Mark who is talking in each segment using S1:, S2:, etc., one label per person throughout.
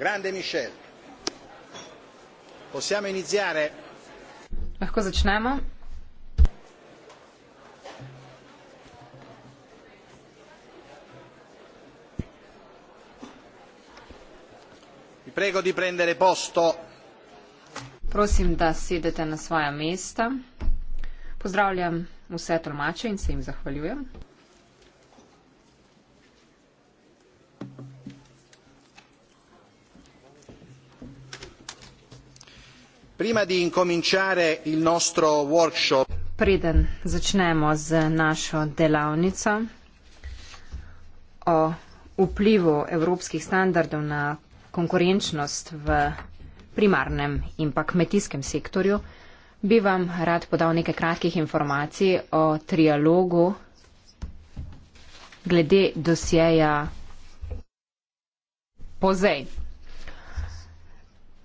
S1: Grande Michel.
S2: Possiamo iniziare?
S3: Lahko začnemo.
S1: Vi prego di prendere posto.
S3: Prosim, da sedete na svoja mesta. Pozdravljam vse tolmače in se jim zahvaljujem. preden začnemo z našo delavnico o vplivu evropskih standardov na konkurenčnost v primarnem in pa kmetijskem sektorju, bi vam rad podal nekaj kratkih informacij o trialogu glede dosjeja POZEJ.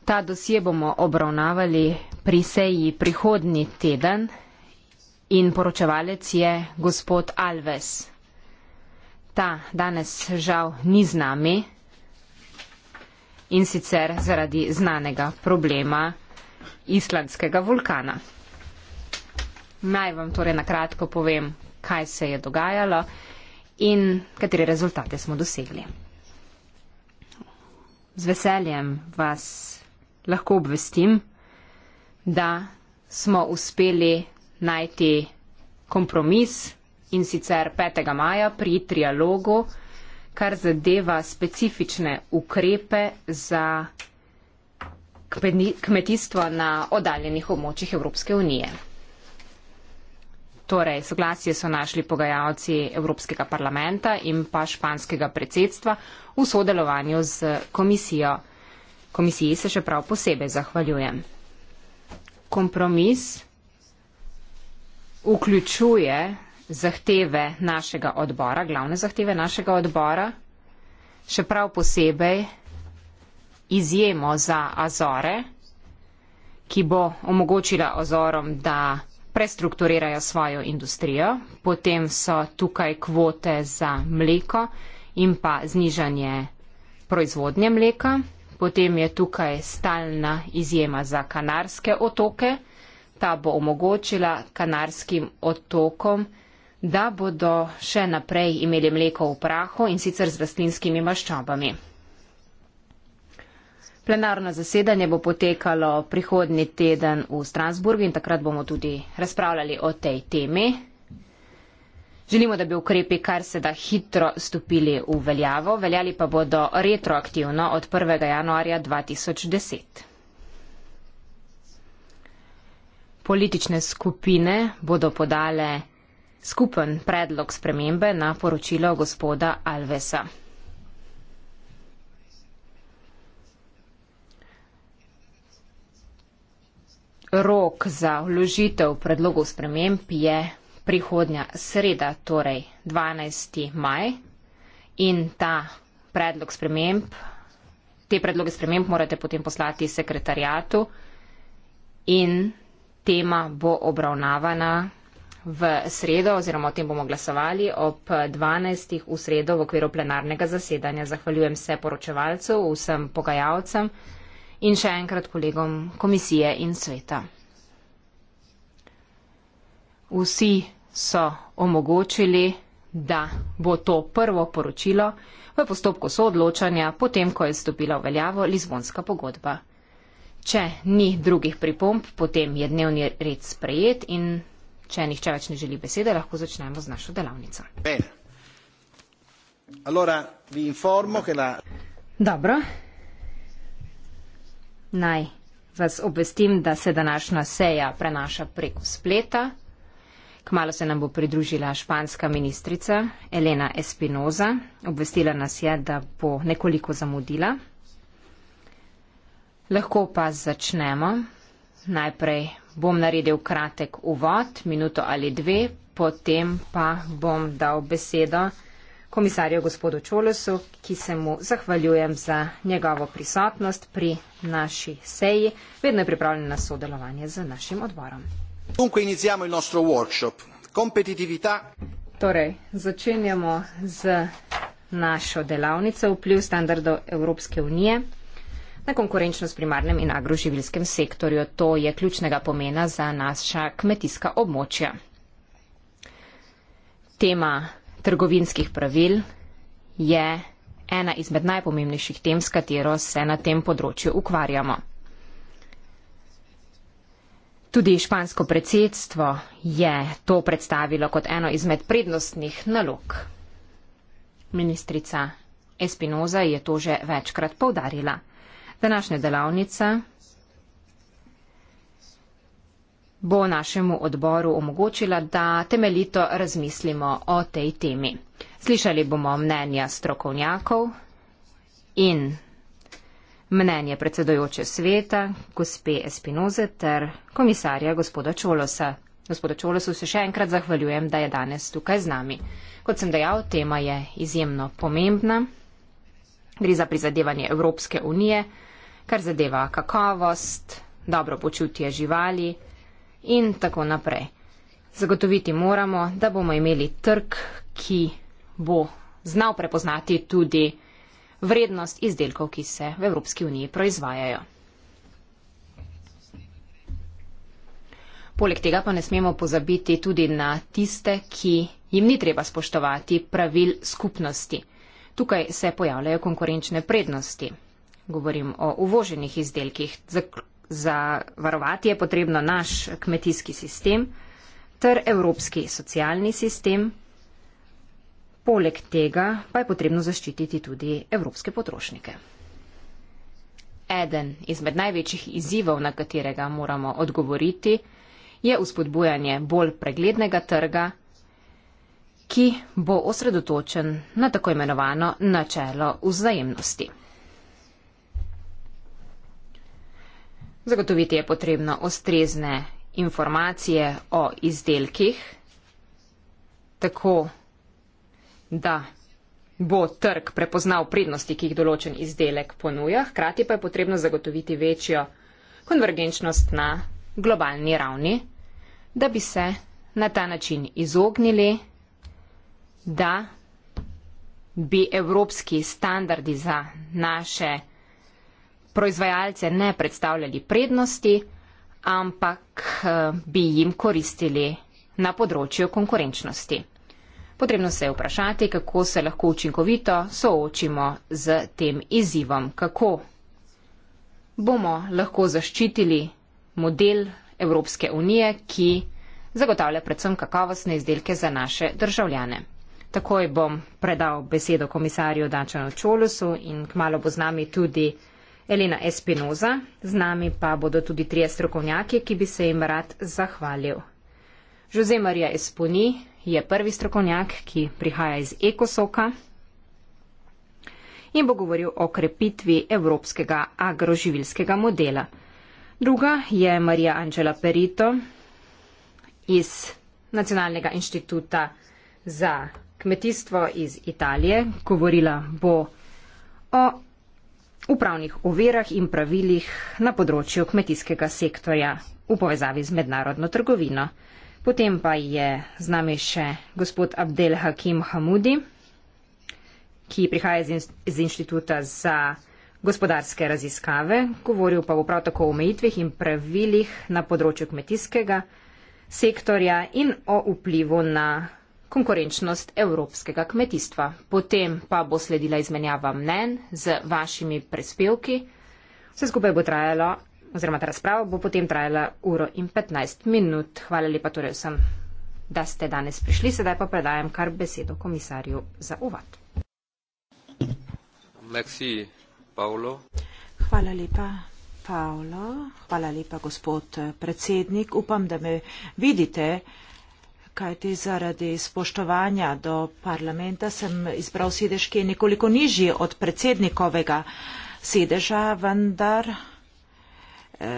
S3: Ta dosje bomo obravnavali pri seji prihodni teden in poročevalec je gospod Alves. Ta danes žal ni z nami in sicer zaradi znanega problema islandskega vulkana. Naj vam torej na kratko povem, kaj se je dogajalo in katere rezultate smo dosegli. Z veseljem vas lahko obvestim, da smo uspeli najti kompromis in sicer 5. maja pri trialogu, kar zadeva specifične ukrepe za kmetijstvo na oddaljenih območjih Evropske unije. Torej, soglasje so našli pogajalci Evropskega parlamenta in pa španskega predsedstva v sodelovanju z komisijo. Komisiji se še prav posebej zahvaljujem. Kompromis vključuje zahteve našega odbora, glavne zahteve našega odbora, še prav posebej izjemo za Azore, ki bo omogočila Azorom, da prestrukturirajo svojo industrijo. Potem so tukaj kvote za mleko in pa znižanje proizvodnje mleka. Potem je tukaj stalna izjema za Kanarske otoke. Ta bo omogočila Kanarskim otokom, da bodo še naprej imeli mleko v prahu in sicer z rastlinskimi maščobami. Plenarno zasedanje bo potekalo prihodni teden v Strasburgu in takrat bomo tudi razpravljali o tej temi. Želimo, da bi ukrepi kar se da hitro stopili v veljavo, veljali pa bodo retroaktivno od 1. januarja 2010. Politične skupine bodo podale skupen predlog spremembe na poročilo gospoda Alvesa. Rok za vložitev predlogov sprememb je prihodnja sreda, torej 12. maj, in ta predlog sprememb, te predloge sprememb morate potem poslati sekretarijatu in tema bo obravnavana v sredo oziroma o tem bomo glasovali ob 12. v sredo v okviru plenarnega zasedanja. Zahvaljujem se poročevalcu, vsem pogajalcem in še enkrat kolegom komisije in sveta. Vsi so omogočili, da bo to prvo poročilo v postopku soodločanja, potem ko je stopila v veljavo Lizbonska pogodba. Če ni drugih pripomb, potem je dnevni red sprejet in če nihče več ne želi besede, lahko začnemo z našo delavnico.
S1: Allora,
S2: la...
S3: Dobro. Naj vas obvestim, da se današnja seja prenaša preko spleta. Kmalo se nam bo pridružila španska ministrica Elena Espinoza. Obvestila nas je, da bo nekoliko zamudila. Lahko pa začnemo. Najprej bom naredil kratek uvod, minuto ali dve, potem pa bom dal besedo komisarju gospodu Čolosu, ki se mu zahvaljujem za njegovo prisotnost pri naši seji. Vedno je pripravljen na sodelovanje z našim odborom
S1: dunque iniziamo il nostro workshop competitività
S3: torej začenjamo z našo delavnico vpliv standardov Evropske unije na konkurenčnost primarnem in agroživilskem sektorju. To je ključnega pomena za naša kmetijska območja. Tema trgovinskih pravil je ena izmed najpomembnejših tem, s katero se na tem področju ukvarjamo. Tudi špansko predsedstvo je to predstavilo kot eno izmed prednostnih nalog. Ministrica Espinoza je to že večkrat povdarila. Današnja delavnica bo našemu odboru omogočila, da temeljito razmislimo o tej temi. Slišali bomo mnenja strokovnjakov in mnenje predsedojoče sveta, gospe Espinoze ter komisarja gospoda Čolosa. Gospoda Čolosu se še enkrat zahvaljujem, da je danes tukaj z nami. Kot sem dejal, tema je izjemno pomembna. Gre za prizadevanje Evropske unije, kar zadeva kakovost, dobro počutje živali in tako naprej. Zagotoviti moramo, da bomo imeli trg, ki bo znal prepoznati tudi vrednost izdelkov, ki se v Evropski uniji proizvajajo. Poleg tega pa ne smemo pozabiti tudi na tiste, ki jim ni treba spoštovati pravil skupnosti. Tukaj se pojavljajo konkurenčne prednosti. Govorim o uvoženih izdelkih. Zavarovati je potrebno naš kmetijski sistem ter evropski socialni sistem, Poleg tega pa je potrebno zaščititi tudi evropske potrošnike. Eden izmed največjih izzivov, na katerega moramo odgovoriti, je uspodbujanje bolj preglednega trga, ki bo osredotočen na tako imenovano načelo vzajemnosti. Zagotoviti je potrebno ostrezne informacije o izdelkih, tako da bo trg prepoznal prednosti, ki jih določen izdelek ponuja, hkrati pa je potrebno zagotoviti večjo konvergenčnost na globalni ravni, da bi se na ta način izognili, da bi evropski standardi za naše proizvajalce ne predstavljali prednosti, ampak eh, bi jim koristili na področju konkurenčnosti. Potrebno se je vprašati, kako se lahko učinkovito soočimo z tem izzivom. Kako bomo lahko zaščitili model Evropske unije, ki zagotavlja predvsem kakovostne izdelke za naše državljane. Takoj bom predal besedo komisarju Dačanu Čolusu in kmalo bo z nami tudi Elena Espinoza. Z nami pa bodo tudi trije strokovnjaki, ki bi se jim rad zahvalil. Jose Maria Esponi, je prvi strokovnjak, ki prihaja iz Ekosoka in bo govoril o krepitvi evropskega agroživilskega modela. Druga je Marija Angela Perito iz Nacionalnega inštituta za kmetijstvo iz Italije. Govorila bo o upravnih overah in pravilih na področju kmetijskega sektorja v povezavi z mednarodno trgovino. Potem pa je z nami še gospod Abdel Hakim Hamudi, ki prihaja iz inštituta za gospodarske raziskave, govoril pa bo prav tako o omejitvih in pravilih na področju kmetijskega sektorja in o vplivu na konkurenčnost evropskega kmetijstva. Potem pa bo sledila izmenjava mnen z vašimi prispevki. Vse skupaj bo trajalo oziroma ta razprava bo potem trajala uro in 15 minut. Hvala lepa torej vsem, da ste danes prišli. Sedaj pa predajam kar besedo komisarju za uvod.
S2: Merci, Paolo.
S3: Hvala lepa, Paolo.
S1: Hvala lepa, gospod eh, predsednik. Upam, da me vidite. Kajti zaradi spoštovanja do parlamenta sem izbral sedež, ki je nekoliko nižji od predsednikovega sedeža, vendar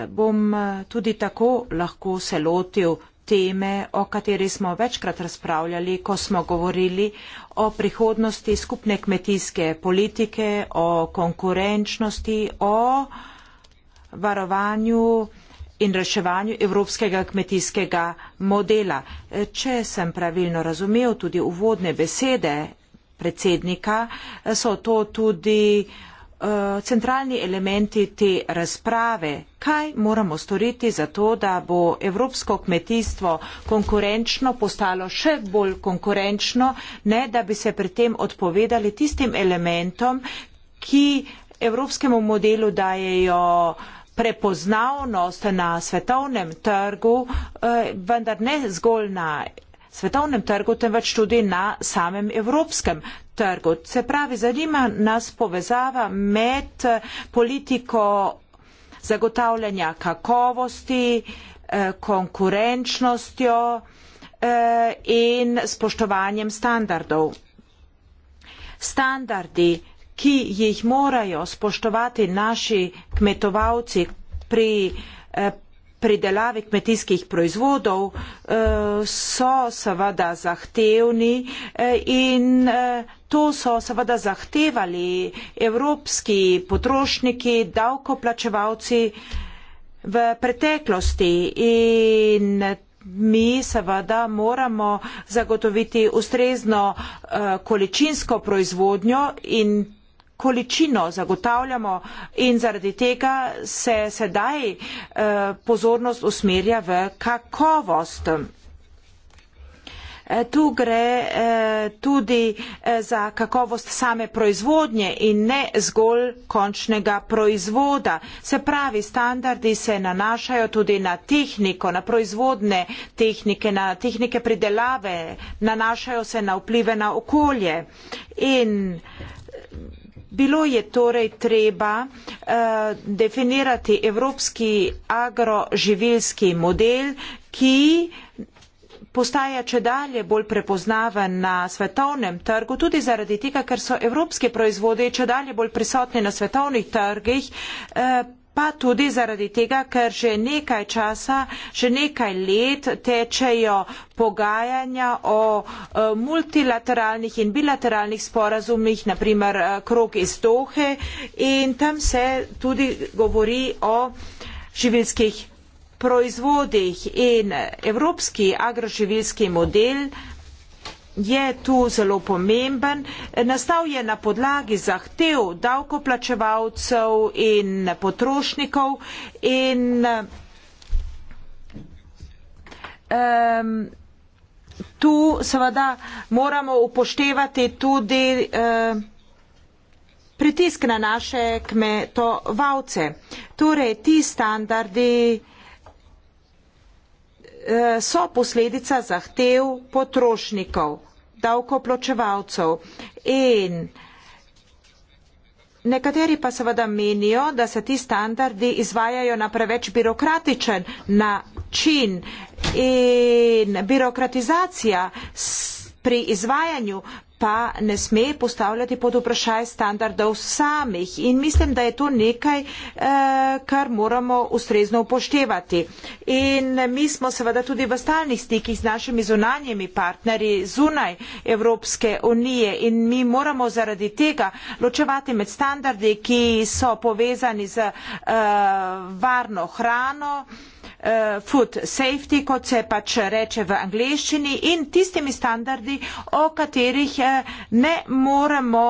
S1: bom eh, tudi tako lahko se lotil teme, o kateri smo večkrat razpravljali, ko smo govorili o prihodnosti skupne kmetijske politike, o konkurenčnosti, o varovanju in reševanju evropskega kmetijskega modela. Če sem pravilno razumel tudi uvodne besede predsednika, eh, so to tudi uh, Eh, centralni elementi te razprave. Kaj moramo storiti za to, da bo evropsko kmetijstvo konkurenčno postalo še bolj konkurenčno, ne da bi se pri tem odpovedali tistim elementom, ki evropskemu modelu dajejo prepoznavnost na svetovnem trgu, eh, vendar ne zgolj na svetovnem trgu, temveč tudi na samem evropskem trgu. Se pravi, zanima nas povezava med eh, politiko zagotavljanja kakovosti, eh, konkurenčnostjo eh, in spoštovanjem standardov. Standardi, ki jih morajo spoštovati naši kmetovalci pri pridelave kmetijskih proizvodov eh, so seveda zahtevni eh, in eh, to so seveda zahtevali evropski potrošniki, davkoplačevalci v preteklosti in mi seveda moramo zagotoviti ustrezno količinsko proizvodnjo in količino zagotavljamo in zaradi tega se sedaj eh, pozornost usmerja v kakovost. Eh, tu gre eh, tudi za kakovost same proizvodnje in ne zgolj končnega proizvoda. Se pravi, standardi se nanašajo tudi na tehniko, na proizvodne tehnike, na tehnike pridelave, nanašajo se na vplive na okolje. In, eh, Bilo je torej treba uh, definirati evropski agroživilski model, ki postaja če dalje bolj prepoznaven na svetovnem trgu, tudi zaradi tega, ker so evropske proizvode če dalje bolj prisotne na svetovnih trgih, eh, pa tudi zaradi tega, ker že nekaj časa, že nekaj let tečejo pogajanja o e, multilateralnih in bilateralnih sporazumih, naprimer e, krok iz Dohe in tam se tudi govori o živilskih proizvodih in evropski agroživilski model je tu zelo pomemben. Nastal je na podlagi zahtev davkoplačevalcev in potrošnikov in um, tu seveda moramo upoštevati tudi um, pritisk na naše kmetovalce. Torej, ti standardi eh, so posledica zahtev potrošnikov davkoplačevalcev. In nekateri pa seveda menijo, da se ti standardi izvajajo na preveč birokratičen način in birokratizacija pri izvajanju pa ne sme postavljati pod vprašaj standardov samih. In mislim, da je to nekaj, eh, kar moramo ustrezno upoštevati. In mi smo seveda tudi v stalnih stikih z našimi zunanjimi partnerji zunaj Evropske unije in mi moramo zaradi tega ločevati med standardi, ki so povezani z uh, varno hrano, uh, uh, food safety, kot se pač reče v angleščini, in tistimi standardi, o katerih uh, ne moremo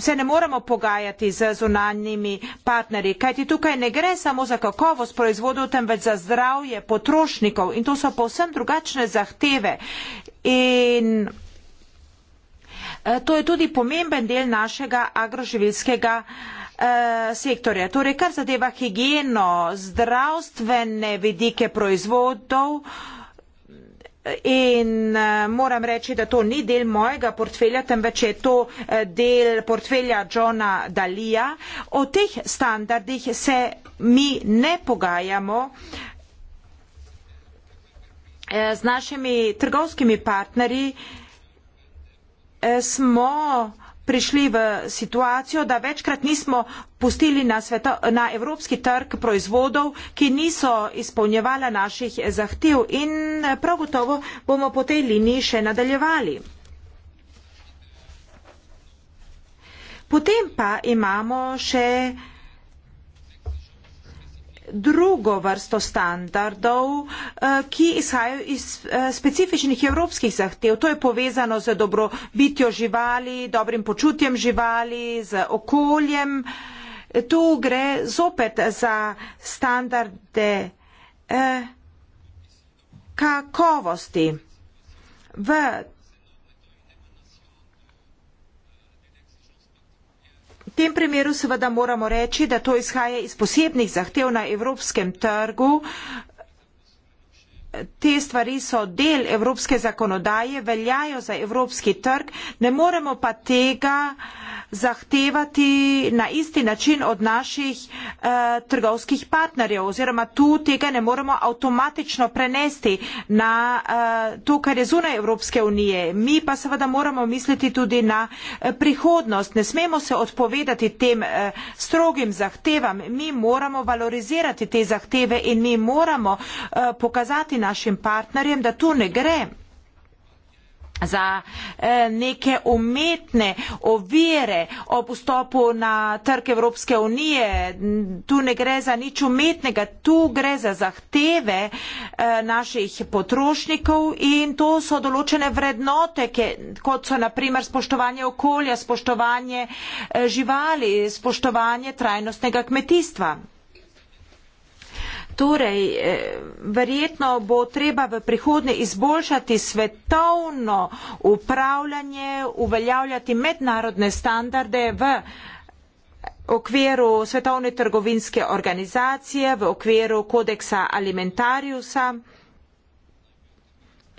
S1: se ne moremo pogajati z zunanjimi partnerji, kajti tukaj ne gre samo za kakovost proizvodov, temveč za zdravje potrošnikov in to so povsem drugačne zahteve. In eh, to je tudi pomemben del našega agroživilskega Eh, sektorja. Torej, kar zadeva higieno, zdravstvene vidike proizvodov. In eh, moram reči, da to ni del mojega portfelja, temveč je to eh, del portfelja Johna Dalija. O teh standardih se mi ne pogajamo z našimi trgovskimi partnerji. Smo prišli v situacijo, da večkrat nismo pustili na, sveto, na evropski trg proizvodov, ki niso izpolnjevala naših zahtev in prav gotovo bomo po tej liniji še nadaljevali. Potem pa imamo še drugo vrsto standardov, eh, ki izhajajo iz eh, specifičnih evropskih zahtev. To je povezano z dobrobitjo živali, dobrim počutjem živali, z okoljem. Tu gre zopet za standarde eh, kakovosti. V tem primeru seveda moramo reči, da to izhaja iz posebnih zahtev na evropskem trgu, te stvari so del evropske zakonodaje, veljajo za evropski trg, ne moremo pa tega zahtevati na isti način od naših eh, trgovskih partnerjev oziroma tu tega ne moremo avtomatično prenesti na eh, to, kar je zunaj Evropske unije. Mi pa seveda moramo misliti tudi na eh, prihodnost. Ne smemo se odpovedati tem eh, strogim zahtevam. Mi moramo valorizirati te zahteve in mi moramo eh, pokazati našim partnerjem, da to ne gre za eh, neke umetne ovire ob vstopu na trg Evropske unije. Tu ne gre za nič umetnega, tu gre za zahteve eh, naših potrošnikov in to so določene vrednote, kot so naprimer spoštovanje okolja, spoštovanje eh, živali, spoštovanje trajnostnega kmetijstva. Torej, eh, verjetno bo treba v prihodnje izboljšati svetovno upravljanje, uveljavljati mednarodne standarde v okviru Svetovne trgovinske organizacije, v okviru kodeksa alimentariusa.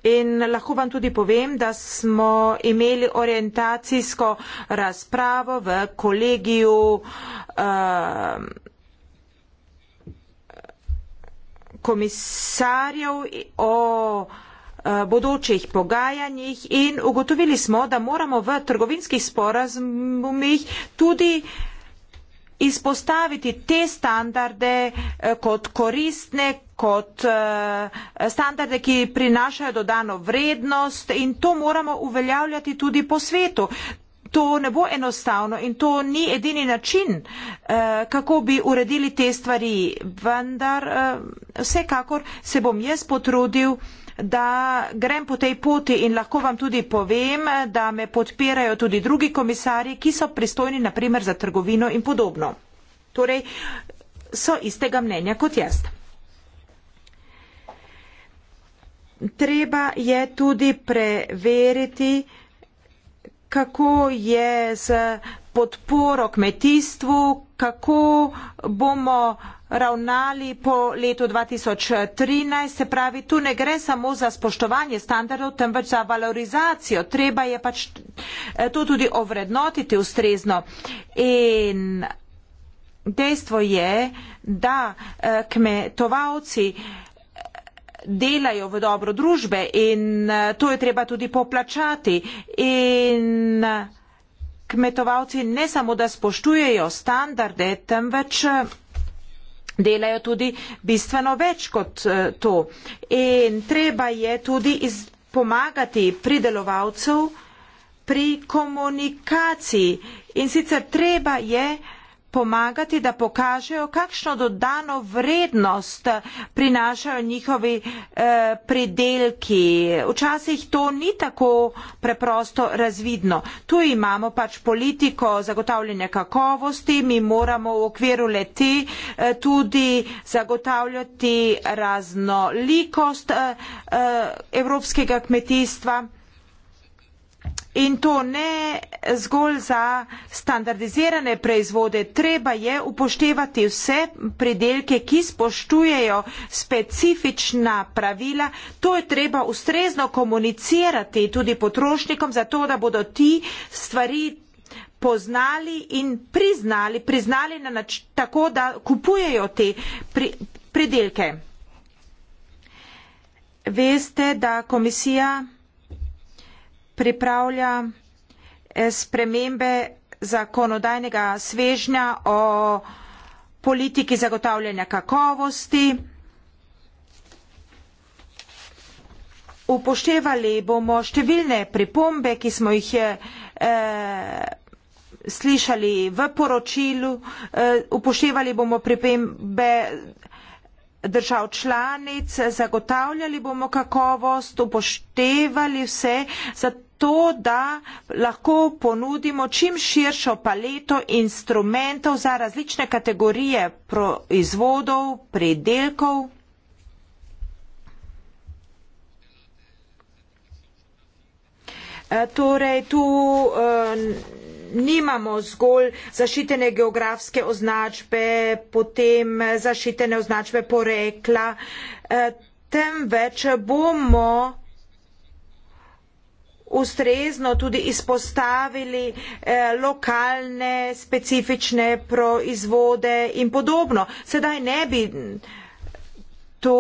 S1: In lahko vam tudi povem, da smo imeli orientacijsko razpravo v kolegiju. Uh, komisarjev o eh, bodočih pogajanjih in ugotovili smo, da moramo v trgovinskih sporazumih tudi izpostaviti te standarde eh, kot koristne, kot eh, standarde, ki prinašajo dodano vrednost in to moramo uveljavljati tudi po svetu to ne bo enostavno in to ni edini način, eh, kako bi uredili te stvari, vendar eh, vsekakor se bom jaz potrudil, da grem po tej poti in lahko vam tudi povem, da me podpirajo tudi drugi komisarji, ki so pristojni naprimer za trgovino in podobno. Torej so istega mnenja kot jaz. Treba je tudi preveriti, kako je z podporo kmetijstvu, kako bomo ravnali po letu 2013. Se pravi, tu ne gre samo za spoštovanje standardov, temveč za valorizacijo. Treba je pač eh, to tudi ovrednotiti ustrezno. In dejstvo je, da eh, kmetovalci delajo v dobro družbe in eh, to je treba tudi poplačati. In eh, kmetovalci ne samo, da spoštujejo standarde, temveč eh, delajo tudi bistveno več kot to. In treba je tudi pomagati pridelovalcev pri komunikaciji. In sicer treba je pomagati, da pokažejo, kakšno dodano vrednost prinašajo njihovi eh, pridelki. Včasih to ni tako preprosto razvidno. Tu imamo pač politiko zagotavljanja kakovosti, mi moramo v okviru leti eh, tudi zagotavljati raznolikost eh, eh, evropskega kmetijstva. In to ne zgolj za standardizirane proizvode, treba je upoštevati vse predelke, ki spoštujejo specifična pravila. To je treba ustrezno komunicirati tudi potrošnikom, zato da bodo ti stvari poznali in priznali, priznali na nač tako, da kupujejo te pri predelke. Veste, da komisija pripravlja eh, spremembe zakonodajnega svežnja o politiki zagotavljanja kakovosti. Upoštevali bomo številne pripombe, ki smo jih eh, slišali v poročilu. Eh, upoštevali bomo pripombe držav članic, zagotavljali bomo kakovost, upoštevali vse, zato to, da lahko ponudimo čim širšo paleto instrumentov za različne kategorije proizvodov, predelkov. E, torej, tu e, nimamo zgolj zašitene geografske označbe, potem zašitene označbe porekla, e, temveč bomo ustrezno tudi izpostavili eh, lokalne specifične proizvode in podobno. Sedaj ne bi to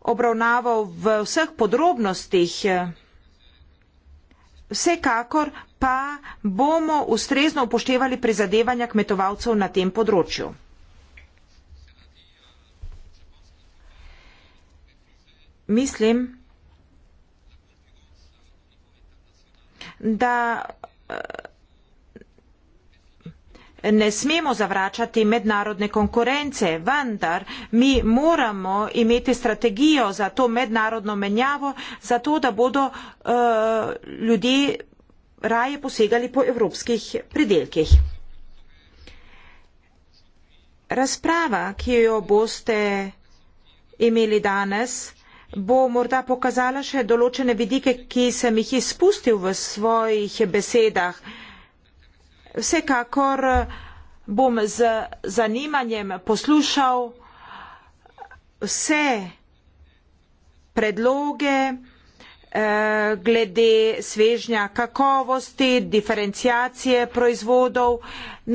S1: obravnaval v vseh podrobnostih. Vsekakor pa bomo ustrezno upoštevali prizadevanja kmetovalcev na tem področju. Mislim, da eh, ne smemo zavračati mednarodne konkurence, vendar mi moramo imeti strategijo za to mednarodno menjavo, zato da bodo uh, ljudje raje posegali po evropskih pridelkih. Razprava, ki jo boste imeli danes, bo morda pokazala še določene vidike, ki sem jih izpustil v svojih besedah. Vsekakor eh, bom z zanimanjem poslušal vse predloge, Eh, glede svežnja kakovosti, diferencijacije proizvodov.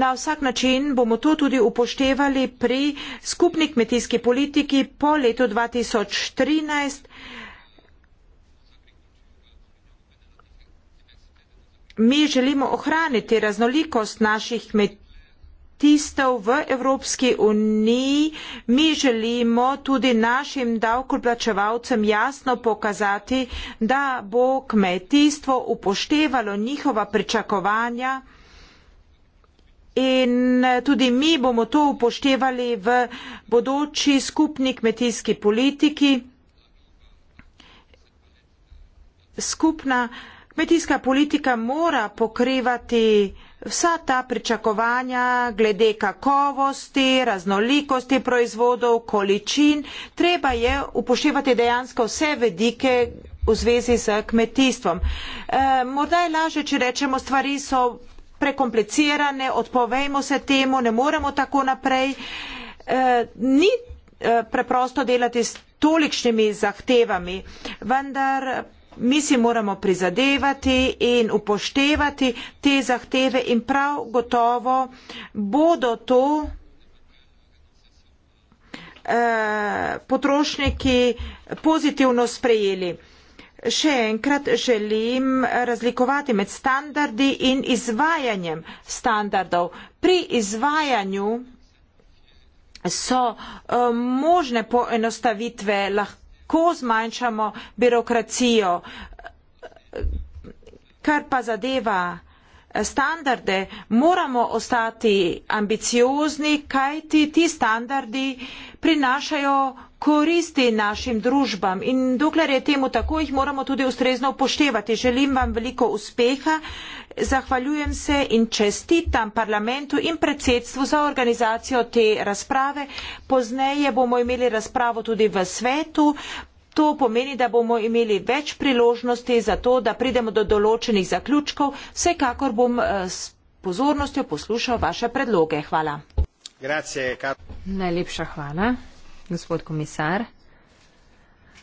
S1: Na vsak način bomo to tudi upoštevali pri skupni kmetijski politiki po letu 2013. Mi želimo ohraniti raznolikost naših kmetij statistov v Evropski uniji. Mi želimo tudi našim davkoplačevalcem jasno pokazati, da bo kmetijstvo upoštevalo njihova pričakovanja. In tudi mi bomo to upoštevali v bodoči skupni kmetijski politiki. Skupna kmetijska politika mora pokrivati vsa ta pričakovanja glede kakovosti, raznolikosti proizvodov, količin, treba je upoštevati dejansko vse vedike v zvezi s kmetijstvom. E, morda je laže, če rečemo, stvari so prekomplicirane, odpovejmo se temu, ne moremo tako naprej. E, ni e, preprosto delati s tolikšnimi zahtevami, vendar mi si moramo prizadevati in upoštevati te zahteve in prav gotovo bodo to eh, potrošniki pozitivno sprejeli. Še enkrat želim razlikovati med standardi in izvajanjem standardov. Pri izvajanju so eh, možne poenostavitve lahko lahko zmanjšamo birokracijo. Kar pa zadeva eh, standarde, moramo ostati ambiciozni, kajti ti standardi prinašajo koristi našim družbam in dokler je temu tako, jih moramo tudi ustrezno upoštevati. Želim vam veliko uspeha, zahvaljujem se in čestitam parlamentu in predsedstvu za organizacijo te razprave. Pozneje bomo imeli razpravo tudi v svetu. To pomeni, da bomo imeli več priložnosti za to, da pridemo do določenih zaključkov. Vsekakor bom eh, s pozornostjo
S3: poslušal vaše predloge. Hvala. Grazie, Najlepša hvala gospod komisar.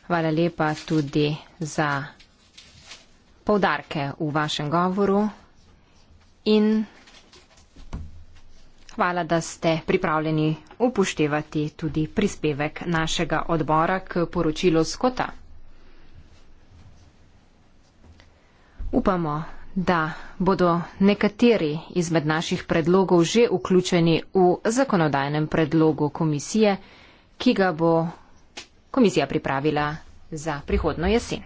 S3: Hvala lepa tudi za povdarke v vašem govoru in hvala, da ste pripravljeni upoštevati tudi prispevek našega odbora k poročilu Skota. Upamo, da bodo nekateri izmed naših predlogov že vključeni v zakonodajnem predlogu komisije, ki ga bo komisija pripravila za prihodno jesen.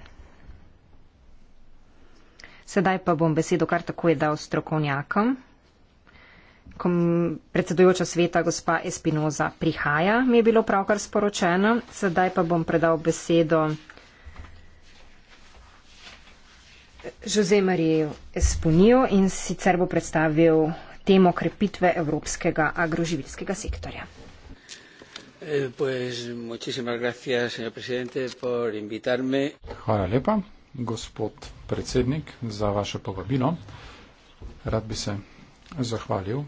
S3: Sedaj pa bom besedo kar takoj dal strokovnjakom. Kom predsedujoča sveta gospa Espinoza prihaja, mi je bilo pravkar sporočeno. Sedaj pa bom predal besedo Jose Mariju Esponiju in sicer bo predstavil temo krepitve Evropskega agroživilskega sektorja.
S2: Eh, pues muchísimas gracias, señor presidente, por invitarme. Hvala lepa, gospod predsednik, za vaše povabilo. Rad bi se zahvalil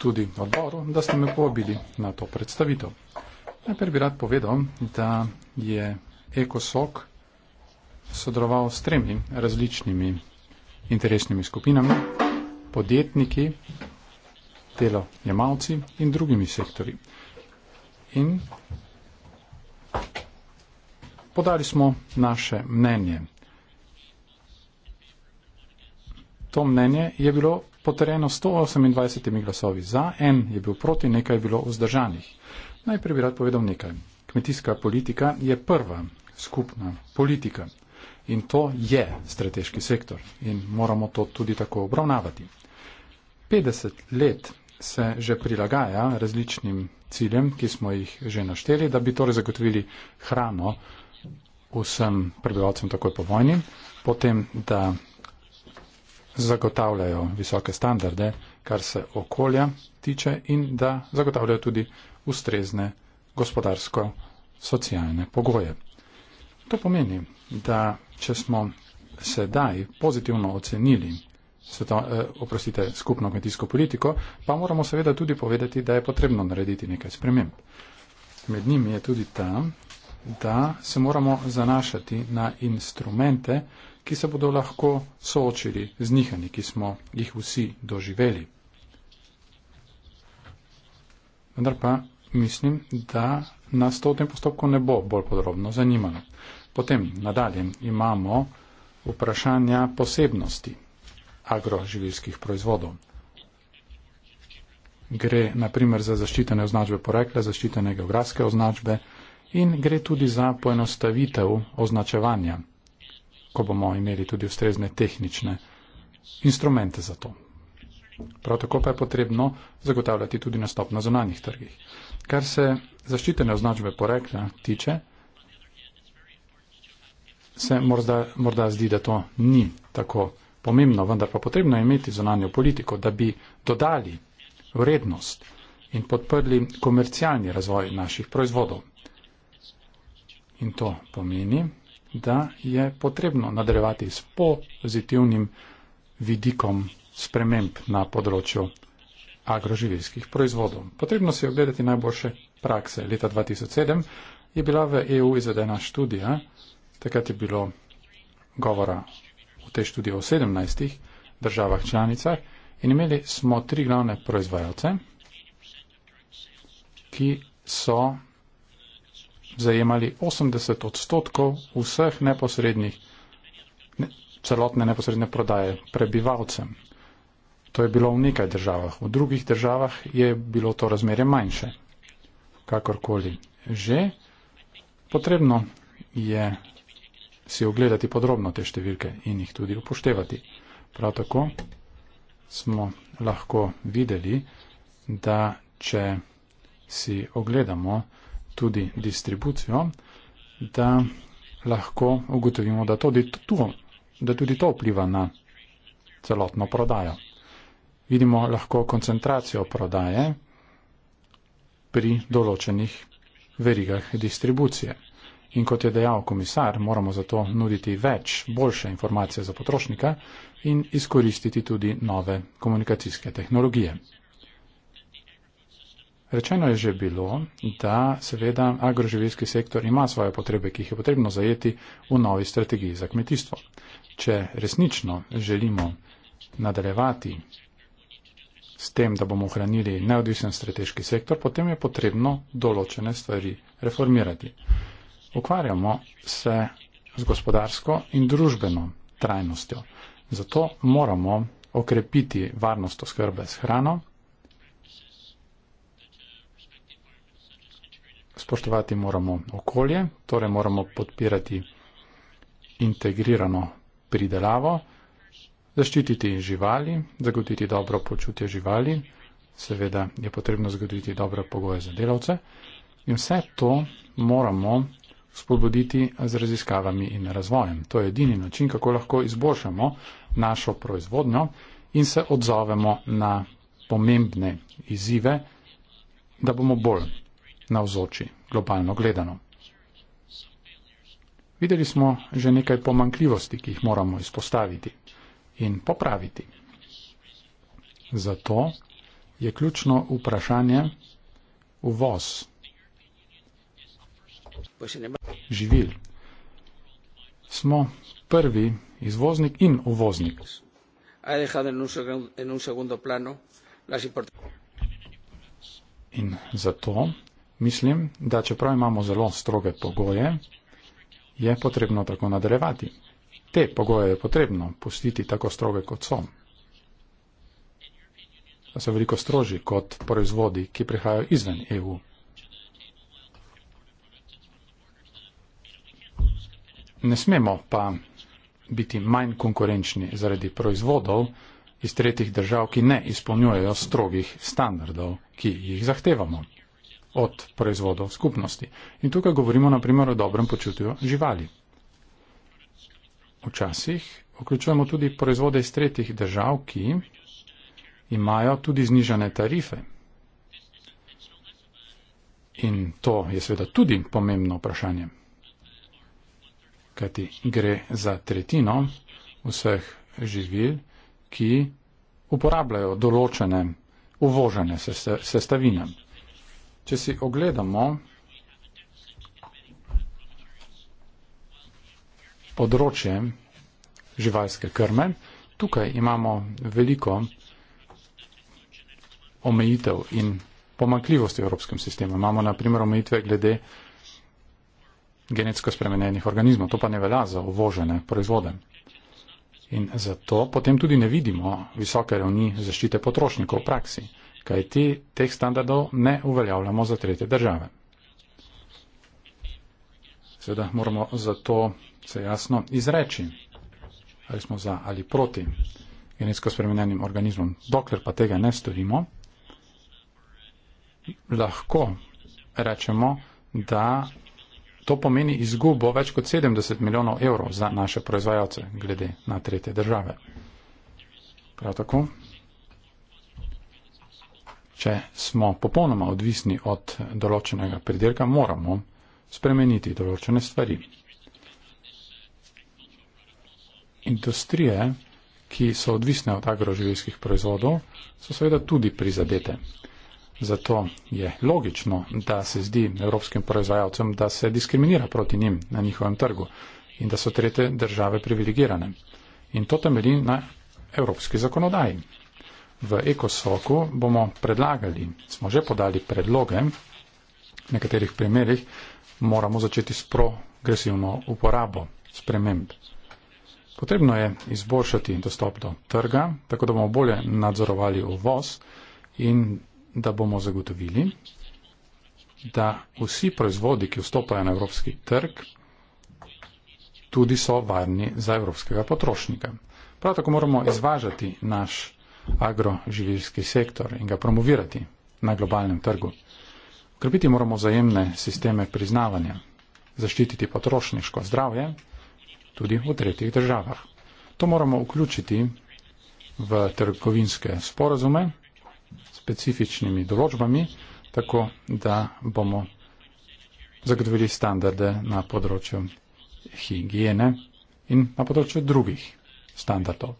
S2: tudi odboru, da ste me povabili na to predstavitev. Najprej bi rad povedal, da je Ekosok sodeloval s tremi različnimi interesnimi skupinami, podjetniki, delojemalci in drugimi sektori. In podali smo naše mnenje. To mnenje je bilo potrjeno 128 glasovi za, en je bil proti, nekaj je bilo vzdržanih. Najprej bi rad povedal nekaj. Kmetijska politika je prva skupna politika in to je strateški sektor in moramo to tudi tako obravnavati. 50 let se že prilagaja različnim ciljem, ki smo jih že našteli, da bi torej zagotovili hrano vsem prebivalcem takoj po vojni, potem da zagotavljajo visoke standarde, kar se okolja tiče in da zagotavljajo tudi ustrezne gospodarsko-socialne pogoje. To pomeni, da če smo sedaj pozitivno ocenili sveto, eh, oprostite, skupno kmetijsko politiko, pa moramo seveda tudi povedati, da je potrebno narediti nekaj sprememb. Med njimi je tudi ta, da se moramo zanašati na instrumente, ki se bodo lahko soočili z nihanji, ki smo jih vsi doživeli. Vendar pa mislim, da nas to v tem postopku ne bo bolj podrobno zanimalo. Potem nadalje imamo vprašanja posebnosti agroživilskih proizvodov. Gre naprimer za zaščitene označbe porekla, zaščitene geografske označbe in gre tudi za poenostavitev označevanja, ko bomo imeli tudi ustrezne tehnične instrumente za to. Prav tako pa je potrebno zagotavljati tudi nastop na zonanih trgih. Kar se zaščitene označbe porekla tiče, se morda, morda zdi, da to ni tako pomembno, vendar pa potrebno je imeti zunanjo politiko, da bi dodali vrednost in podprli komercialni razvoj naših proizvodov. In to pomeni, da je potrebno nadaljevati s pozitivnim vidikom sprememb na področju agroživilskih proizvodov. Potrebno si ogledati najboljše prakse. Leta 2007 je bila v EU izvedena študija, takrat je bilo govora v tej študiji o 17 državah članicah in imeli smo tri glavne proizvajalce, ki so zajemali 80 odstotkov vseh neposrednih, ne, celotne neposredne prodaje prebivalcem. To je bilo v nekaj državah, v drugih državah je bilo to razmerje manjše. Kakorkoli že, potrebno je si ogledati podrobno te številke in jih tudi upoštevati. Prav tako smo lahko videli, da če si ogledamo tudi distribucijo, da lahko ugotovimo, da tudi to, da tudi to vpliva na celotno prodajo. Vidimo lahko koncentracijo prodaje pri določenih verigah distribucije. In kot je dejal komisar, moramo zato nuditi več, boljše informacije za potrošnika in izkoristiti tudi nove komunikacijske tehnologije. Rečeno je že bilo, da seveda agroživilski sektor ima svoje potrebe, ki jih je potrebno zajeti v novi strategiji za kmetijstvo. Če resnično želimo nadaljevati s tem, da bomo ohranili neodvisen strateški sektor, potem je potrebno določene stvari reformirati. Ukvarjamo se z gospodarsko in družbeno trajnostjo. Zato moramo okrepiti varnost oskrbe s hrano, spoštovati moramo okolje, torej moramo podpirati integrirano pridelavo, zaščititi živali, zagotiti dobro počutje živali, seveda je potrebno zagotiti dobre pogoje za delavce in vse to moramo spodbuditi z raziskavami in razvojem. To je edini način, kako lahko izboljšamo našo proizvodnjo in se odzovemo na pomembne izzive, da bomo bolj navzoči, globalno gledano. Videli smo že nekaj pomankljivosti, ki jih moramo izpostaviti in popraviti. Zato je ključno vprašanje uvoz živil. Smo prvi izvoznik in uvoznik. In zato mislim, da čeprav imamo zelo stroge pogoje, je potrebno tako nadaljevati. Te pogoje je potrebno pustiti tako stroge, kot so. Da so veliko strožji kot proizvodi, ki prihajajo izven EU. Ne smemo pa biti manj konkurenčni zaradi proizvodov iz tretjih držav, ki ne izpolnjujejo strogih standardov, ki jih zahtevamo od proizvodov skupnosti. In tukaj govorimo naprimer o dobrem počutju živali. Včasih vključujemo tudi proizvode iz tretjih držav, ki imajo tudi znižane tarife. In to je seveda tudi pomembno vprašanje kajti gre za tretjino vseh živil, ki uporabljajo določene uvožene sestavine. Če si ogledamo področje živalske krme, tukaj imamo veliko omejitev in pomakljivosti v evropskem sistemu. Imamo naprimer omejitve glede genetsko spremenjenih organizmov. To pa ne velja za uvožene proizvode. In zato potem tudi ne vidimo visoke ravni zaščite potrošnikov v praksi, kaj ti teh standardov ne uveljavljamo za tretje države. Seveda moramo zato se jasno izreči, ali smo za ali proti genetsko spremenjenim organizmom. Dokler pa tega ne storimo, lahko rečemo, da To pomeni izgubo več kot 70 milijonov evrov za naše proizvajalce, glede na tretje države. Prav tako, če smo popolnoma odvisni od določenega pridelka, moramo spremeniti določene stvari. Industrije, ki so odvisne od agroživljskih proizvodov, so seveda tudi prizadete. Zato je logično, da se zdi evropskim proizvajalcem, da se diskriminira proti njim na njihovem trgu in da so trete države privilegirane. In to temelji na evropski zakonodaji. V ekosoku bomo predlagali, smo že podali predloge, v nekaterih primerih moramo začeti s progresivno uporabo sprememb. Potrebno je izboljšati dostop do trga, tako da bomo bolje nadzorovali uvoz in da bomo zagotovili, da vsi proizvodi, ki vstopajo na evropski trg, tudi so varni za evropskega potrošnika. Prav tako moramo izvažati naš agroživilski sektor in ga promovirati na globalnem trgu. Ukrepiti moramo zajemne sisteme priznavanja, zaščititi potrošniško zdravje tudi v tretjih državah. To moramo vključiti v trgovinske sporozume specifičnimi določbami, tako da bomo zagotovili standarde na področju higiene in na področju drugih standardov.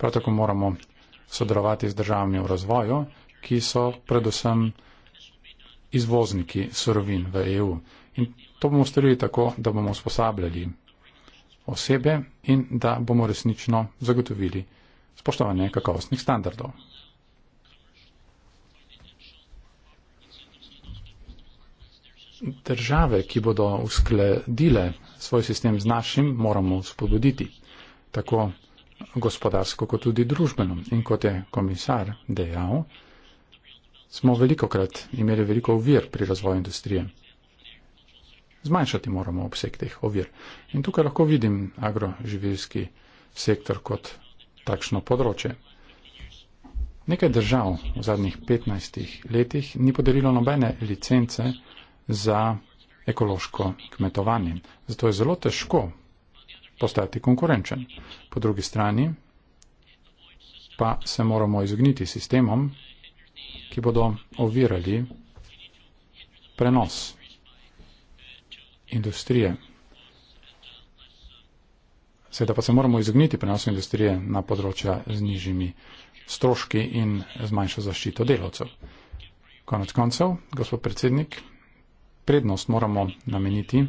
S2: Prav tako moramo sodelovati z državami v razvoju, ki so predvsem izvozniki surovin v EU. In to bomo storili tako, da bomo usposabljali osebe in da bomo resnično zagotovili spoštovanje kakovostnih standardov. države, ki bodo uskladile svoj sistem z našim, moramo spodbuditi, tako gospodarsko kot tudi družbeno. In kot je komisar dejal, smo veliko krat imeli veliko ovir pri razvoju industrije. Zmanjšati moramo obseg teh ovir. In tukaj lahko vidim agroživilski sektor kot takšno področje. Nekaj držav v zadnjih 15 letih ni podarilo nobene licence, za ekološko kmetovanje. Zato je zelo težko postati konkurenčen. Po drugi strani pa se moramo izogniti sistemom, ki bodo ovirali prenos industrije. Seveda pa se moramo izogniti prenosu industrije na področja z nižjimi stroški in z manjšo zaščito delavcev. Konec koncev, gospod predsednik, prednost moramo nameniti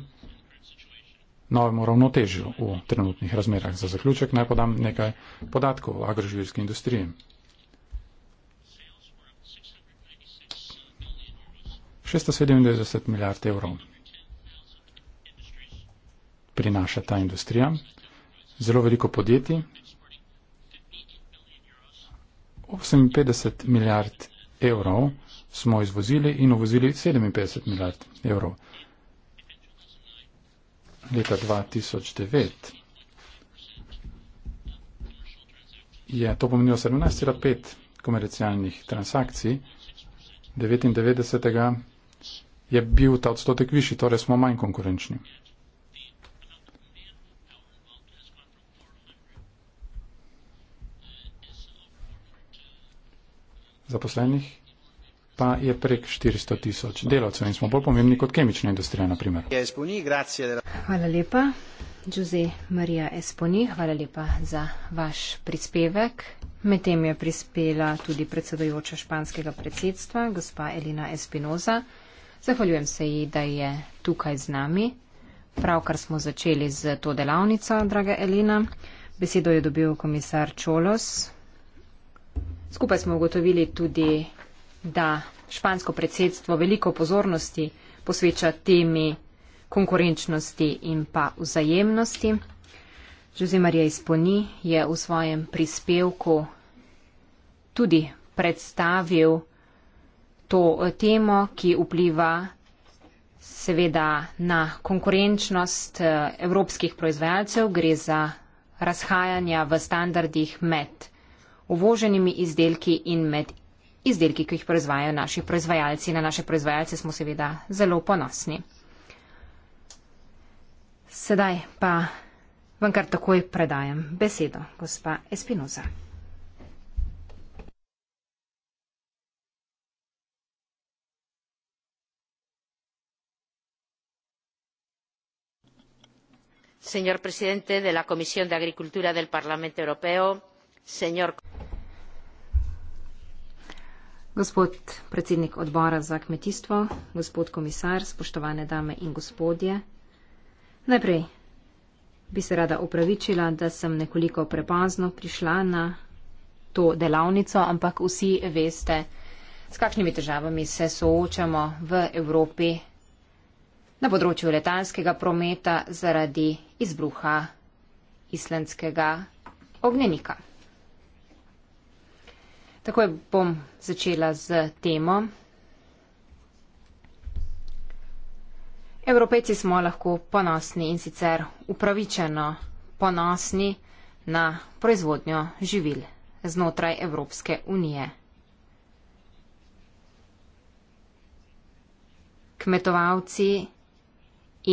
S2: novemu ravnotežju v trenutnih razmerah. Za zaključek naj podam nekaj podatkov o agroživilski industriji. Šesto sedemindevetdeset milijard evrov prinaša ta industrija, zelo veliko podjetij, oseminpetdeset milijard evrov smo izvozili in uvozili 57 milijard evrov. Leta 2009 je to pomenilo 17,5 komercialnih transakcij, 99. je bil ta odstotek višji, torej smo manj konkurenčni. Zaposlenih pa je prek 400 tisoč delavcev in smo bolj pomembni kot kemična industrija, naprimer.
S3: Hvala lepa, Jose Maria Esponi, hvala lepa za vaš prispevek. Medtem je prispela tudi predsedojoča španskega predsedstva, gospa Elina Espinoza. Zahvaljujem se ji, da je tukaj z nami. Pravkar smo začeli z to delavnico, draga Elina. Besedo je dobil komisar Čolos. Skupaj smo ugotovili tudi da špansko predsedstvo veliko pozornosti posveča temi konkurenčnosti in pa vzajemnosti. Jose Maria Isponi je v svojem prispevku tudi predstavil to eh, temo, ki vpliva seveda na konkurenčnost eh, evropskih proizvajalcev. Gre za razhajanja v standardih med uvoženimi izdelki in med izdelki, ki jih proizvajajo naši proizvajalci. Na naše proizvajalce smo seveda zelo ponosni. Sedaj pa vam kar takoj predajam besedo, gospa Espinoza. Señor presidente de la Comisión de Agricultura del Parlamento Europeo, señor. Gospod predsednik odbora za kmetijstvo, gospod komisar, spoštovane dame in gospodje. Najprej bi se rada upravičila, da sem nekoliko prepozno prišla na to delavnico, ampak vsi veste, s kakšnimi težavami se soočamo v Evropi na področju letalskega prometa zaradi izbruha islandskega ognjenika. Takoj bom začela z temo. Evropejci smo lahko ponosni in sicer upravičeno ponosni na proizvodnjo živil znotraj Evropske unije. Kmetovalci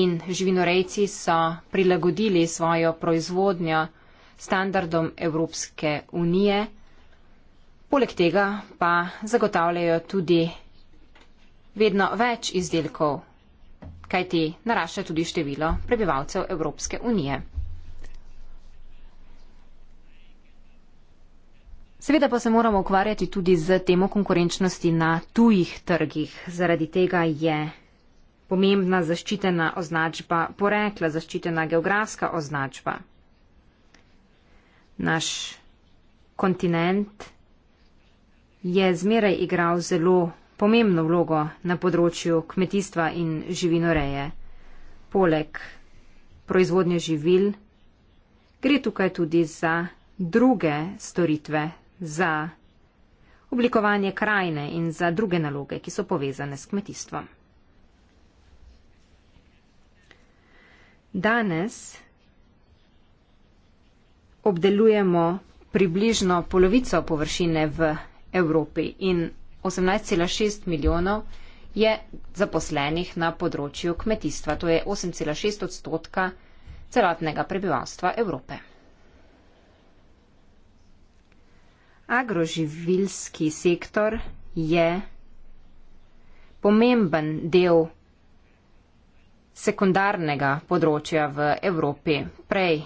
S3: in živinorejci so prilagodili svojo proizvodnjo standardom Evropske unije. Poleg tega pa zagotavljajo tudi vedno več izdelkov, kajti narašča tudi število prebivalcev Evropske unije. Seveda pa se moramo ukvarjati tudi z temo konkurenčnosti na tujih trgih. Zaradi tega je pomembna zaščitena označba porekla, zaščitena geografska označba. Naš kontinent je zmeraj igral zelo pomembno vlogo na področju kmetijstva in živinoreje. Poleg proizvodnje živil gre tukaj tudi za druge storitve, za oblikovanje krajine in za druge naloge, ki so povezane s kmetijstvom. Danes obdelujemo približno polovico površine v Evropi in 18,6 milijonov je zaposlenih na področju kmetijstva, to je 8,6 odstotka celotnega prebivalstva Evrope. Agroživilski sektor je pomemben del sekundarnega področja v Evropi. Prej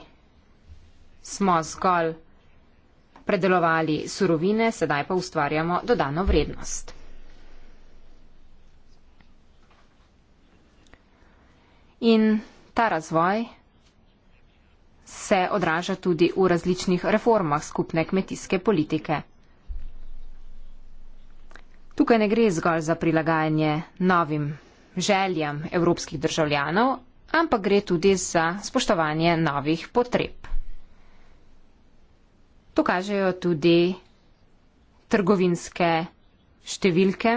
S3: smo zgolj predelovali surovine, sedaj pa ustvarjamo dodano vrednost. In ta razvoj se odraža tudi v različnih reformah skupne kmetijske politike. Tukaj ne gre zgolj za prilagajanje novim željam evropskih državljanov, ampak gre tudi za spoštovanje novih potreb. To kažejo tudi trgovinske številke.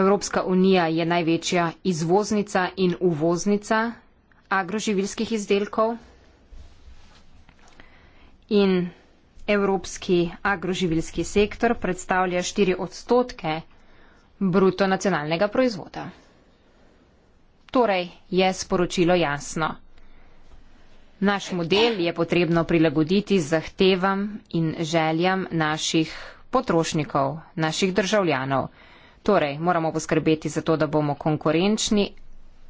S3: Evropska unija je največja izvoznica in uvoznica agroživilskih izdelkov in evropski agroživilski sektor predstavlja 4 odstotke bruto nacionalnega proizvoda. Torej je sporočilo jasno. Naš model je potrebno prilagoditi zahtevam in željam naših potrošnikov, naših državljanov. Torej, moramo poskrbeti za to, da bomo konkurenčni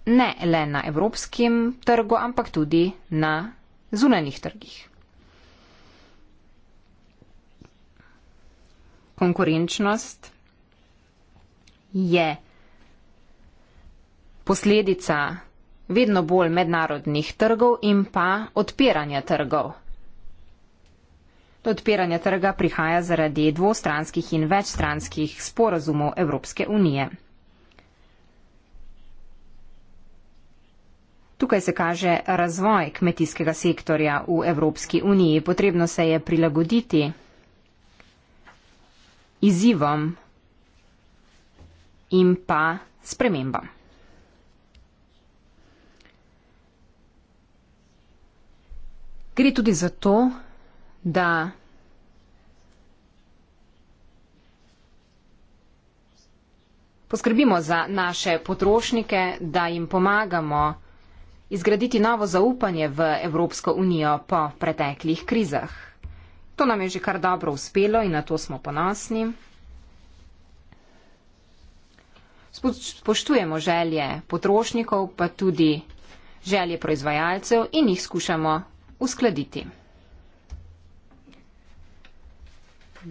S3: ne le na evropskem trgu, ampak tudi na zunanjih trgih. Konkurenčnost je posledica vedno bolj mednarodnih trgov in pa odpiranja trgov. Do odpiranja trga prihaja zaradi dvostranskih in večstranskih sporazumov Evropske unije. Tukaj se kaže razvoj kmetijskega sektorja v Evropski uniji. Potrebno se je prilagoditi izzivom in pa spremembam. Gre tudi za to, da poskrbimo za naše potrošnike, da jim pomagamo izgraditi novo zaupanje v Evropsko unijo po preteklih krizah. To nam je že kar dobro uspelo in na to smo ponosni. Spoštujemo želje potrošnikov, pa tudi želje proizvajalcev in jih skušamo uskladiti.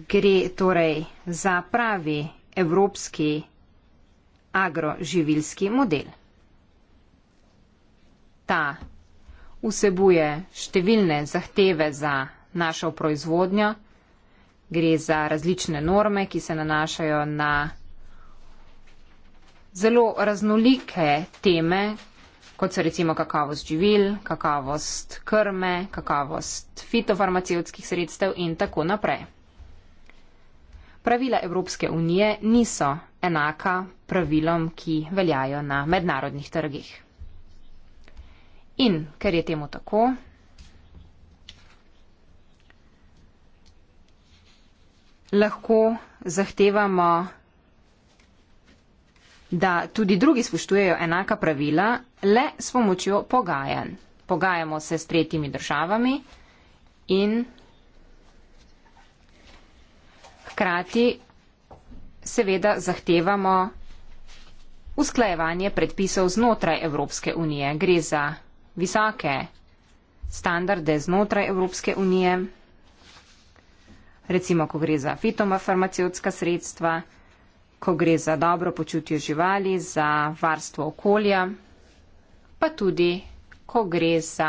S3: Gre torej za pravi evropski agroživilski model. Ta vsebuje številne zahteve za našo proizvodnjo, gre za različne norme, ki se nanašajo na zelo raznolike teme, kot so recimo kakovost živil, kakovost krme, kakovost fitofarmacevskih sredstev in tako naprej. Pravila Evropske unije niso enaka pravilom, ki veljajo na mednarodnih trgih. In ker je temu tako, lahko zahtevamo, da tudi drugi spoštujejo enaka pravila le s pomočjo pogajanj. Pogajamo se s tretjimi državami in hkrati seveda zahtevamo usklajevanje predpisov znotraj Evropske unije. Gre za visoke standarde znotraj Evropske unije, recimo, ko gre za fitomafarmacijotska sredstva, ko gre za dobro počutje živali, za varstvo okolja pa tudi, ko gre za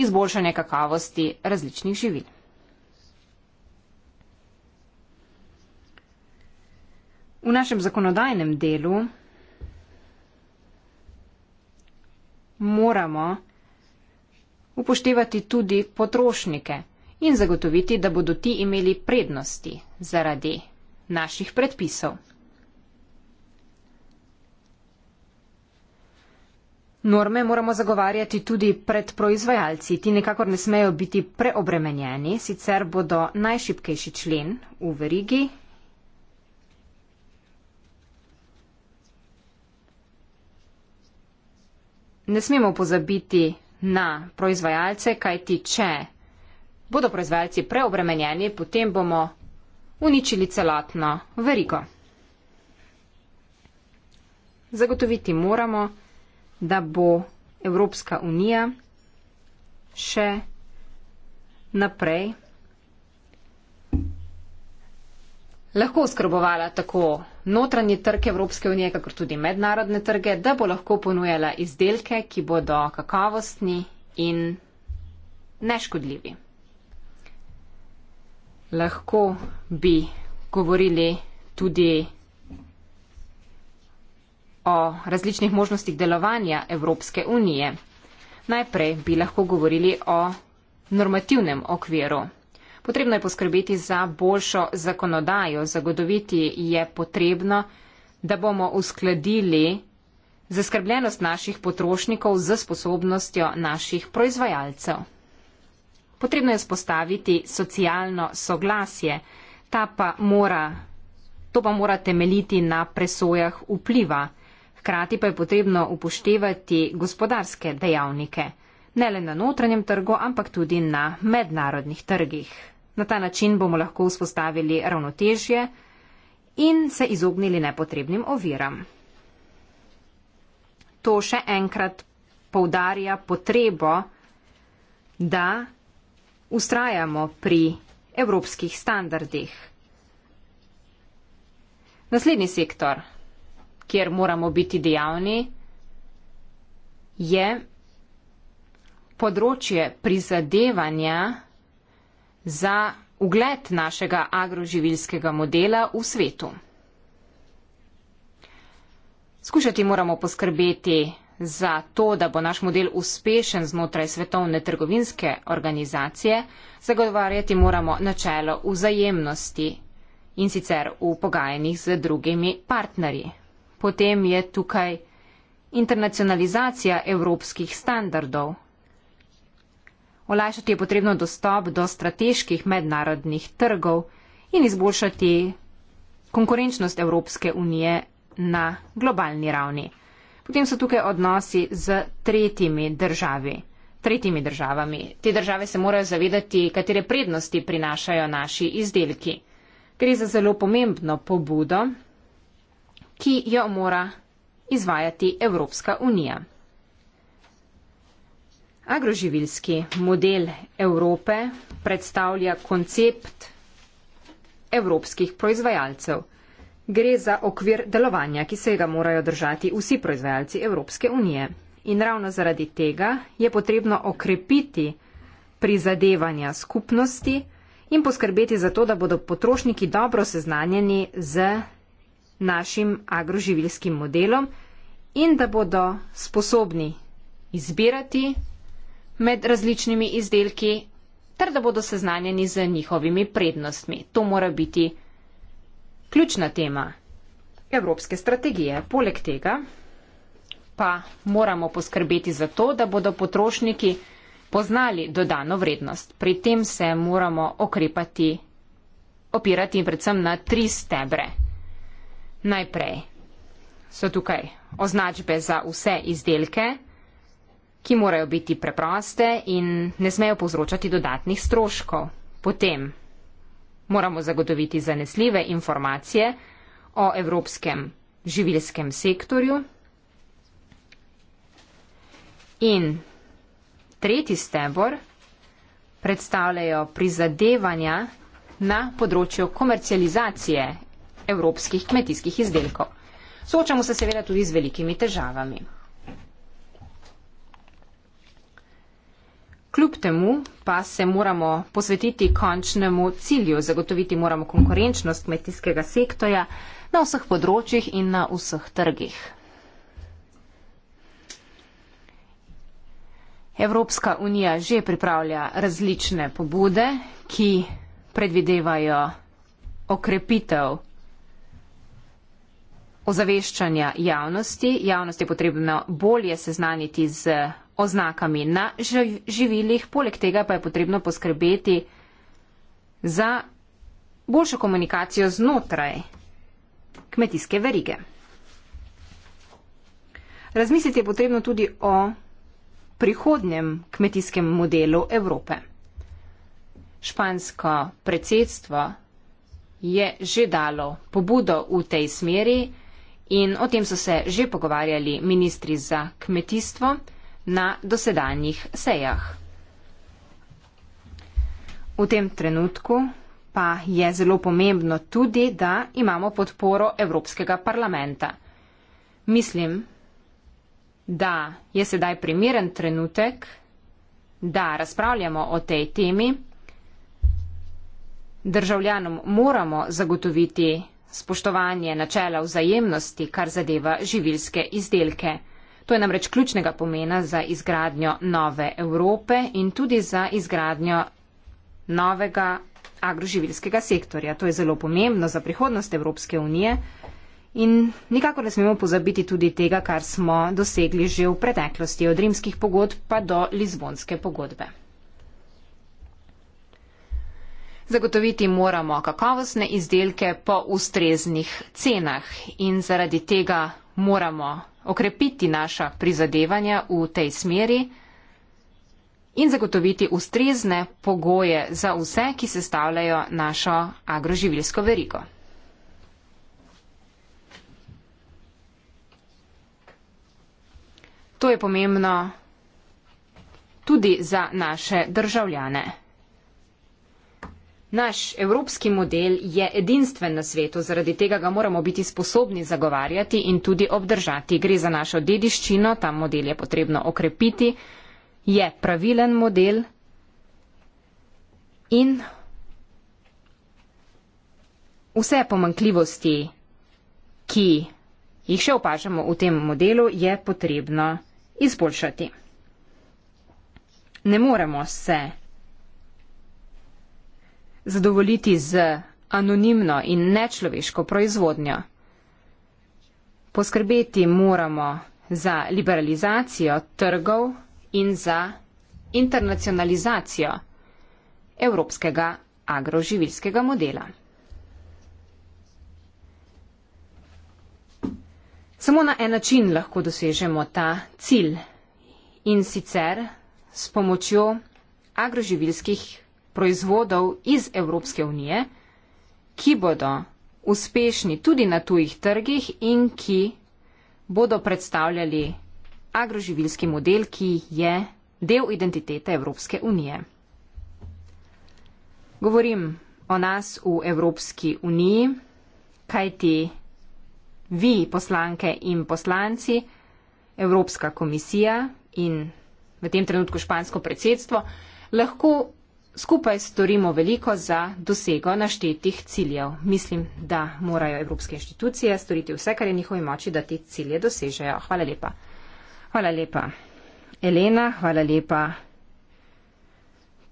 S3: izboljšanje kakovosti različnih živil. V našem zakonodajnem delu moramo upoštevati tudi potrošnike in zagotoviti, da bodo ti imeli prednosti zaradi naših predpisov. Norme moramo zagovarjati tudi pred proizvajalci. Ti nekako ne smejo biti preobremenjeni, sicer bodo najšipkejši člen v verigi. Ne smemo pozabiti na proizvajalce, kajti če bodo proizvajalci preobremenjeni, potem bomo uničili celotno verigo. Zagotoviti moramo, da bomo da bo Evropska unija še naprej lahko oskrbovala tako notranji trg Evropske unije, kakor tudi mednarodne trge, da bo lahko ponujala izdelke, ki bodo kakovostni in neškodljivi. Lahko bi govorili tudi o različnih možnostih delovanja Evropske unije. Najprej bi lahko govorili o normativnem okviru. Potrebno je poskrbeti za boljšo zakonodajo, zagotoviti je potrebno, da bomo uskladili zaskrbljenost naših potrošnikov z sposobnostjo naših proizvajalcev. Potrebno je spostaviti socialno soglasje, ta pa mora, to pa mora temeljiti na presojah vpliva. Hkrati pa je potrebno upoštevati gospodarske dejavnike, ne le na notranjem trgu, ampak tudi na mednarodnih trgih. Na ta način bomo lahko vzpostavili ravnotežje in se izognili nepotrebnim oviram. To še enkrat poudarja potrebo, da ustrajamo pri evropskih standardih. Naslednji sektor kjer moramo biti dejavni, je področje prizadevanja za ugled našega agroživilskega modela v svetu. Skušati moramo poskrbeti za to, da bo naš model uspešen znotraj svetovne trgovinske organizacije, zagovarjati moramo načelo vzajemnosti in sicer v pogajanjih z drugimi partnerji potem je tukaj internacionalizacija evropskih standardov. Olajšati je potrebno dostop do strateških mednarodnih trgov in izboljšati konkurenčnost Evropske unije na globalni ravni. Potem so tukaj odnosi z tretjimi, državi, tretjimi državami. Te države se morajo zavedati, katere prednosti prinašajo naši izdelki. Gre za zelo pomembno pobudo ki jo mora izvajati Evropska unija. Agroživilski model Evrope predstavlja koncept evropskih proizvajalcev. Gre za okvir delovanja, ki se ga morajo držati vsi proizvajalci Evropske unije. In ravno zaradi tega je potrebno okrepiti prizadevanja skupnosti in poskrbeti za to, da bodo potrošniki dobro seznanjeni z našim agroživilskim modelom in da bodo sposobni izbirati med različnimi izdelki ter da bodo seznanjeni z njihovimi prednostmi. To mora biti ključna tema evropske strategije. Poleg tega pa moramo poskrbeti za to, da bodo potrošniki poznali dodano vrednost. Pri tem se moramo okrepati, opirati predvsem na tri stebre. Najprej so tukaj označbe za vse izdelke, ki morajo biti preproste in ne smejo povzročati dodatnih stroškov. Potem moramo zagotoviti zanesljive informacije o evropskem živilskem sektorju. In tretji stebor predstavljajo prizadevanja na področju komercializacije evropskih kmetijskih izdelkov. Soočamo se seveda tudi z velikimi težavami. Kljub temu pa se moramo posvetiti končnemu cilju, zagotoviti moramo konkurenčnost kmetijskega sektorja na vseh področjih in na vseh trgih. Evropska unija že pripravlja različne pobude, ki predvidevajo okrepitev ozaveščanja javnosti. Javnost je potrebno bolje seznaniti z oznakami na živilih, poleg tega pa je potrebno poskrbeti za boljšo komunikacijo znotraj kmetijske verige. Razmisliti je potrebno tudi o prihodnjem kmetijskem modelu Evrope. Špansko predsedstvo je že dalo pobudo v tej smeri, In o tem so se že pogovarjali ministri za kmetijstvo na dosedanjih sejah. V tem trenutku pa je zelo pomembno tudi, da imamo podporo Evropskega parlamenta. Mislim, da je sedaj primeren trenutek, da razpravljamo o tej temi. Državljanom moramo zagotoviti spoštovanje načela vzajemnosti, kar zadeva živilske izdelke. To je namreč ključnega pomena za izgradnjo nove Evrope in tudi za izgradnjo novega agroživilskega sektorja. To je zelo pomembno za prihodnost Evropske unije in nikakor ne smemo pozabiti tudi tega, kar smo dosegli že v preteklosti, od rimskih pogodb pa do Lizbonske pogodbe. Zagotoviti moramo kakovostne izdelke po ustreznih cenah in zaradi tega moramo okrepiti naša prizadevanja v tej smeri in zagotoviti ustrezne pogoje za vse, ki sestavljajo našo agroživilsko verigo. To je pomembno tudi za naše državljane. Naš evropski model je edinstven na svetu, zaradi tega ga moramo biti sposobni zagovarjati in tudi obdržati. Gre za našo dediščino, ta model je potrebno okrepiti, je pravilen model in vse pomankljivosti, ki jih še opažamo v tem modelu, je potrebno izboljšati. Ne moremo se zadovoljiti z anonimno in nečloveško proizvodnjo. Poskrbeti moramo za liberalizacijo trgov in za internacionalizacijo evropskega agroživilskega modela. Samo na en način lahko dosežemo ta cilj in sicer s pomočjo agroživilskih proizvodov iz Evropske unije, ki bodo uspešni tudi na tujih trgih in ki bodo predstavljali agroživilski model, ki je del identitete Evropske unije. Govorim o nas v Evropski uniji, kajti vi, poslanke in poslanci, Evropska komisija in v tem trenutku špansko predsedstvo, lahko skupaj storimo veliko za dosego naštetih ciljev. Mislim, da morajo evropske inštitucije storiti vse, kar je njihovi moči, da te cilje dosežejo. Hvala lepa. Hvala lepa. Elena, hvala lepa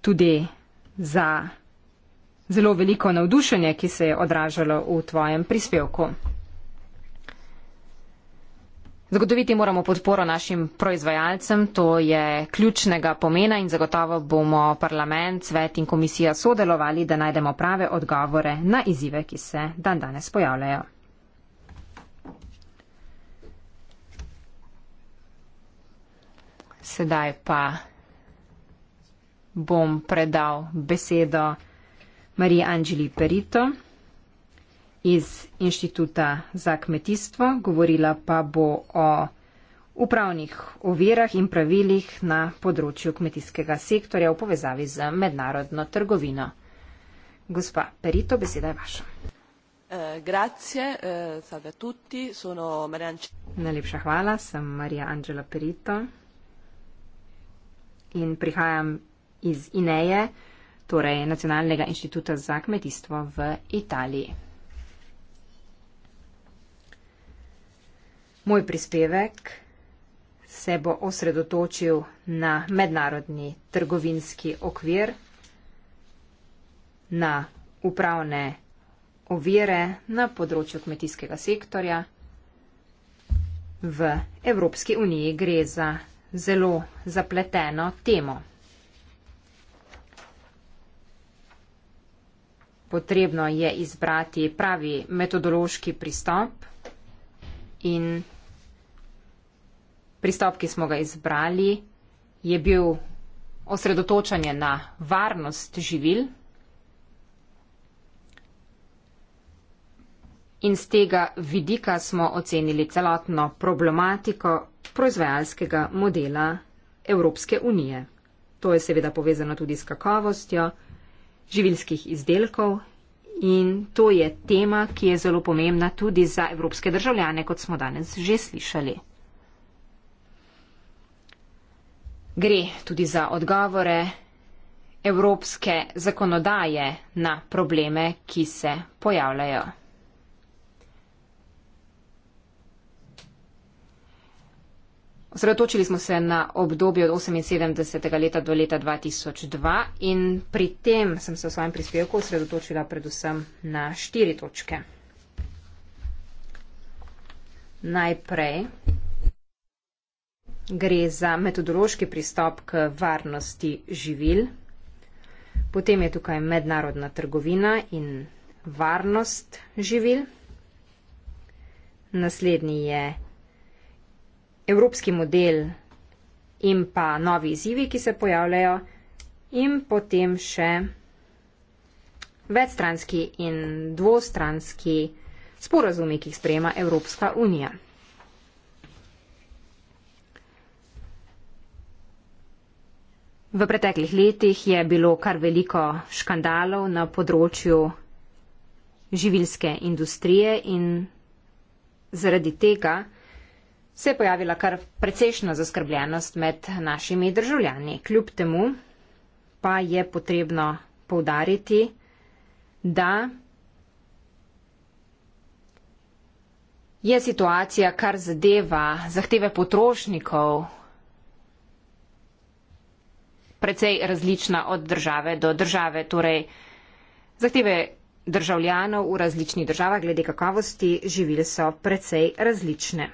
S3: tudi za zelo veliko navdušenje, ki se je odražalo v tvojem prispevku. Zagotoviti moramo podporo našim proizvajalcem, to je ključnega pomena in zagotovo bomo parlament, svet in komisija sodelovali, da najdemo prave odgovore na izzive, ki se dan danes pojavljajo. Sedaj pa bom predal besedo Mariji Anželi Perito iz Inštituta za kmetijstvo, govorila pa bo o upravnih ovirah in pravilih na področju kmetijskega sektorja v povezavi z mednarodno trgovino. Gospa Perito, beseda je vaša.
S1: Eh, grazie, eh, salve tutti,
S3: sono Maria Angela. Najlepša hvala, sem Maria Angela Perito in prihajam iz INEJE, torej Nacionalnega inštituta za kmetijstvo v Italiji. Moj prispevek se bo osredotočil na mednarodni trgovinski okvir, na upravne ovire na področju kmetijskega sektorja. V Evropski uniji gre za zelo zapleteno temo. Potrebno je izbrati pravi metodološki pristop, in pristop, ki smo ga izbrali, je bil osredotočanje na varnost živil in z tega vidika smo ocenili celotno problematiko proizvajalskega modela Evropske unije. To je seveda povezano tudi s kakovostjo živilskih izdelkov In to je tema, ki je zelo pomembna tudi za evropske državljane, kot smo danes že slišali. Gre tudi za odgovore evropske zakonodaje na probleme, ki se pojavljajo. Osredotočili smo se na obdobje od 78. leta do leta 2002 in pri tem sem se v svojem prispevku osredotočila predvsem na štiri točke. Najprej gre za metodološki pristop k varnosti živil, potem je tukaj mednarodna trgovina in varnost živil, naslednji je evropski model in pa novi izzivi, ki se pojavljajo in potem še večstranski in dvostranski sporazumi, ki jih sprejema Evropska unija. V preteklih letih je bilo kar veliko škandalov na področju živilske industrije in zaradi tega, se je pojavila kar precejšna zaskrbljenost med našimi državljani. Kljub temu pa je potrebno povdariti, da je situacija, kar zadeva zahteve potrošnikov, precej različna od države do države. Torej, zahteve državljanov v različnih državah glede kakovosti živil so precej različne.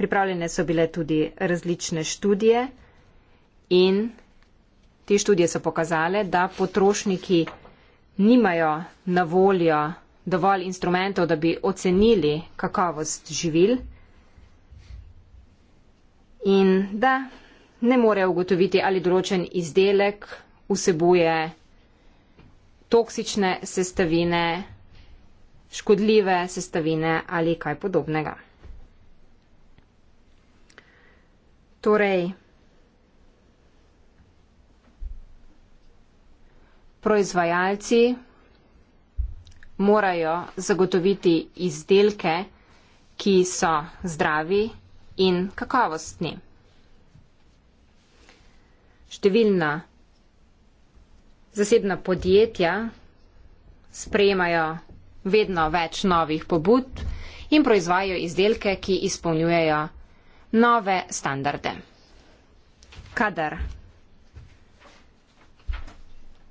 S3: Pripravljene so bile tudi različne študije in te študije so pokazale, da potrošniki nimajo na voljo dovolj instrumentov, da bi ocenili kakovost živil in da ne morejo ugotoviti, ali določen izdelek vsebuje toksične sestavine, škodljive sestavine ali kaj podobnega. Torej, proizvajalci morajo zagotoviti izdelke, ki so zdravi in kakovostni. Številna zasebna podjetja sprejemajo vedno več novih pobud in proizvajajo izdelke, ki izpolnjujejo nove standarde. Kadar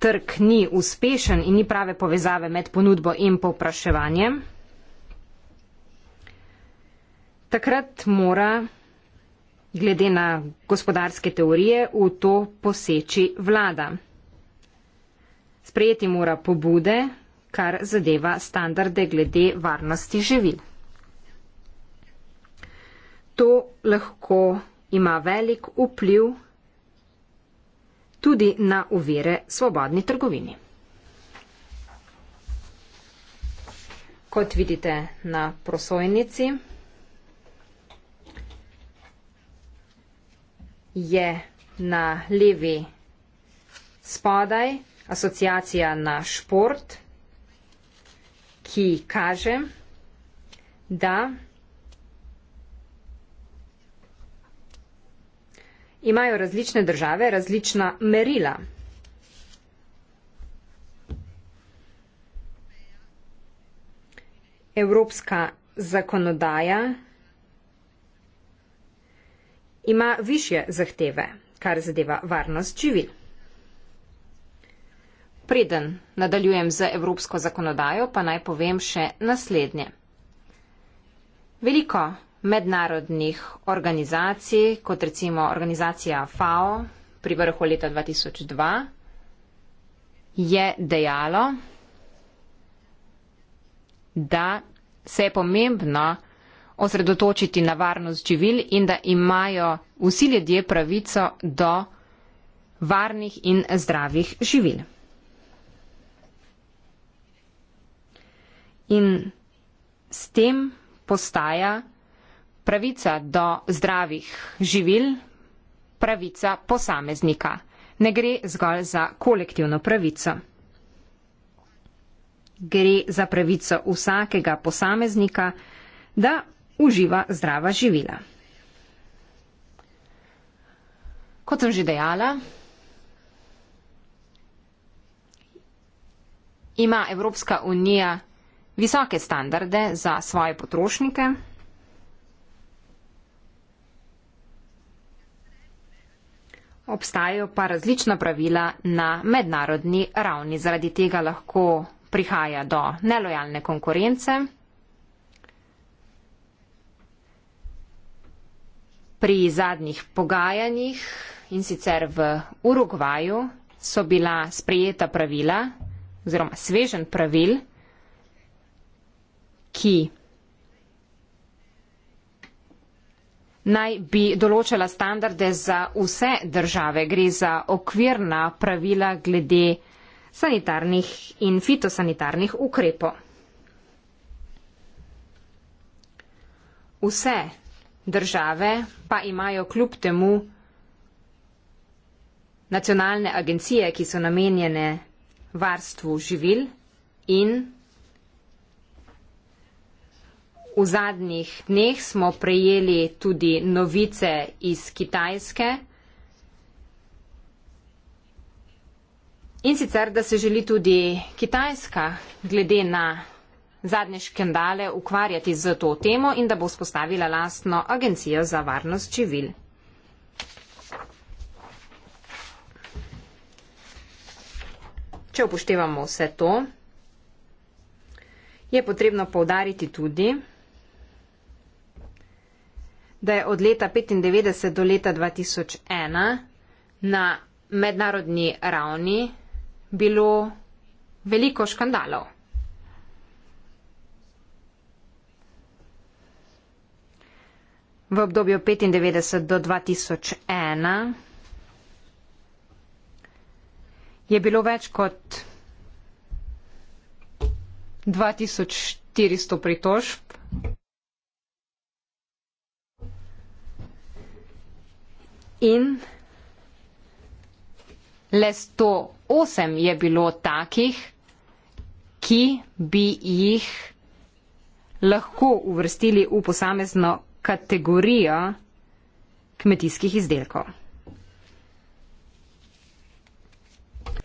S3: trg ni uspešen in ni prave povezave med ponudbo in popraševanjem, takrat mora glede na gospodarske teorije v to poseči vlada. Sprejeti mora pobude, kar zadeva standarde glede varnosti živil to lahko ima velik vpliv tudi na uvire svobodni trgovini. Kot vidite na prosojnici, je na levi spodaj asociacija na šport, ki kaže, da imajo različne države različna merila. Evropska zakonodaja ima više zahteve, kar zadeva varnost živil. Preden nadaljujem z evropsko zakonodajo, pa naj povem še naslednje. Veliko mednarodnih organizacij, kot recimo organizacija FAO pri vrhu leta 2002, je dejalo, da se je pomembno osredotočiti na varnost živil in da imajo vsi ljudje pravico do varnih in zdravih živil. In s tem postaja pravica do zdravih živil pravica posameznika. Ne gre zgolj za kolektivno pravico. Gre za pravico vsakega posameznika, da uživa zdrava živila. Kot sem že dejala, ima Evropska unija visoke standarde za svoje potrošnike. obstajajo pa različna pravila na mednarodni ravni. Zaradi tega lahko prihaja do nelojalne konkurence. Pri zadnjih pogajanjih in sicer v Urugvaju so bila sprejeta pravila oziroma svežen pravil, ki naj bi določala standarde za vse države. Gre za okvirna pravila glede sanitarnih in fitosanitarnih ukrepov. Vse države pa imajo kljub temu nacionalne agencije, ki so namenjene varstvu živil in V zadnjih dneh smo prejeli tudi novice iz Kitajske. In sicer, da se želi tudi Kitajska glede na zadnje škandale ukvarjati z to temo in da bo spostavila lastno agencijo za varnost čivil. Če upoštevamo vse to, je potrebno povdariti tudi, da je od leta 1995 do leta 2001 na mednarodni ravni bilo veliko škandalov. V obdobju 1995 do 2001 je bilo več kot 2400 pritožb in le 108 je bilo takih, ki bi jih lahko uvrstili v posamezno kategorijo kmetijskih izdelkov.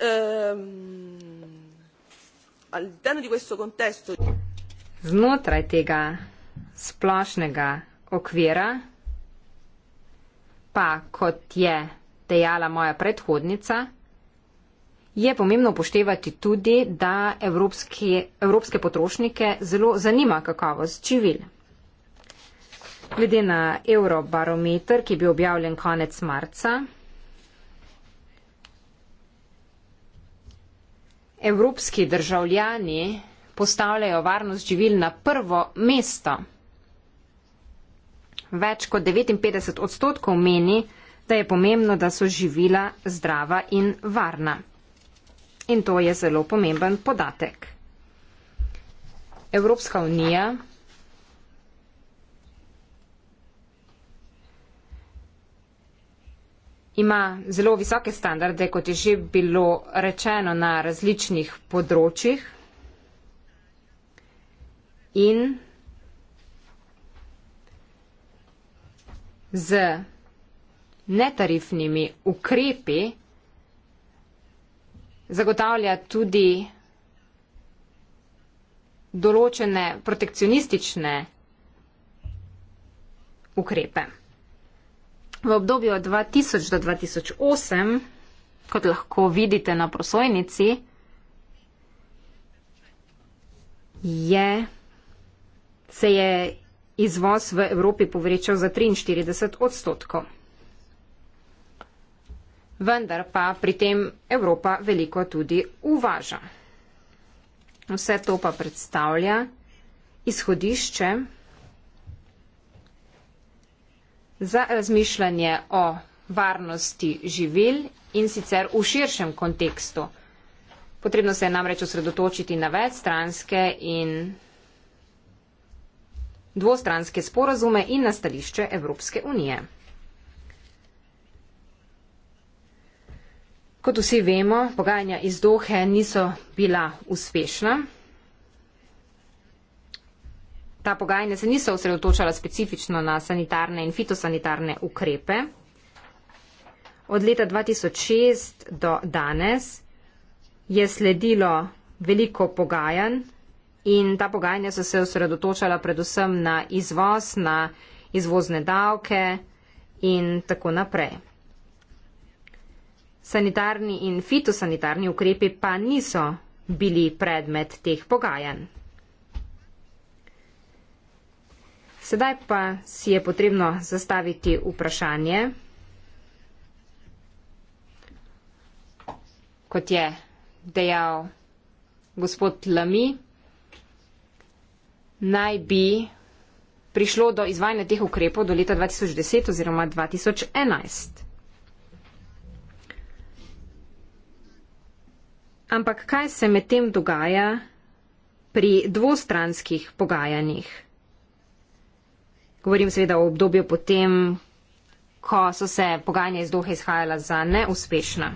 S1: Ehm,
S3: Znotraj tega splošnega okvira pa, kot je dejala moja predhodnica, je pomembno upoštevati tudi, da evropski, evropske potrošnike zelo zanima kakovost živil. Glede na eurobarometer, ki je bil objavljen konec marca, evropski državljani postavljajo varnost živil na prvo mesto več kot 59 odstotkov meni, da je pomembno, da so živila zdrava in varna. In to je zelo pomemben podatek. Evropska unija ima zelo visoke standarde, kot je že bilo rečeno na različnih področjih. In z netarifnimi ukrepi zagotavlja tudi določene protekcionistične ukrepe. V obdobju od 2000 do 2008, kot lahko vidite na prosojnici, je, se je izvoz v Evropi povečal za 43 odstotkov. Vendar pa pri tem Evropa veliko tudi uvaža. Vse to pa predstavlja izhodišče za razmišljanje o varnosti živil in sicer v širšem kontekstu. Potrebno se je namreč osredotočiti na večstranske in dvostranske sporazume in na stališče Evropske unije. Kot vsi vemo, pogajanja iz Dohe niso bila uspešna. Ta pogajanja se niso osredotočala specifično na sanitarne in fitosanitarne ukrepe. Od leta 2006 do danes je sledilo veliko pogajanj in ta pogajanja so se osredotočala predvsem na izvoz, na izvozne davke in tako naprej. Sanitarni in fitosanitarni ukrepi pa niso bili predmet teh pogajanj. Sedaj pa si je potrebno zastaviti vprašanje, kot je dejal gospod Lami naj bi prišlo do izvajanja teh ukrepov do leta 2010 oziroma 2011. Ampak kaj se medtem dogaja pri dvostranskih pogajanjih? Govorim seveda o obdobju potem, ko so se pogajanja iz Doha izhajala za neuspešna.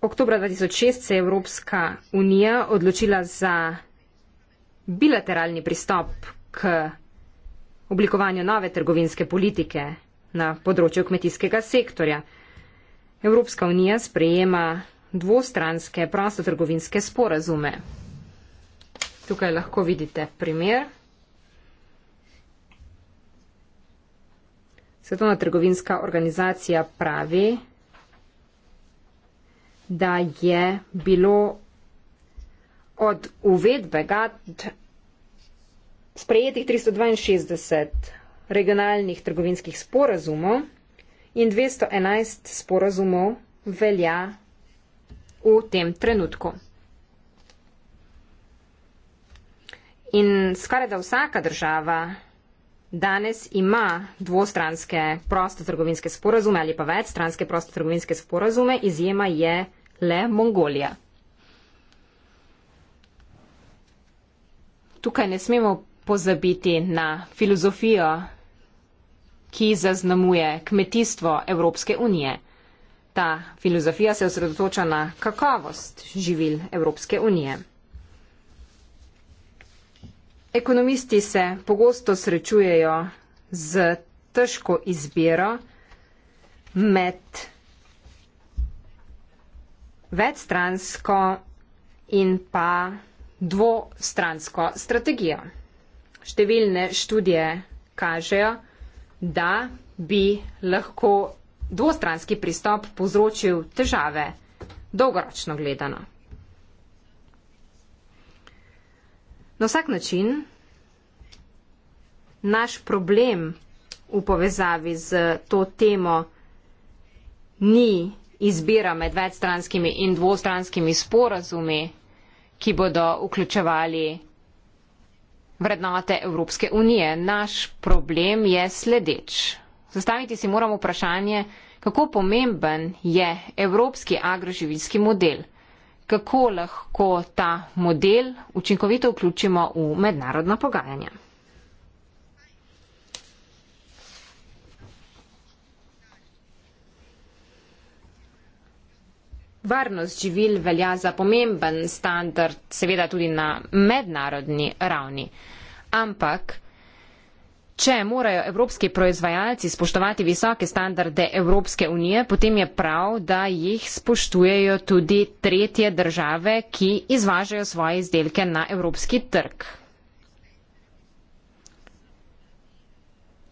S3: Oktobra 2006 se je Evropska unija odločila za bilateralni pristop k oblikovanju nove trgovinske politike na področju kmetijskega sektorja. Evropska unija sprejema dvostranske prostotrgovinske sporazume. Tukaj lahko vidite primer. Svetovna trgovinska organizacija pravi, da je bilo od uvedbe GATT sprejetih 362 regionalnih trgovinskih sporazumov in 211 sporazumov velja v tem trenutku. In skoraj da vsaka država danes ima dvostranske prostotrgovinske sporazume ali pa več stranske prostotrgovinske sporazume, izjema je le Mongolija. Tukaj ne smemo pozabiti na filozofijo, ki zaznamuje kmetijstvo Evropske unije. Ta filozofija se osredotoča na kakovost živil Evropske unije. Ekonomisti se pogosto srečujejo z težko izbiro med večstransko in pa dvostransko strategijo. Številne študije kažejo, da bi lahko dvostranski pristop povzročil težave dolgoročno gledano. Na vsak način, naš problem v povezavi z to temo ni izbira med večstranskimi in dvostranskimi sporazumi, ki bodo vključevali vrednote Evropske unije. Naš problem je sledeč. Zastaviti si moramo vprašanje, kako pomemben je evropski agroživilski model kako lahko ta model učinkovito vključimo v mednarodna pogajanja. Varnost živil velja za pomemben standard, seveda tudi na mednarodni ravni. Ampak Če morajo evropski proizvajalci spoštovati visoke standarde Evropske unije, potem je prav, da jih spoštujejo tudi tretje države, ki izvažajo svoje izdelke na evropski trg.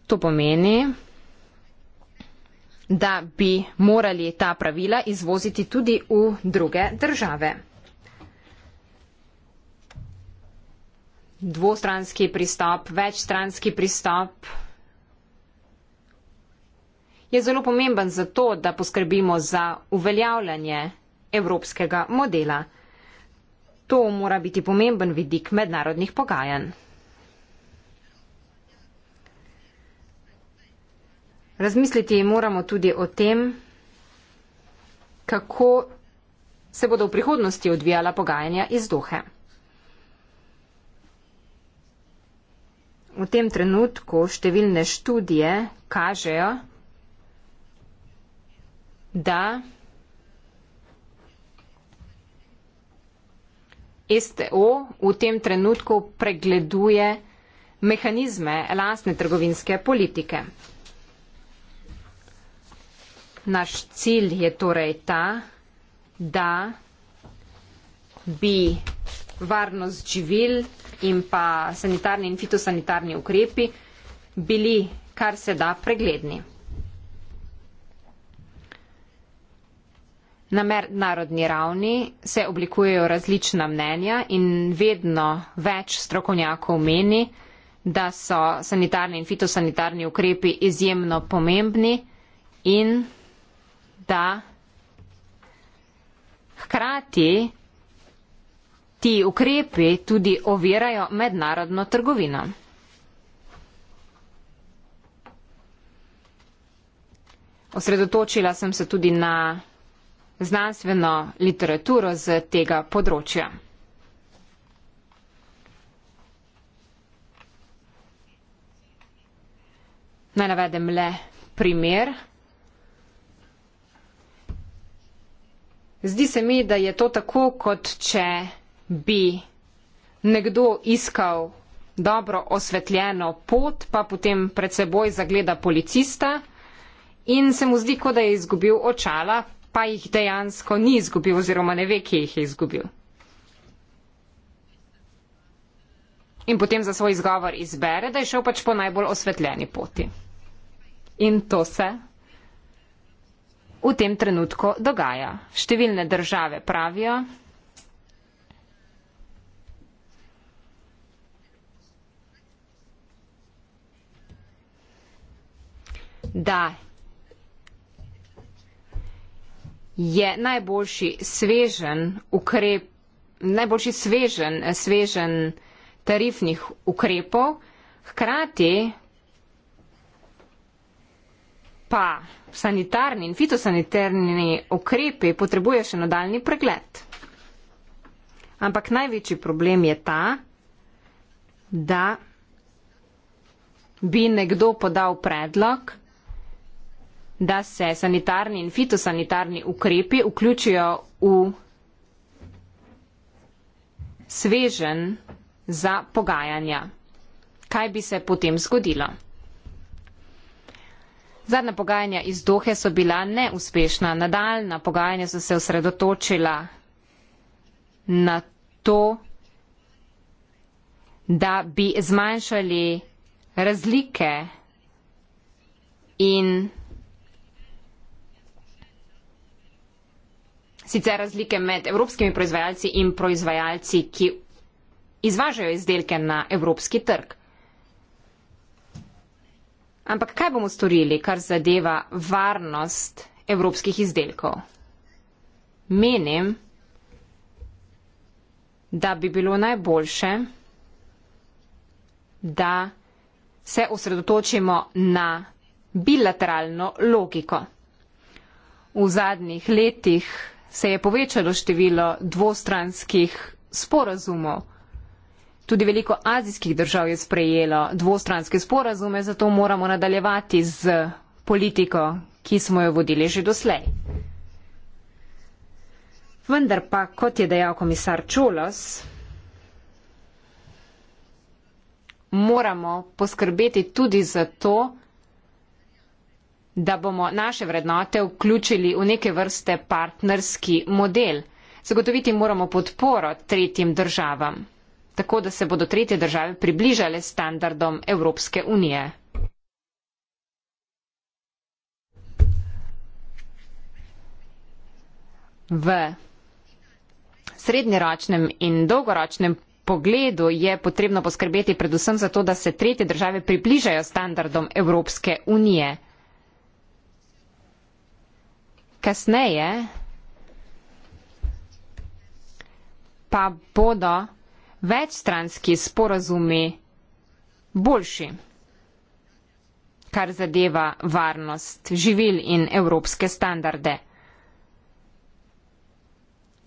S3: To pomeni, da bi morali ta pravila izvoziti tudi v druge države. dvostranski pristop, večstranski pristop je zelo pomemben za to, da poskrbimo za uveljavljanje evropskega modela. To mora biti pomemben vidik mednarodnih pogajanj. Razmisliti moramo tudi o tem, kako se bodo v prihodnosti odvijala pogajanja iz duhe. V tem trenutku številne študije kažejo, da STO v tem trenutku pregleduje mehanizme lastne trgovinske politike. Naš cilj je torej ta, da bi varnost živil in pa sanitarni in fitosanitarni ukrepi bili kar se da pregledni. Na mednarodni ravni se oblikujejo različna mnenja in vedno več strokovnjakov meni, da so sanitarni in fitosanitarni ukrepi izjemno pomembni in da hkrati Ti ukrepi tudi ovirajo mednarodno trgovino. Osredotočila sem se tudi na znanstveno literaturo z tega področja. Naj navedem le primer. Zdi se mi, da je to tako, kot če bi nekdo iskal dobro osvetljeno pot, pa potem pred seboj zagleda policista in se mu zdi, kot da je izgubil očala, pa jih dejansko ni izgubil oziroma ne ve, kje jih je izgubil. In potem za svoj izgovor izbere, da je šel pač po najbolj osvetljeni poti. In to se v tem trenutku dogaja. Številne države pravijo, da je najboljši svežen ukrep, najboljši svežen, svežen tarifnih ukrepov, hkrati pa sanitarni in fitosanitarni ukrepi potrebuje še nadaljni pregled. Ampak največji problem je ta, da bi nekdo podal predlog, da se sanitarni in fitosanitarni ukrepi vključijo v svežen za pogajanja. Kaj bi se potem zgodilo? Zadnja pogajanja iz Dohe so bila neuspešna. Nadaljna pogajanja so se osredotočila na to, da bi zmanjšali razlike in sicer razlike med evropskimi proizvajalci in proizvajalci, ki izvažajo izdelke na evropski trg. Ampak kaj bomo storili, kar zadeva varnost evropskih izdelkov? Menim, da bi bilo najboljše, da se osredotočimo na bilateralno logiko. V zadnjih letih se je povečalo število dvostranskih sporazumov. Tudi veliko azijskih držav je sprejelo dvostranske sporazume, zato moramo nadaljevati z politiko, ki smo jo vodili že doslej. Vendar pa, kot je dejal komisar Čulos, moramo poskrbeti tudi za to, da bomo naše vrednote vključili v neke vrste partnerski model. Zagotoviti moramo podporo tretjim državam, tako da se bodo tretje države približale standardom Evropske unije. V srednjeročnem in dolgoročnem pogledu je potrebno poskrbeti predvsem za to, da se tretje države približajo standardom Evropske unije kasneje pa bodo večstranski sporazumi boljši, kar zadeva varnost živil in evropske standarde.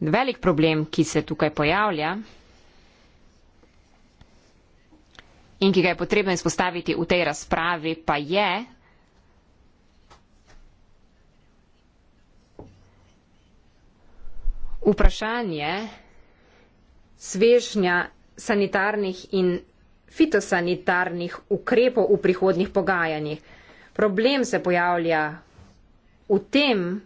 S3: Velik problem, ki se tukaj pojavlja in ki ga je potrebno izpostaviti v tej razpravi, pa je, vprašanje svežnja sanitarnih in fitosanitarnih ukrepov v prihodnih pogajanjih. Problem se pojavlja v tem,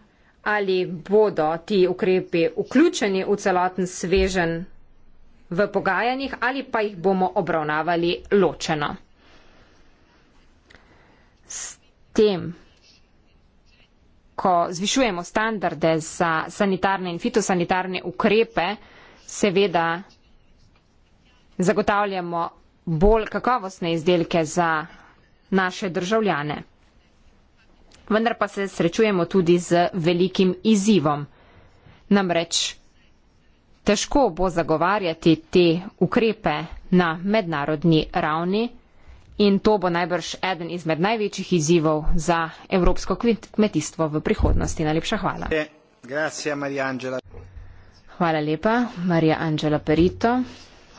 S3: ali bodo ti ukrepi vključeni v celoten svežen v pogajanjih ali pa jih bomo obravnavali ločeno. S tem ko zvišujemo standarde za sanitarne in fitosanitarne ukrepe, seveda zagotavljamo bolj kakovostne izdelke za naše državljane. Vendar pa se srečujemo tudi z velikim izzivom. Namreč težko bo zagovarjati te ukrepe na mednarodni ravni in to bo najbrž eden izmed največjih izzivov za evropsko kmetijstvo v prihodnosti. Najlepša hvala. Eh, hvala lepa, Marija Angela Perito.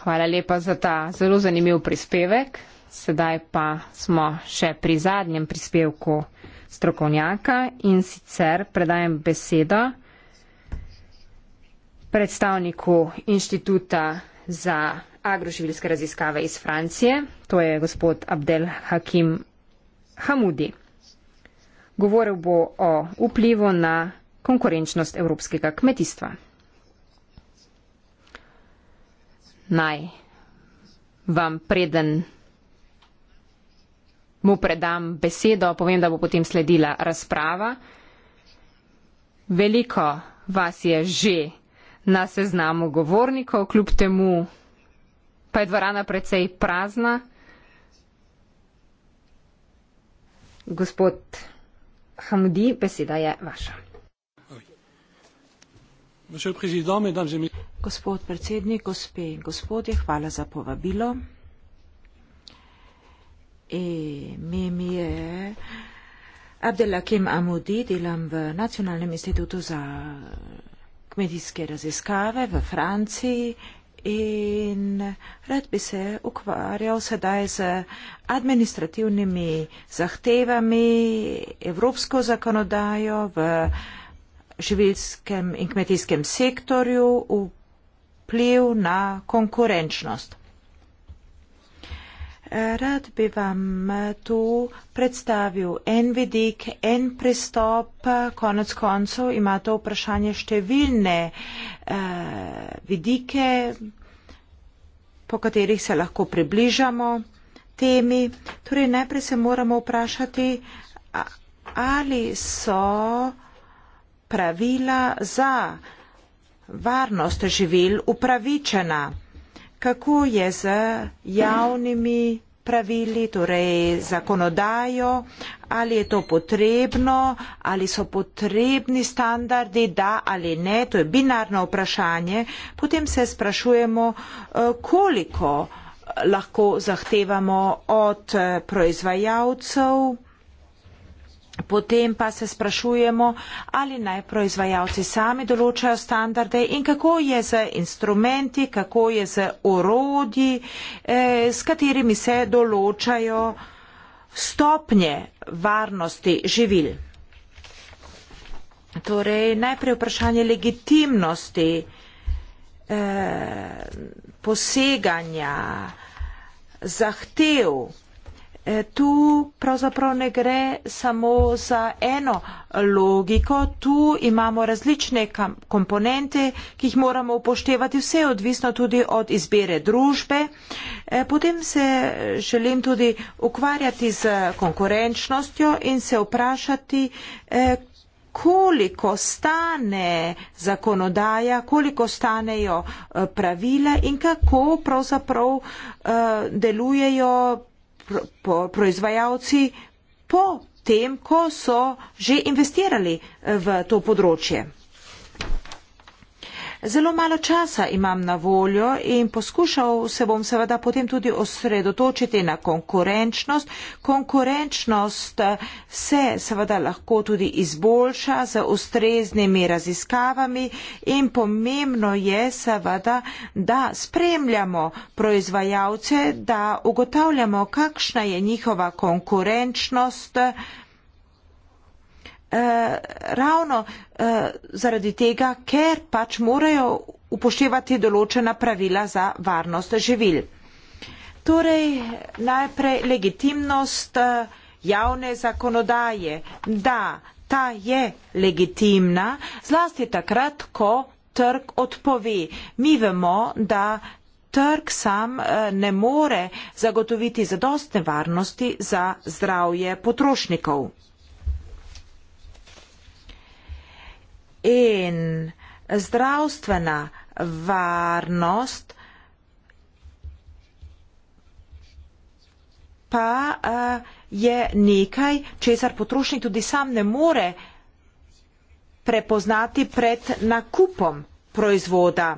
S3: Hvala lepa za ta zelo zanimiv prispevek. Sedaj pa smo še pri zadnjem prispevku strokovnjaka in sicer predajem besedo predstavniku inštituta za agroživljske raziskave iz Francije, to je gospod Abdel Hakim Hamudi. Govoril bo o vplivu na konkurenčnost evropskega kmetijstva. Naj vam preden mu predam besedo, povem, da bo potem sledila razprava. Veliko vas je že na seznamu govornikov, kljub temu pa je dvorana precej prazna. Gospod Hamudi, beseda je vaša. Gospod predsednik, gospe in gospodje, hvala za
S1: povabilo. Ime mi je Abdelakim Amudi, delam v Nacionalnem institutu za kmetijske raziskave v Franciji in rad bi se ukvarjal sedaj z administrativnimi zahtevami, evropsko zakonodajo v živilskem in kmetijskem sektorju, vpliv na konkurenčnost rad bi vam eh, tu predstavil en vidik, en pristop. Konec koncev ima to vprašanje številne eh, vidike, po katerih se lahko približamo temi. Torej, najprej se moramo vprašati, ali so pravila za varnost živil upravičena kako je z javnimi pravili, torej zakonodajo, ali je to potrebno, ali so potrebni standardi, da ali ne, to je binarno vprašanje, potem se sprašujemo, eh, koliko lahko zahtevamo od eh, proizvajalcev, Potem pa se sprašujemo, ali naj proizvajalci sami določajo standarde in kako je z instrumenti, kako je z orodji, eh, s katerimi se določajo stopnje varnosti živil. Torej, najprej vprašanje legitimnosti eh, poseganja zahtev E, tu pravzaprav ne gre samo za eno logiko, tu imamo različne komponente, ki jih moramo upoštevati, vse odvisno tudi od izbire družbe. E, potem se želim tudi ukvarjati z konkurenčnostjo in se vprašati, e, koliko stane zakonodaja, koliko stanejo pravila in kako pravzaprav delujejo pro, proizvajalci po tem, ko so že investirali eh, v to področje. Zelo malo časa imam na voljo in poskušal se bom seveda potem tudi osredotočiti na konkurenčnost. Konkurenčnost eh, se seveda lahko tudi izboljša z ustreznimi raziskavami in pomembno je seveda, da spremljamo proizvajalce, da ugotavljamo, kakšna je njihova konkurenčnost Eh, ravno eh, zaradi tega, ker pač morajo upoštevati določena pravila za varnost živil. Torej, najprej legitimnost eh, javne zakonodaje. Da, ta je legitimna, zlasti takrat, ko trg odpove. Mi vemo, da trg sam eh, ne more zagotoviti zadostne varnosti za zdravje potrošnikov. in zdravstvena varnost pa eh, je nekaj, česar potrošnik tudi sam ne more prepoznati pred nakupom proizvoda.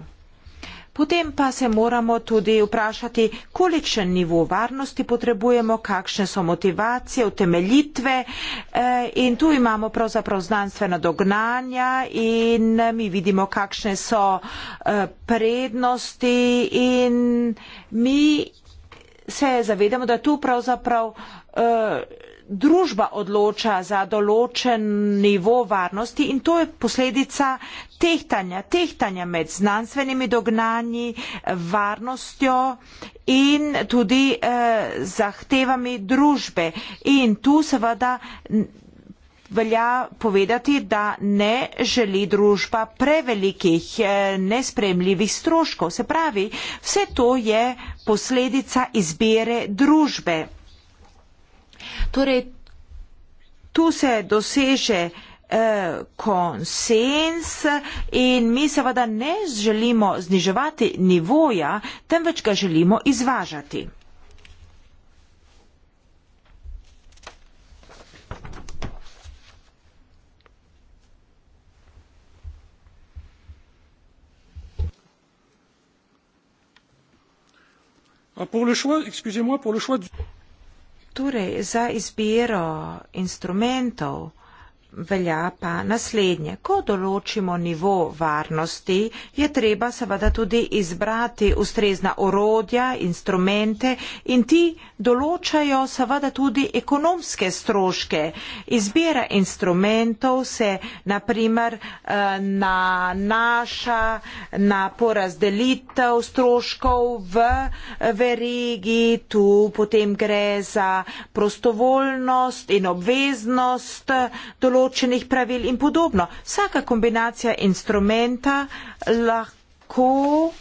S1: Potem pa se moramo tudi vprašati, kolikšen nivo varnosti potrebujemo, kakšne so motivacije, utemeljitve eh, in tu imamo pravzaprav znanstvena dognanja in mi vidimo, kakšne so eh, prednosti in mi se zavedamo, da tu pravzaprav eh, družba odloča za določen nivo varnosti in to je posledica tehtanja, tehtanja med znanstvenimi dognanji, varnostjo in tudi eh, zahtevami družbe. In tu seveda velja povedati, da ne želi družba prevelikih eh, nespremljivih stroškov. Se pravi, vse to je posledica izbire družbe. Torej, tu se doseže eh, konsens in mi seveda ne želimo zniževati nivoja, temveč ga želimo izvažati. Pour le choix, excusez-moi, pour le choix du... Torej, za izbiro instrumentov velja pa naslednje. Ko določimo nivo varnosti, je treba seveda tudi izbrati ustrezna orodja, instrumente in ti določajo seveda tudi ekonomske stroške. Izbira instrumentov se naprimer eh, nanaša na porazdelitev stroškov v eh, verigi, tu potem gre za prostovoljnost in obveznost določenih določenih pravil in podobno. Vsaka kombinacija instrumenta lahko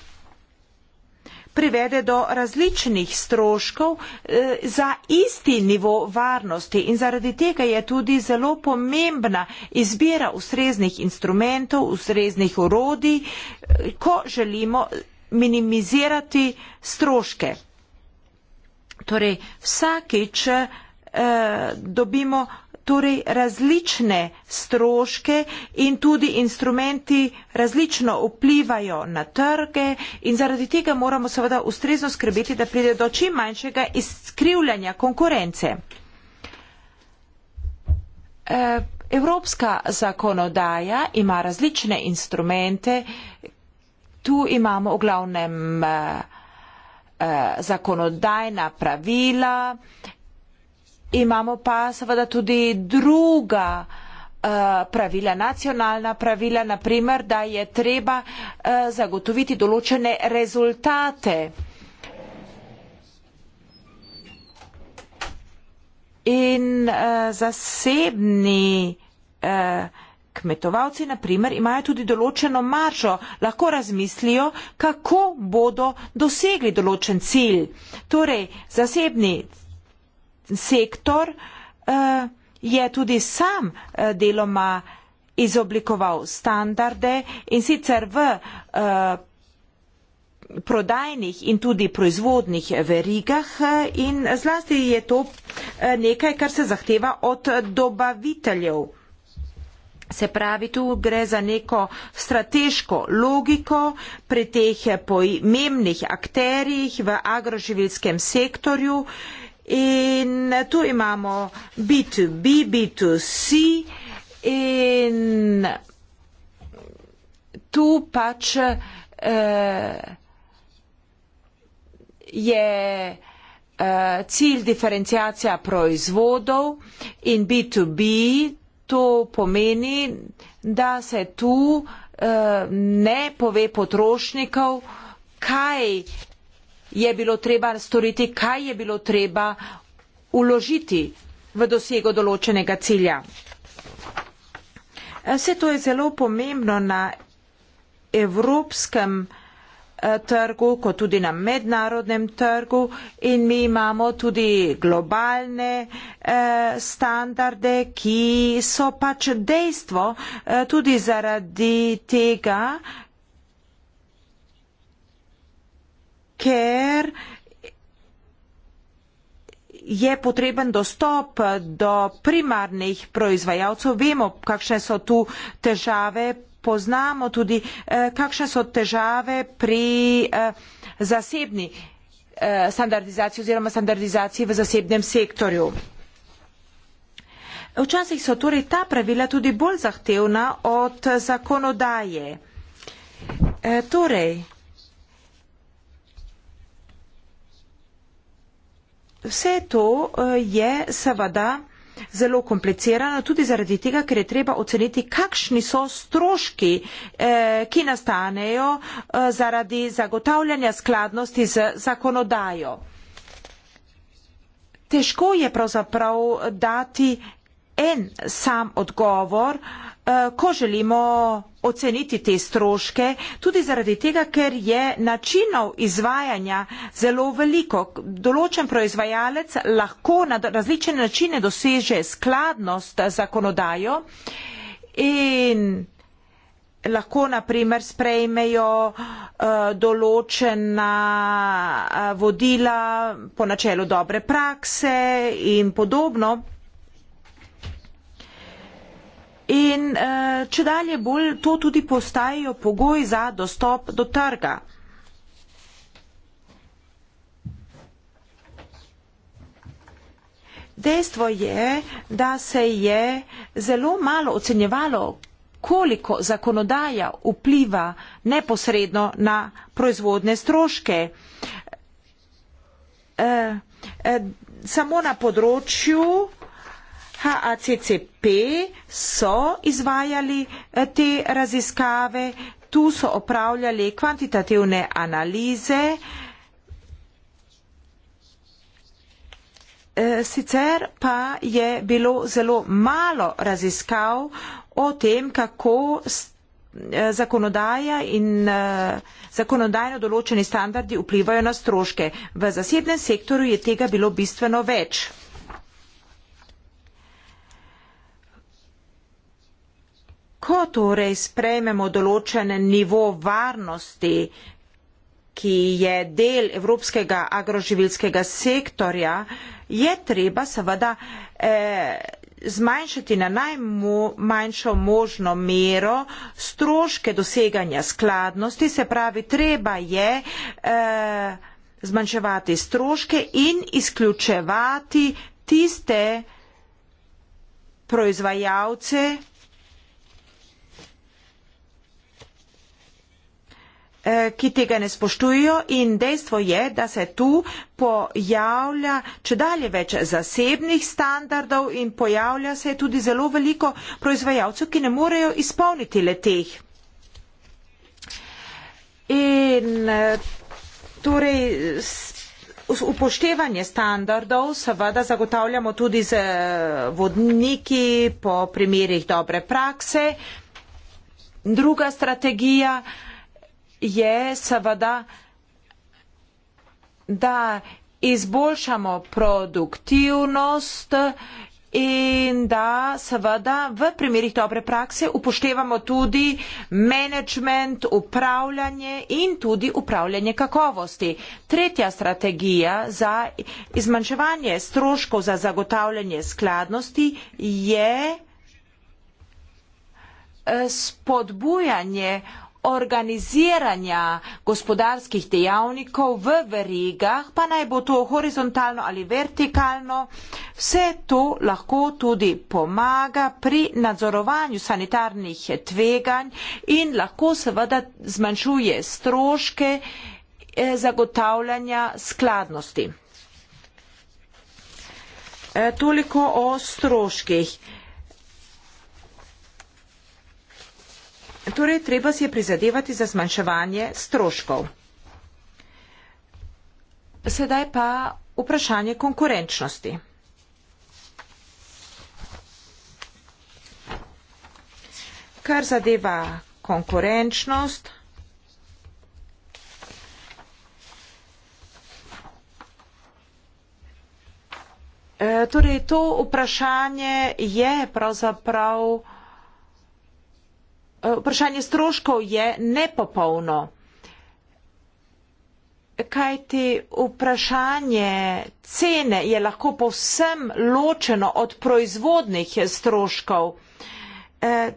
S1: privede do različnih stroškov eh, za isti nivo varnosti in zaradi tega je tudi zelo pomembna izbira ustreznih instrumentov, ustreznih orodij, eh, ko želimo minimizirati stroške. Torej, vsakič eh, dobimo torej različne stroške in tudi instrumenti različno vplivajo na trge in zaradi tega moramo seveda ustrezno skrbeti, da pride do čim manjšega izkrivljanja konkurence. E, evropska zakonodaja ima različne instrumente, tu imamo v glavnem e, e, zakonodajna pravila imamo pa seveda tudi druga uh, pravila, nacionalna pravila, naprimer, da je treba uh, zagotoviti določene rezultate. In uh, zasebni uh, kmetovalci, naprimer, imajo tudi določeno maržo, lahko razmislijo, kako bodo dosegli določen cilj. Torej, zasebni sektor eh, je tudi sam eh, deloma izoblikoval standarde in sicer v eh, prodajnih in tudi proizvodnih verigah in zlasti je to nekaj, kar se zahteva od dobaviteljev. Se pravi, tu gre za neko strateško logiko pri teh pojemnih akterjih v agroživilskem sektorju. Uh, In tu imamo B2B, B2C in tu pač eh, je eh, cilj diferencijacija proizvodov in B2B to pomeni, da se tu eh, ne pove potrošnikov, kaj je bilo treba storiti, kaj je bilo treba uložiti v dosego določenega cilja. Vse to je zelo pomembno na evropskem eh, trgu, kot tudi na mednarodnem trgu in mi imamo tudi globalne eh, standarde, ki so pač dejstvo eh, tudi zaradi tega, ker je potreben dostop do primarnih proizvajalcev. Vemo, kakšne so tu težave, poznamo tudi, eh, kakšne so težave pri eh, zasebni eh, standardizaciji oziroma standardizaciji v zasebnem sektorju. Včasih so torej ta pravila tudi bolj zahtevna od zakonodaje. Torej, vse to eh, je seveda zelo komplicirano, tudi zaradi tega, ker je treba oceniti, kakšni so stroški, eh, ki nastanejo eh, zaradi zagotavljanja skladnosti z zakonodajo. Težko je pravzaprav dati en sam odgovor, Eh, ko želimo oceniti te stroške, tudi zaradi tega, ker je načinov izvajanja zelo veliko. Določen proizvajalec lahko na različne načine doseže skladnost zakonodajo in lahko naprimer sprejmejo eh, določena eh, vodila po načelu dobre prakse in podobno. In uh, če dalje bolj to tudi postajajo pogoj za dostop do trga. Dejstvo je, da se je zelo malo ocenjevalo, koliko zakonodaja vpliva neposredno na proizvodne stroške. E, e, samo na področju HACCP so izvajali eh, te raziskave, tu so opravljali kvantitativne analize. Eh, sicer pa je bilo zelo malo raziskav o tem, kako eh, zakonodaja in zakonodajno določeni standardi vplivajo na stroške. V zasebnem sektorju je tega bilo bistveno več. Ko torej sprejmemo določen nivo varnosti, ki je del Evropskega agroživilskega sektorja, je treba seveda eh, zmanjšati na najmanjšo možno mero stroške doseganja skladnosti, se pravi, treba je eh, zmanjševati stroške in izključevati tiste proizvajalce, Eh, ki tega ne spoštujejo in dejstvo je, da se tu pojavlja če dalje več zasebnih standardov in pojavlja se tudi zelo veliko proizvajalcev, ki ne morejo izpolniti le teh. In eh, torej upoštevanje standardov seveda zagotavljamo tudi z eh, vodniki po primerih dobre prakse. Druga strategija, je seveda, da izboljšamo produktivnost in da seveda v primerih dobre prakse upoštevamo tudi management, upravljanje in tudi upravljanje kakovosti. Tretja strategija za izmanjševanje stroškov za zagotavljanje skladnosti je eh, spodbujanje organiziranja gospodarskih dejavnikov v verigah, pa naj bo to horizontalno ali vertikalno, vse to lahko tudi pomaga pri nadzorovanju sanitarnih tveganj in lahko seveda zmanjšuje stroške eh, zagotavljanja skladnosti. Eh, toliko o stroških. Torej, treba si je prizadevati za zmanjševanje stroškov. Sedaj pa vprašanje konkurenčnosti. Kar zadeva konkurenčnost, eh, torej to vprašanje je pravzaprav Eh, vprašanje stroškov je nepopolno. Kaj ti vprašanje cene je lahko povsem ločeno od proizvodnih stroškov? Eh,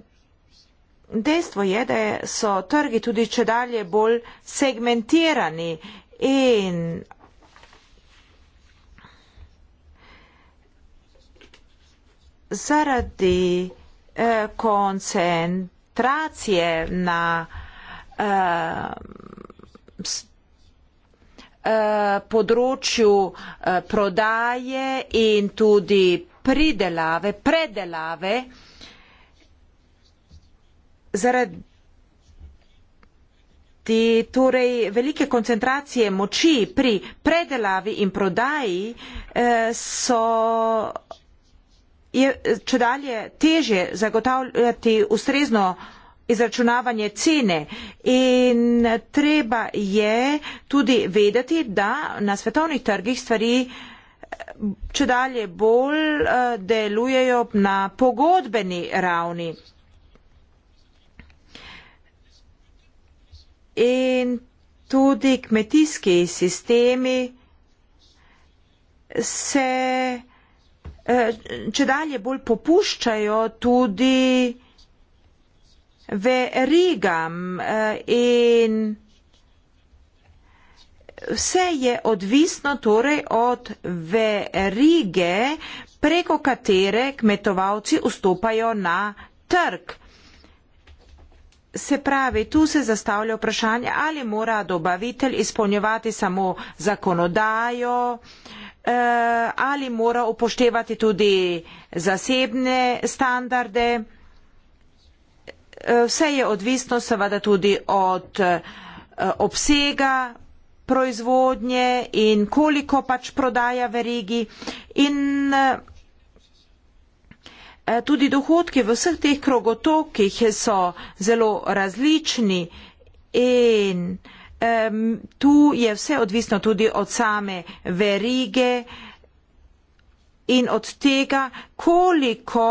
S1: dejstvo je, da so trgi tudi če dalje bolj segmentirani in zaradi eh, koncentracije koncentracije na uh, področju eh, prodaje in tudi pridelave, predelave zaradi torej velike koncentracije moči pri predelavi in prodaji so je če dalje teže zagotavljati ustrezno izračunavanje cene in treba je tudi vedeti, da na svetovnih trgih stvari eh, če dalje bolj eh, delujejo na pogodbeni ravni. In tudi kmetijski sistemi se Eh, če dalje bolj popuščajo tudi verigam eh, in vse je odvisno torej od verige, preko katere kmetovalci vstopajo na trg. Se pravi, tu se zastavlja vprašanje, ali mora dobavitelj izpolnjevati samo zakonodajo, eh, Eh, ali mora upoštevati tudi zasebne standarde. Eh, vse je odvisno seveda tudi od eh, obsega proizvodnje in koliko pač prodaja v regiji in tudi dohodki v vseh teh krogotokih so zelo različni in uh, um, tu je vse odvisno tudi od same verige in od tega, koliko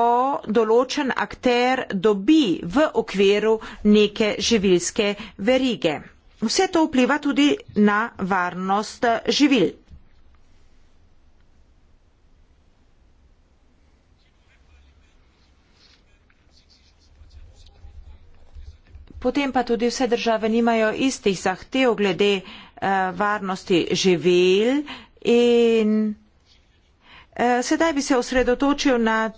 S1: določen akter dobi v okviru neke živilske verige. Vse to vpliva tudi na varnost živil. potem pa tudi vse države nimajo istih zahtev glede uh, varnosti živil in uh, sedaj bi se osredotočil na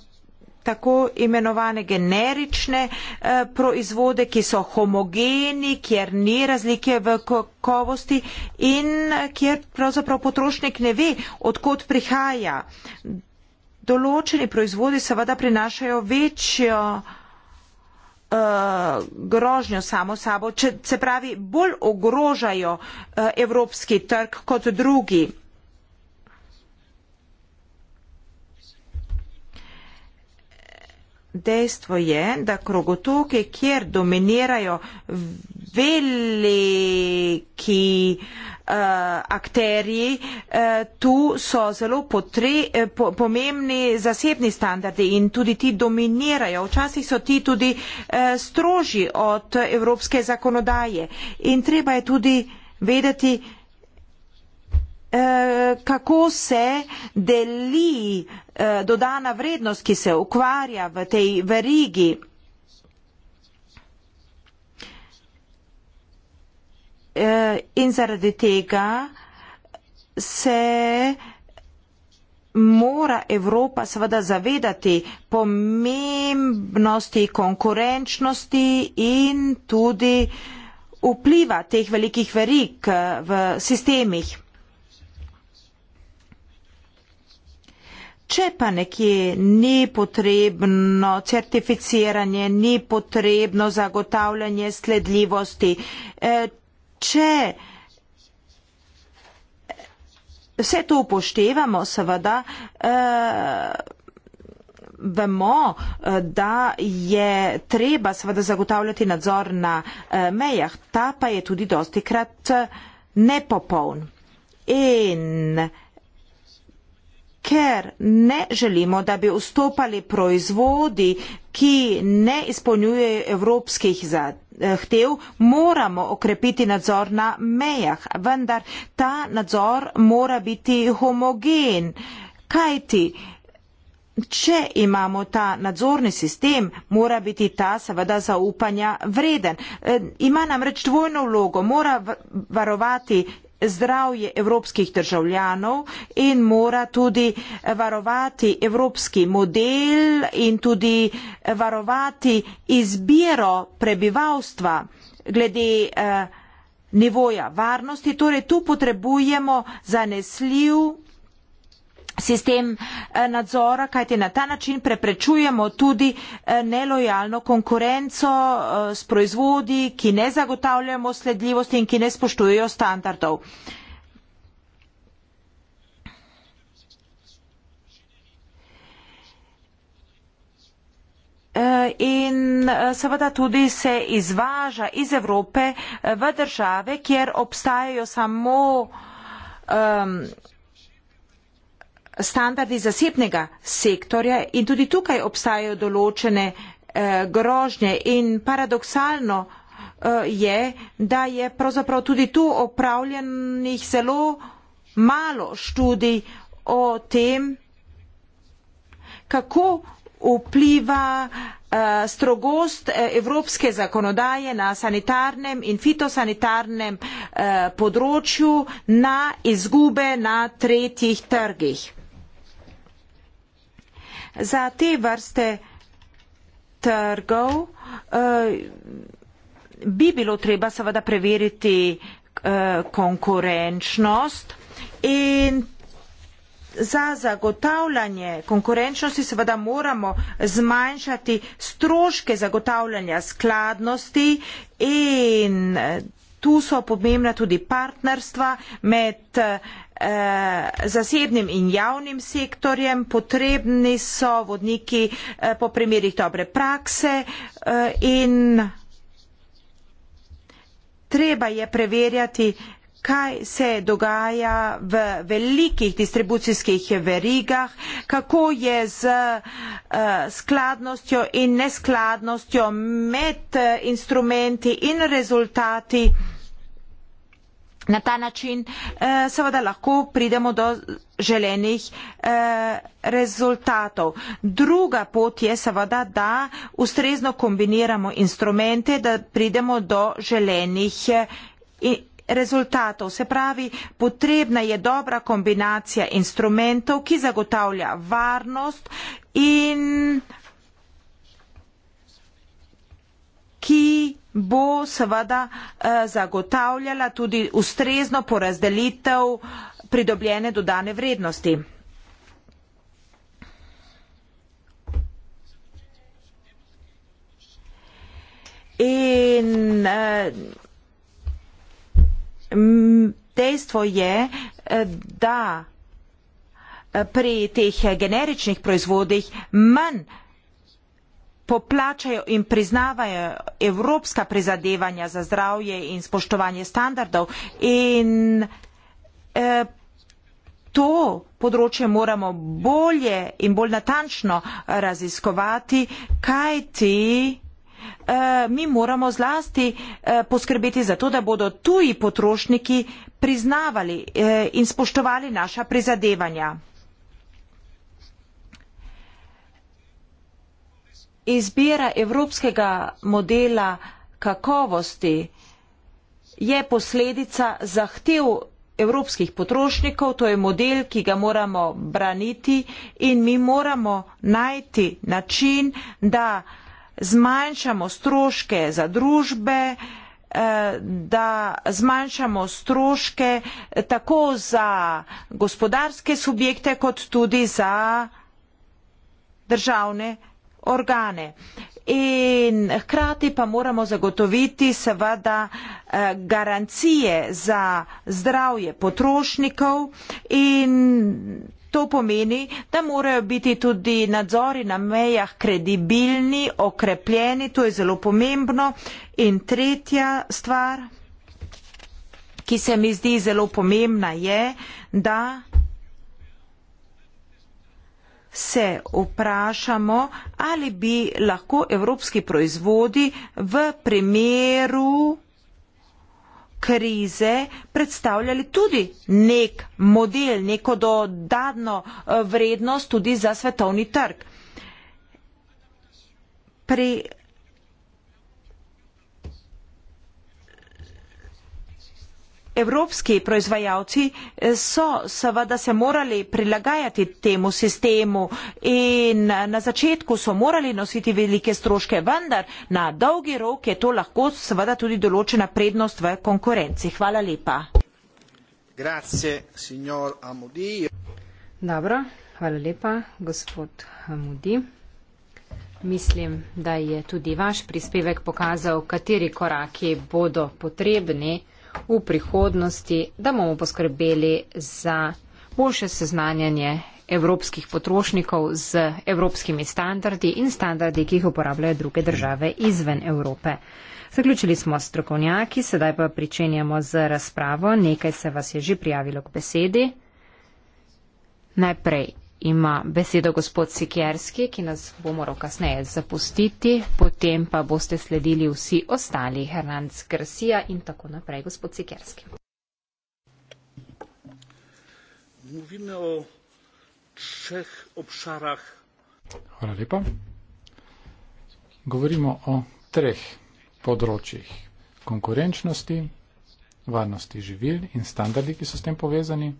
S1: tako imenovane generične eh, proizvode, ki so homogeni, kjer ni razlike v kakovosti in eh, kjer pravzaprav potrošnik ne ve, odkot prihaja. Določeni proizvodi seveda prinašajo večjo eh, uh, grožnjo samo sabo, če, se pravi, bolj ogrožajo uh, evropski trg kot drugi. Dejstvo je, da krogotoke, kjer dominirajo veliki uh, uh, akterji, uh, tu so zelo potre, uh, po, pomembni zasebni standardi in tudi ti dominirajo. Včasih so ti tudi uh, stroži od evropske zakonodaje in treba je tudi vedeti, kako se deli dodana vrednost, ki se ukvarja v tej verigi Eh, in zaradi tega se mora Evropa seveda zavedati pomembnosti konkurenčnosti in tudi vpliva teh velikih verik eh, v sistemih. Če pa nekje ni potrebno certificiranje, ni potrebno zagotavljanje sledljivosti, eh, če vse to upoštevamo, seveda, eh, vemo, eh, da je treba seveda zagotavljati nadzor na eh, mejah. Ta pa je tudi dosti krat eh, nepopoln. In ker ne želimo, da bi vstopali proizvodi, ki ne izpolnjujejo evropskih zahtev, moramo okrepiti nadzor na mejah, vendar ta nadzor mora biti homogen. Kajti, če imamo ta nadzorni sistem, mora biti ta seveda zaupanja vreden. E, ima namreč dvojno vlogo, mora varovati zdravje evropskih državljanov in mora tudi varovati evropski model in tudi varovati izbiro prebivalstva glede eh, nivoja varnosti. Torej, tu potrebujemo zanesljiv sistem eh, nadzora, kajti na ta način preprečujemo tudi eh, nelojalno konkurenco eh, s proizvodi, ki ne zagotavljamo sledljivosti in ki ne spoštujejo standardov. In seveda tudi se izvaža iz Evrope v države, kjer obstajajo samo um, standardi zasebnega sektorja in tudi tukaj obstajajo določene eh, grožnje in paradoksalno eh, je, da je pravzaprav tudi tu opravljenih zelo malo študij o tem, kako vpliva eh, strogost eh, evropske zakonodaje na sanitarnem in fitosanitarnem eh, področju na izgube na tretjih trgih za te vrste trgov eh, bi bilo treba seveda preveriti eh, konkurenčnost in za zagotavljanje konkurenčnosti seveda moramo zmanjšati stroške zagotavljanja skladnosti in eh, tu so pomembna tudi partnerstva med Eh, zasebnim in javnim sektorjem, potrebni so vodniki eh, po primerih dobre prakse eh, in treba je preverjati, kaj se dogaja v velikih distribucijskih verigah, kako je z skladnostjo in neskladnostjo med instrumenti in rezultati na ta način eh, seveda lahko pridemo do želenih eh, rezultatov. Druga pot je seveda, da ustrezno kombiniramo instrumente, da pridemo do želenih. Eh, in, rezultatov. Se pravi, potrebna je dobra kombinacija instrumentov, ki zagotavlja varnost in ki bo seveda eh, zagotavljala tudi ustrezno porazdelitev pridobljene dodane vrednosti. In eh, dejstvo je, eh, da pri teh generičnih proizvodih manj poplačajo in priznavajo evropska prizadevanja za zdravje in spoštovanje standardov in eh, to področje moramo bolje in bolj natančno raziskovati, kaj ti eh, mi moramo zlasti eh, poskrbeti za to, da bodo tuji potrošniki priznavali in spoštovali naša prizadevanja. Izbira evropskega modela kakovosti je posledica zahtev evropskih potrošnikov, to je model, ki ga moramo braniti in mi moramo najti način, da zmanjšamo stroške za družbe, eh, da zmanjšamo stroške tako za gospodarske subjekte, kot tudi za državne subjekte organe. In hkrati pa moramo zagotoviti seveda eh, garancije za zdravje potrošnikov in to pomeni, da morajo biti tudi nadzori na mejah kredibilni, okrepljeni, to je zelo pomembno. In tretja stvar, ki se mi zdi zelo pomembna, je, da se vprašamo, ali bi lahko evropski proizvodi v primeru krize predstavljali tudi nek model, neko dodatno eh, vrednost tudi za svetovni trg. Pri evropski proizvajalci eh, so seveda se morali prilagajati temu sistemu in eh, na začetku so morali nositi velike stroške, vendar na dolgi rok je to lahko seveda tudi določena prednost v konkurenci. Hvala lepa.
S2: Grazie, signor Amudi.
S3: Dobro, hvala lepa, gospod Amudi. Mislim, da je tudi vaš prispevek pokazal, kateri koraki bodo potrebni v prihodnosti, da bomo poskrbeli za boljše seznanjanje evropskih potrošnikov z evropskimi standardi in standardi, ki jih uporabljajo druge države izven Evrope. Zaključili smo s strokovnjaki, sedaj pa pričenjamo z razpravo. Nekaj se vas je že prijavilo k besedi. Najprej ima besedo gospod Sikerski, ki nas bo moral kasneje zapustiti, potem pa boste sledili vsi ostali, Hernanc Garcia in tako naprej, gospod Sikerski.
S2: Govorimo o treh obšarah. Hvala lepa. Govorimo o treh področjih konkurenčnosti, varnosti živil in standardi, ki so s tem povezani.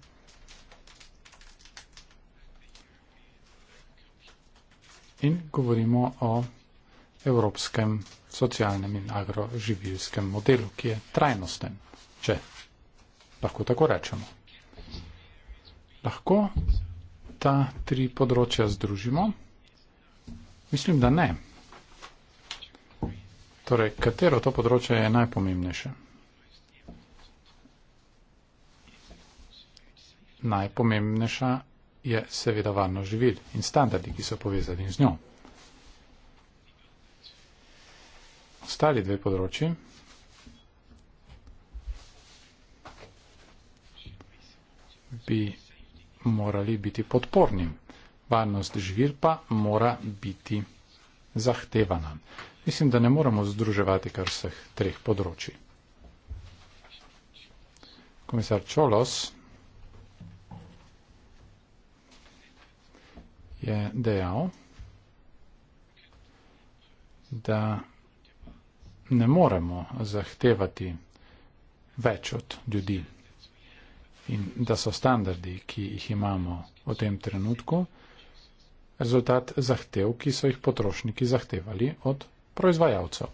S2: in govorimo o evropskem socialnem in agroživilskem modelu, ki je trajnosten, če lahko tako rečemo. Lahko ta tri področja združimo? Mislim, da ne. Torej, katero to področje je najpomembnejše? Najpomembnejša je seveda varno živil in standardi, ki so povezani z njo. Ostali dve področji. bi morali biti podporni. Varnost živir pa mora biti zahtevana. Mislim, da ne moramo združevati kar vseh treh področji. Komisar Čolos je dejal, da ne moremo zahtevati več od ljudi in da so standardi, ki jih imamo v tem trenutku, rezultat zahtev, ki so jih potrošniki zahtevali od proizvajalcev.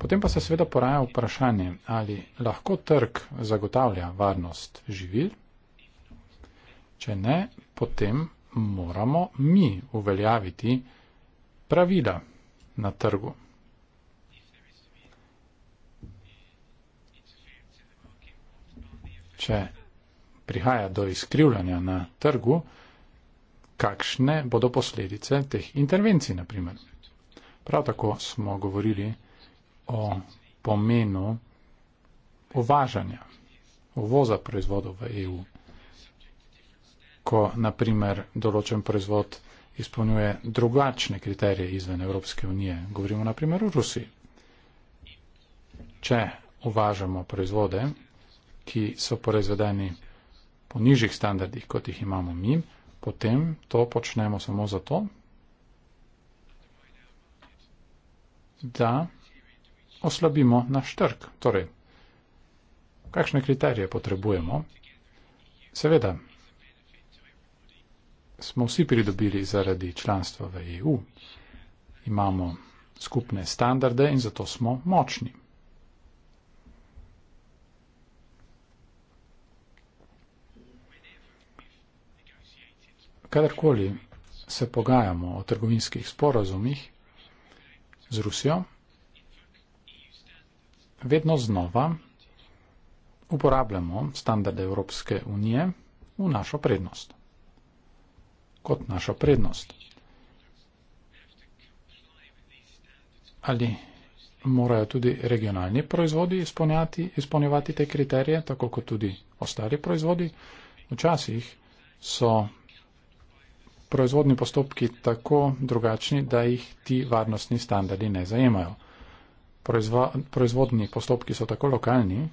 S2: Potem pa se seveda poraja vprašanje, ali lahko trg zagotavlja varnost živil. Če ne, potem moramo mi uveljaviti pravila na trgu. Če prihaja do izkrivljanja na trgu, kakšne bodo posledice teh intervencij, naprimer. Prav tako smo govorili o pomenu uvažanja, uvoza proizvodov v EU ko naprimer določen proizvod izpolnjuje drugačne kriterije izven Evropske unije. Govorimo naprimer o Rusiji. Če uvažamo proizvode, ki so proizvedeni po nižjih standardih, kot jih imamo mi, potem to počnemo samo zato, da oslabimo naš trg. Torej, kakšne kriterije potrebujemo? Seveda, smo vsi pridobili zaradi članstva v EU. Imamo skupne standarde in zato smo močni. Kadarkoli se pogajamo o trgovinskih sporazumih z Rusijo, vedno znova uporabljamo standarde Evropske unije v našo prednost kot našo prednost. Ali morajo tudi regionalni proizvodi izpolnjevati te kriterije, tako kot tudi ostali proizvodi? Včasih so proizvodni postopki tako drugačni, da jih ti varnostni standardi ne zajemajo. Proizvo, proizvodni postopki so tako lokalni,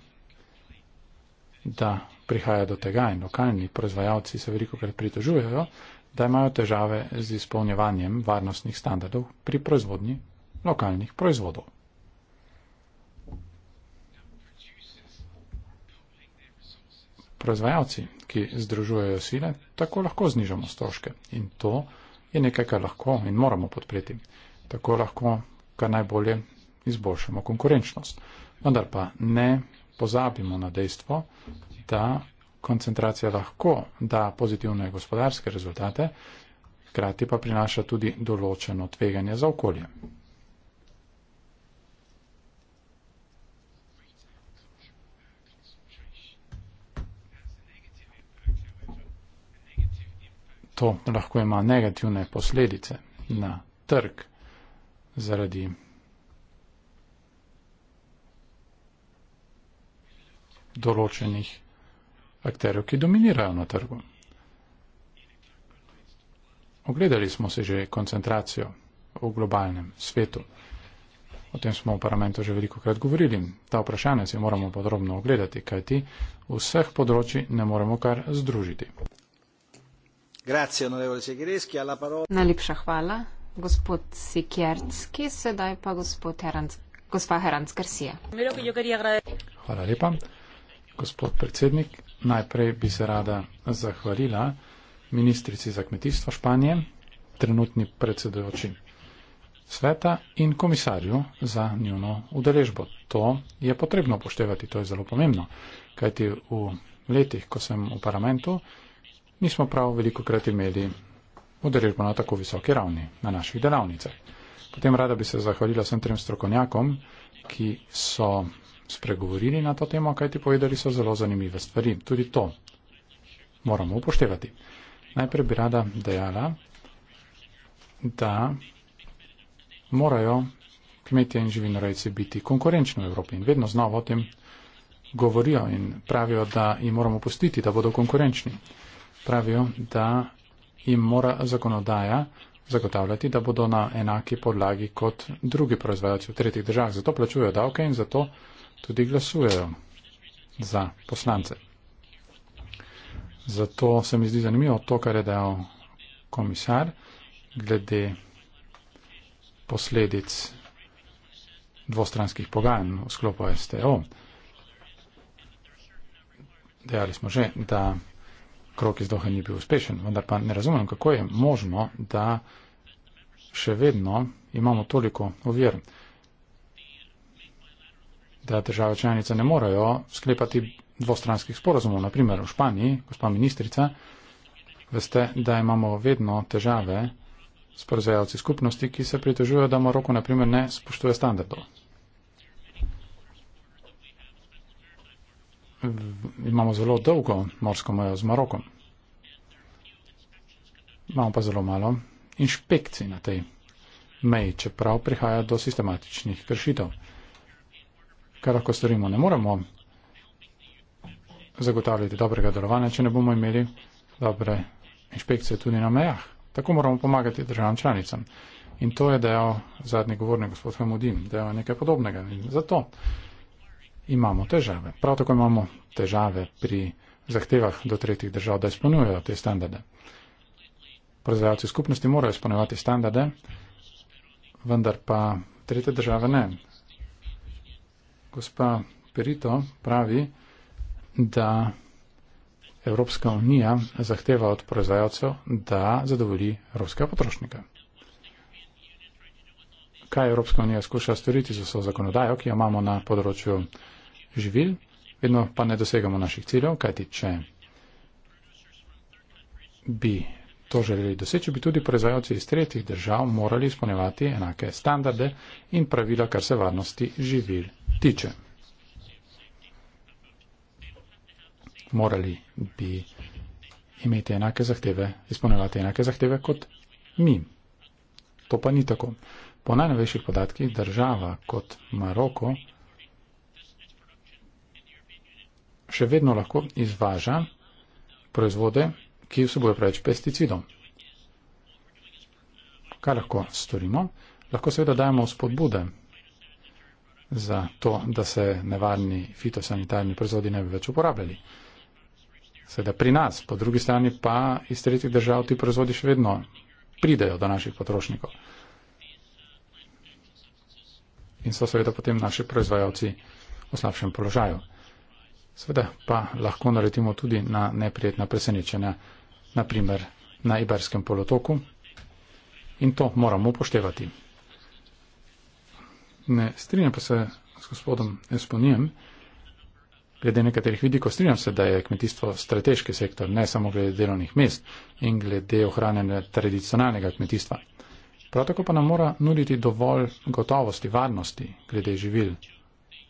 S2: da prihaja do tega in lokalni proizvajalci se veliko krat pritožujejo, da imajo težave z izpolnjevanjem varnostnih standardov pri proizvodnji lokalnih proizvodov. Proizvajalci, ki združujejo sile, tako lahko znižamo stroške in to je nekaj, kar lahko in moramo podpreti. Tako lahko kar najbolje izboljšamo konkurenčnost. Vendar pa ne pozabimo na dejstvo, da koncentracija lahko da pozitivne gospodarske rezultate, hkrati pa prinaša tudi določeno tveganje za okolje. To lahko ima negativne posledice na trg zaradi določenih akterjev, ki dominirajo na trgu. Ogledali smo se že koncentracijo v globalnem svetu. O tem smo v parlamentu že veliko krat govorili. Ta vprašanja si moramo podrobno ogledati, kajti vseh področji ne moremo kar združiti.
S1: Najlepša
S3: hvala, gospod Sikjerski, sedaj pa gospod Heranc, gospa Heranc Garcia.
S2: Hvala lepa, gospod predsednik. Najprej bi se rada zahvalila ministrici za kmetijstvo Španije, trenutni predsedujoči sveta in komisarju za njuno udeležbo. To je potrebno poštevati, to je zelo pomembno, kajti v letih, ko sem v parlamentu, nismo prav veliko krat imeli udeležbo na tako visoki ravni na naših delavnicah. Potem rada bi se zahvalila vsem trem strokovnjakom, ki so spregovorili na to temo, kajti povedali so zelo zanimive stvari. Tudi to moramo upoštevati. Najprej bi rada dejala, da morajo kmetje in živinorejci biti konkurenčni v Evropi in vedno znova o tem govorijo in pravijo, da jim moramo pustiti, da bodo konkurenčni. Pravijo, da jim mora zakonodaja zagotavljati, da bodo na enaki podlagi kot drugi proizvajalci v tretjih državah. Zato plačujejo davke in zato tudi glasujejo za poslance. Zato se mi zdi zanimivo to, kar je dejal komisar glede posledic dvostranskih pogajanj v sklopu STO. Dejali smo že, da krok iz Doha ni bil uspešen, vendar pa ne razumem, kako je možno, da še vedno imamo toliko ovir da države članice ne morejo sklepati dvostranskih sporozumov. Naprimer v Španiji, gospa ministrica, veste, da imamo vedno težave s proizvajalci skupnosti, ki se pritožujejo, da Maroko naprimer ne spoštuje standardov. Imamo zelo dolgo morsko mejo z Marokom. Imamo pa zelo malo inšpekcij na tej meji, čeprav prihaja do sistematičnih kršitev kar lahko storimo. Ne moremo zagotavljati dobrega delovanja, če ne bomo imeli dobre inšpekcije tudi na mejah. Tako moramo pomagati državam članicam. In to je dejal zadnji govornik, gospod Hamudin, dejal nekaj podobnega. In zato imamo težave. Prav tako imamo težave pri zahtevah do tretjih držav, da izpolnjujejo te standarde. Proizvajalci skupnosti morajo izpolnjevati standarde, vendar pa tretje države ne gospa Perito pravi, da Evropska unija zahteva od proizvajalcev, da zadovolji evropskega potrošnika. Kaj Evropska unija skuša storiti z vso zakonodajo, ki jo imamo na področju živil, vedno pa ne dosegamo naših ciljev, kajti če bi to želeli doseči, bi tudi proizvajalci iz tretjih držav morali izpolnjevati enake standarde in pravila, kar se varnosti živil tiče. Morali bi imeti enake zahteve, izpolnjevati enake zahteve kot mi. To pa ni tako. Po najnovejših podatkih država kot Maroko še vedno lahko izvaža proizvode, ki vsebojo preveč pesticidov. Kaj lahko storimo? Lahko seveda dajemo spodbude za to, da se nevarni fitosanitarni proizvodi ne bi več uporabljali. Seveda pri nas, po drugi strani pa iz tretjih držav ti proizvodi še vedno pridejo do naših potrošnikov. In so seveda potem naši proizvajalci v slabšem položaju. Seveda pa lahko naredimo tudi na neprijetna presenečenja, naprimer na Iberskem polotoku. In to moramo upoštevati. Ne, strinjam pa se s gospodom Esponijem, glede nekaterih vidikov, strinjam se, da je kmetijstvo strateški sektor, ne samo glede delovnih mest in glede ohranjanja tradicionalnega kmetijstva. Prav tako pa nam mora nuditi dovolj gotovosti, varnosti glede živil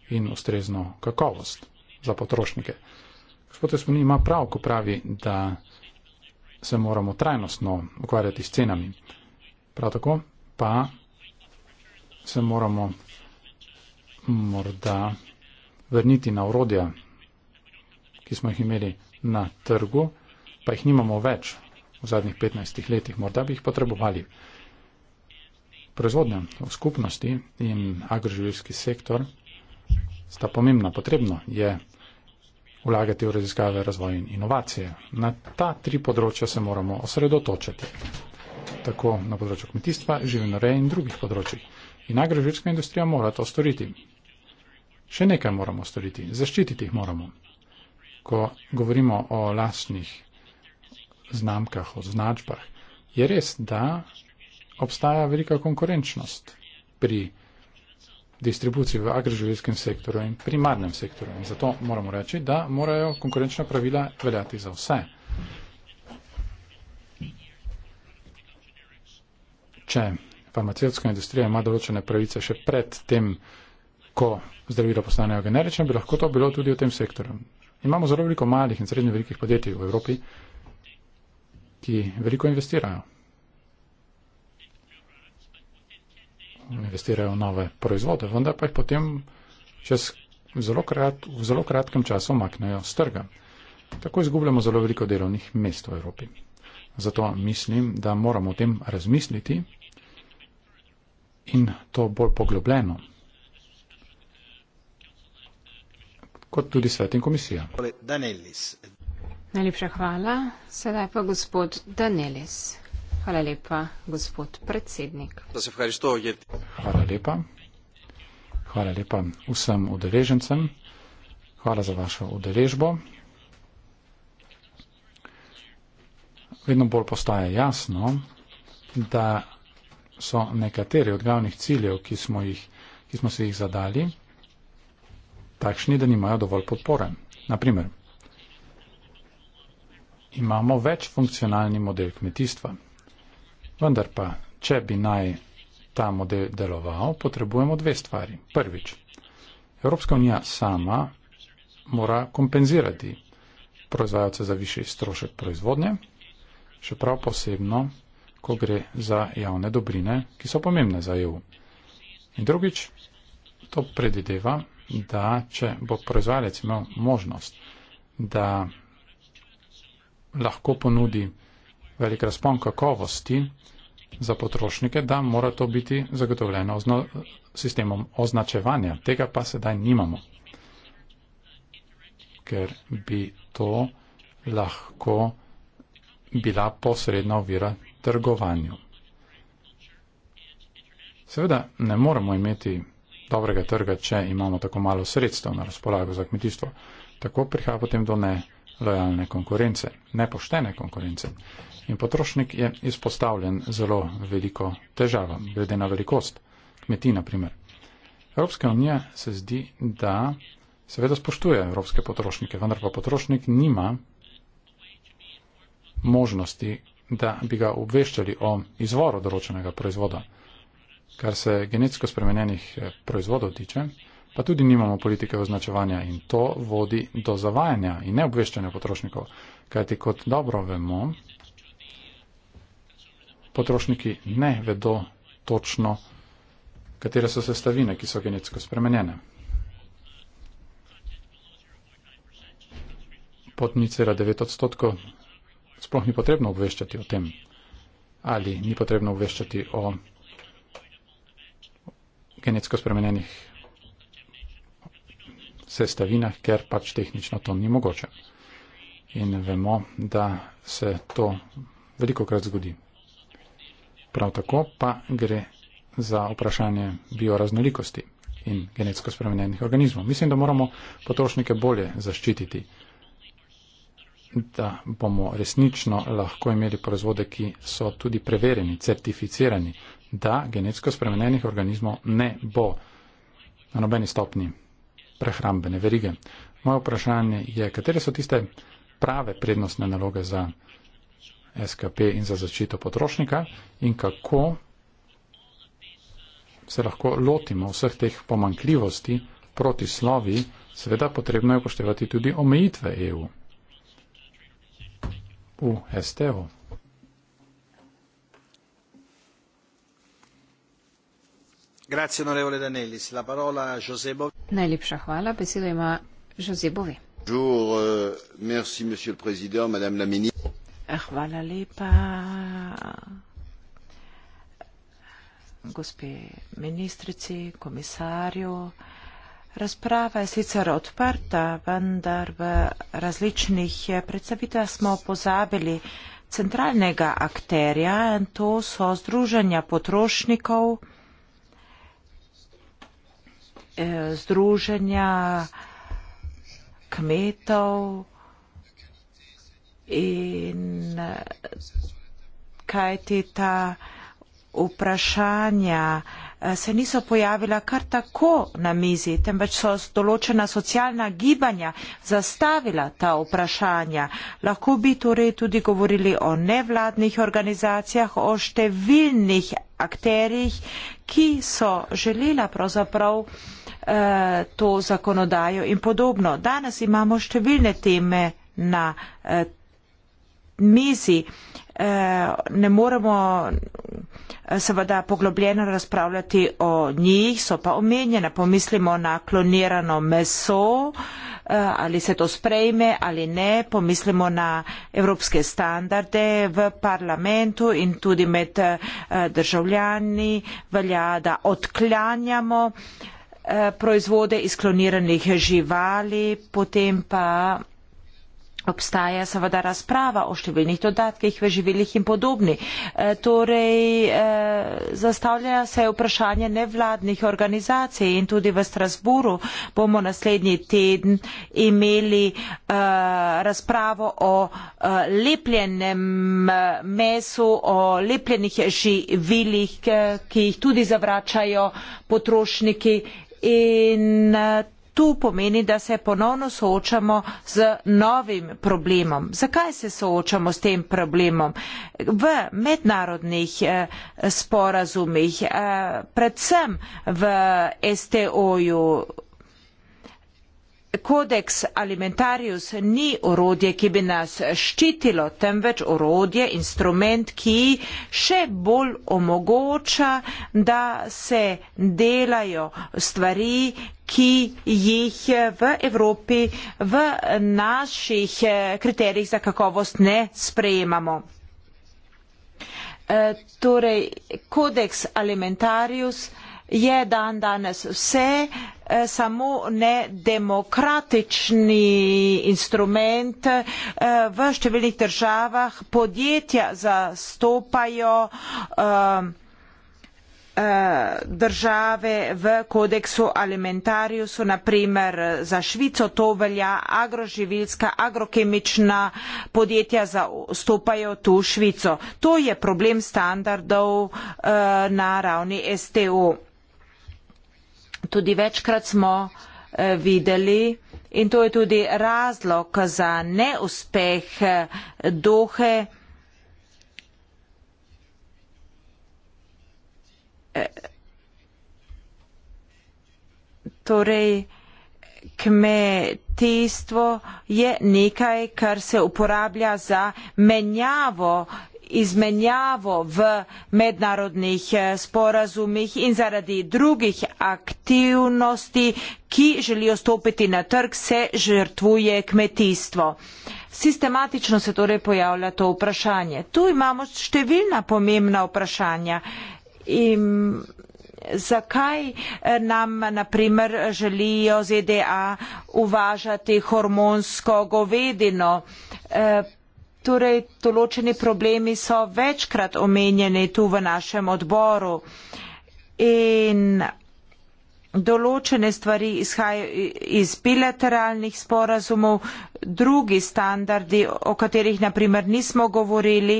S2: in ustrezno kakovost za potrošnike. Gospod Esponij ima prav, ko pravi, da se moramo trajnostno ukvarjati s cenami. Prav tako pa se moramo morda vrniti na urodja, ki smo jih imeli na trgu, pa jih nimamo več v zadnjih 15 letih, morda bi jih potrebovali. Proizvodnja v skupnosti in agroživljski sektor sta pomembna. Potrebno je vlagati v raziskave, razvoj in inovacije. Na ta tri področja se moramo osredotočiti. Tako na področju kmetijstva, živinoreje in drugih področjih. In agrožička industrija mora to storiti. Še nekaj moramo storiti. Zaščititi jih moramo. Ko govorimo o lastnih znamkah, o značbah, je res, da obstaja velika konkurenčnost pri distribuciji v agroživljenjskem sektorju in primarnem sektorju. In zato moramo reči, da morajo konkurenčna pravila veljati za vse. Če farmacevtska industrija ima določene pravice še pred tem, ko zdravila postanejo generična, bi lahko to bilo tudi v tem sektorju. Imamo zelo veliko malih in srednje velikih podjetij v Evropi, ki veliko investirajo. Investirajo v nove proizvode, vendar pa jih potem čez zelo krat, v zelo kratkem času maknejo z trga. Tako izgubljamo zelo veliko delovnih mest v Evropi. Zato mislim, da moramo o tem razmisliti in to bolj poglobljeno. kot tudi svet in komisija.
S1: Danelis.
S3: Najlepša hvala. Sedaj pa gospod Danelis. Hvala lepa, gospod predsednik.
S2: Hvala lepa. Hvala lepa vsem udeležencem. Hvala za vašo udeležbo. Vedno bolj postaje jasno, da so nekateri od glavnih ciljev, ki smo, jih, ki smo se jih zadali, takšni, da nimajo dovolj podpore. Naprimer, imamo več funkcionalni model kmetijstva, vendar pa, če bi naj ta model deloval, potrebujemo dve stvari. Prvič, Evropska unija sama mora kompenzirati proizvajalce za višji strošek proizvodnje, še prav posebno ko gre za javne dobrine, ki so pomembne za EU. In drugič, to predideva, da če bo proizvajalec imel možnost, da lahko ponudi velik razpon kakovosti za potrošnike, da mora to biti zagotovljeno ozno, sistemom označevanja. Tega pa sedaj nimamo, ker bi to lahko bila posredna ovira trgovanju. Seveda ne moremo imeti dobrega trga, če imamo tako malo sredstev na razpolago za kmetijstvo. Tako prihaja potem do nelojalne konkurence, nepoštene konkurence. In potrošnik je izpostavljen zelo veliko težavam, glede na velikost kmetij, na primer. Evropska unija se zdi, da seveda spoštuje evropske potrošnike, vendar pa potrošnik nima možnosti da bi ga obveščali o izvoru določenega proizvoda. Kar se genetsko spremenjenih eh, proizvodov tiče, pa tudi nimamo politike označevanja in to vodi do zavajanja in neobveščanja potrošnikov. Kajti kot dobro vemo, potrošniki ne vedo točno, katere so sestavine, ki so genetsko spremenjene. Potnice ra 9 odstotkov sploh ni potrebno obveščati o tem ali ni potrebno obveščati o genetsko spremenjenih sestavinah, ker pač tehnično to ni mogoče. In vemo, da se to veliko krat zgodi. Prav tako pa gre za vprašanje bioraznolikosti in genetsko spremenjenih organizmov. Mislim, da moramo potrošnike bolje zaščititi da bomo resnično lahko imeli proizvode, ki so tudi preverjeni, certificirani, da genetsko spremenjenih organizmov ne bo na nobeni stopni prehrambene verige. Moje vprašanje je, katere so tiste prave prednostne naloge za SKP in za zaščito potrošnika in kako se lahko lotimo vseh teh pomankljivosti proti slovi, seveda potrebno je upoštevati tudi omejitve EU v Esteru.
S3: Najlepša hvala, besedo ima Jose Bove. Bonjour, euh, merci, monsieur le président, madame la ministre.
S1: Hvala lepa, gospe ministrici, komisarju. Razprava je sicer odprta, vendar v različnih predstavitvah smo pozabili centralnega akterja in to so združenja potrošnikov, eh, združenja kmetov in eh, kaj ti ta vprašanja Eh, se niso pojavila kar tako na mizi, temveč so določena socialna gibanja zastavila ta vprašanja. Lahko bi torej tudi govorili o nevladnih organizacijah, o številnih akterjih, ki so želela pravzaprav eh, to zakonodajo in podobno. Danes imamo številne teme na eh, mizi. Eh, Eh, ne moremo eh, seveda poglobljeno razpravljati o njih, so pa omenjene, pomislimo na klonirano meso, eh, ali se to sprejme ali ne, pomislimo na evropske standarde v parlamentu in tudi med državljani velja, da odklanjamo proizvode iz kloniranih živali, potem pa Obstaja seveda razprava o številnih dodatkih v živilih in podobni. E, torej, e, zastavlja se vprašanje nevladnih organizacij in tudi v Strasburu bomo naslednji teden imeli e, razpravo o e, lepljenem mesu, o lepljenih živilih, ki jih tudi zavračajo potrošniki in e, tu pomeni, da se ponovno soočamo z novim problemom. Zakaj se soočamo s tem problemom? V mednarodnih eh, sporazumih, eh, predvsem v STO-ju, kodeks alimentarius ni orodje, ki bi nas ščitilo, temveč orodje, instrument, ki še bolj omogoča, da se delajo stvari, ki jih v Evropi v naših eh, kriterijih za kakovost ne sprejemamo. E, torej, kodeks alimentarius je dan danes vse, eh, samo ne demokratični instrument. Eh, v številnih državah podjetja zastopajo eh, države v kodeksu alimentarijusu, naprimer za Švico to velja agroživilska, agrokemična podjetja zastopajo tu Švico. To je problem standardov na ravni STO tudi večkrat smo eh, videli in to je tudi razlog za neuspeh eh, dohe. Eh, torej, kmetijstvo je nekaj, kar se uporablja za menjavo izmenjavo v mednarodnih eh, sporazumih in zaradi drugih aktivnosti, ki želijo stopiti na trg, se žrtvuje kmetijstvo. Sistematično se torej pojavlja to vprašanje. Tu imamo številna pomembna vprašanja. In zakaj eh, nam naprimer želijo ZDA uvažati hormonsko govedino? Eh, torej določeni problemi so večkrat omenjeni tu v našem odboru in določene stvari izhajajo iz bilateralnih sporazumov, drugi standardi, o katerih naprimer nismo govorili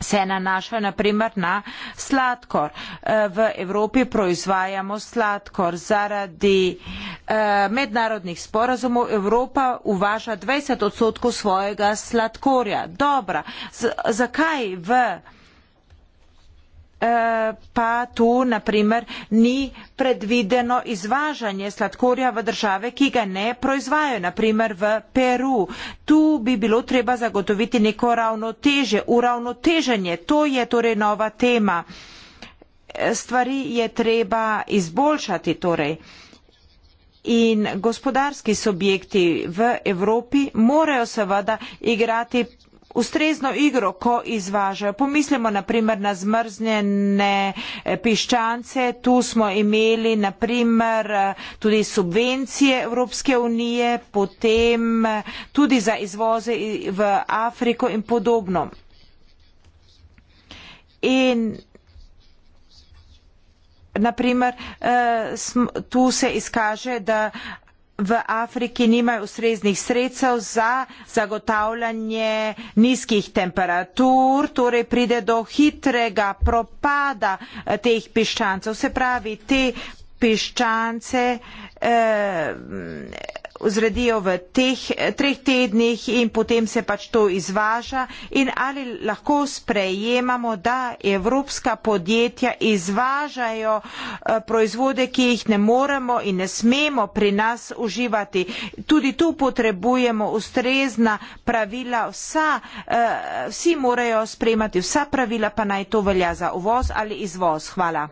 S1: se nanaša na primer na sladkor. E, v Evropi proizvajamo sladkor zaradi e, mednarodnih sporazumov. Evropa uvaža 20 odstotkov svojega sladkorja. Dobro, zakaj v Evropi? Eh, pa tu, naprimer, ni predvideno izvažanje sladkorja v države, ki ga ne proizvajajo, naprimer v Peru. Tu bi bilo treba zagotoviti neko ravnoteže, uravnoteženje, to je torej nova tema. Eh, stvari je treba izboljšati torej. In gospodarski subjekti v Evropi morajo seveda igrati ustrezno igro, ko izvažajo. Pomislimo naprimer na zmrznjene eh, piščance, tu smo imeli naprimer eh, tudi subvencije Evropske unije, potem eh, tudi za izvoze v Afriko in podobno. In Naprimer, tu se izkaže, da v Afriki nimajo ustreznih sredstev za zagotavljanje nizkih temperatur, torej pride do hitrega propada eh, teh piščancev. Se pravi, te piščance vzredijo eh, v teh, treh tednih in potem se pač to izvaža in ali lahko sprejemamo, da evropska podjetja izvažajo eh, proizvode, ki jih ne moremo in ne smemo pri nas uživati. Tudi tu potrebujemo ustrezna pravila, vsa, eh, vsi morajo sprejemati vsa pravila, pa naj to velja za uvoz ali izvoz. Hvala.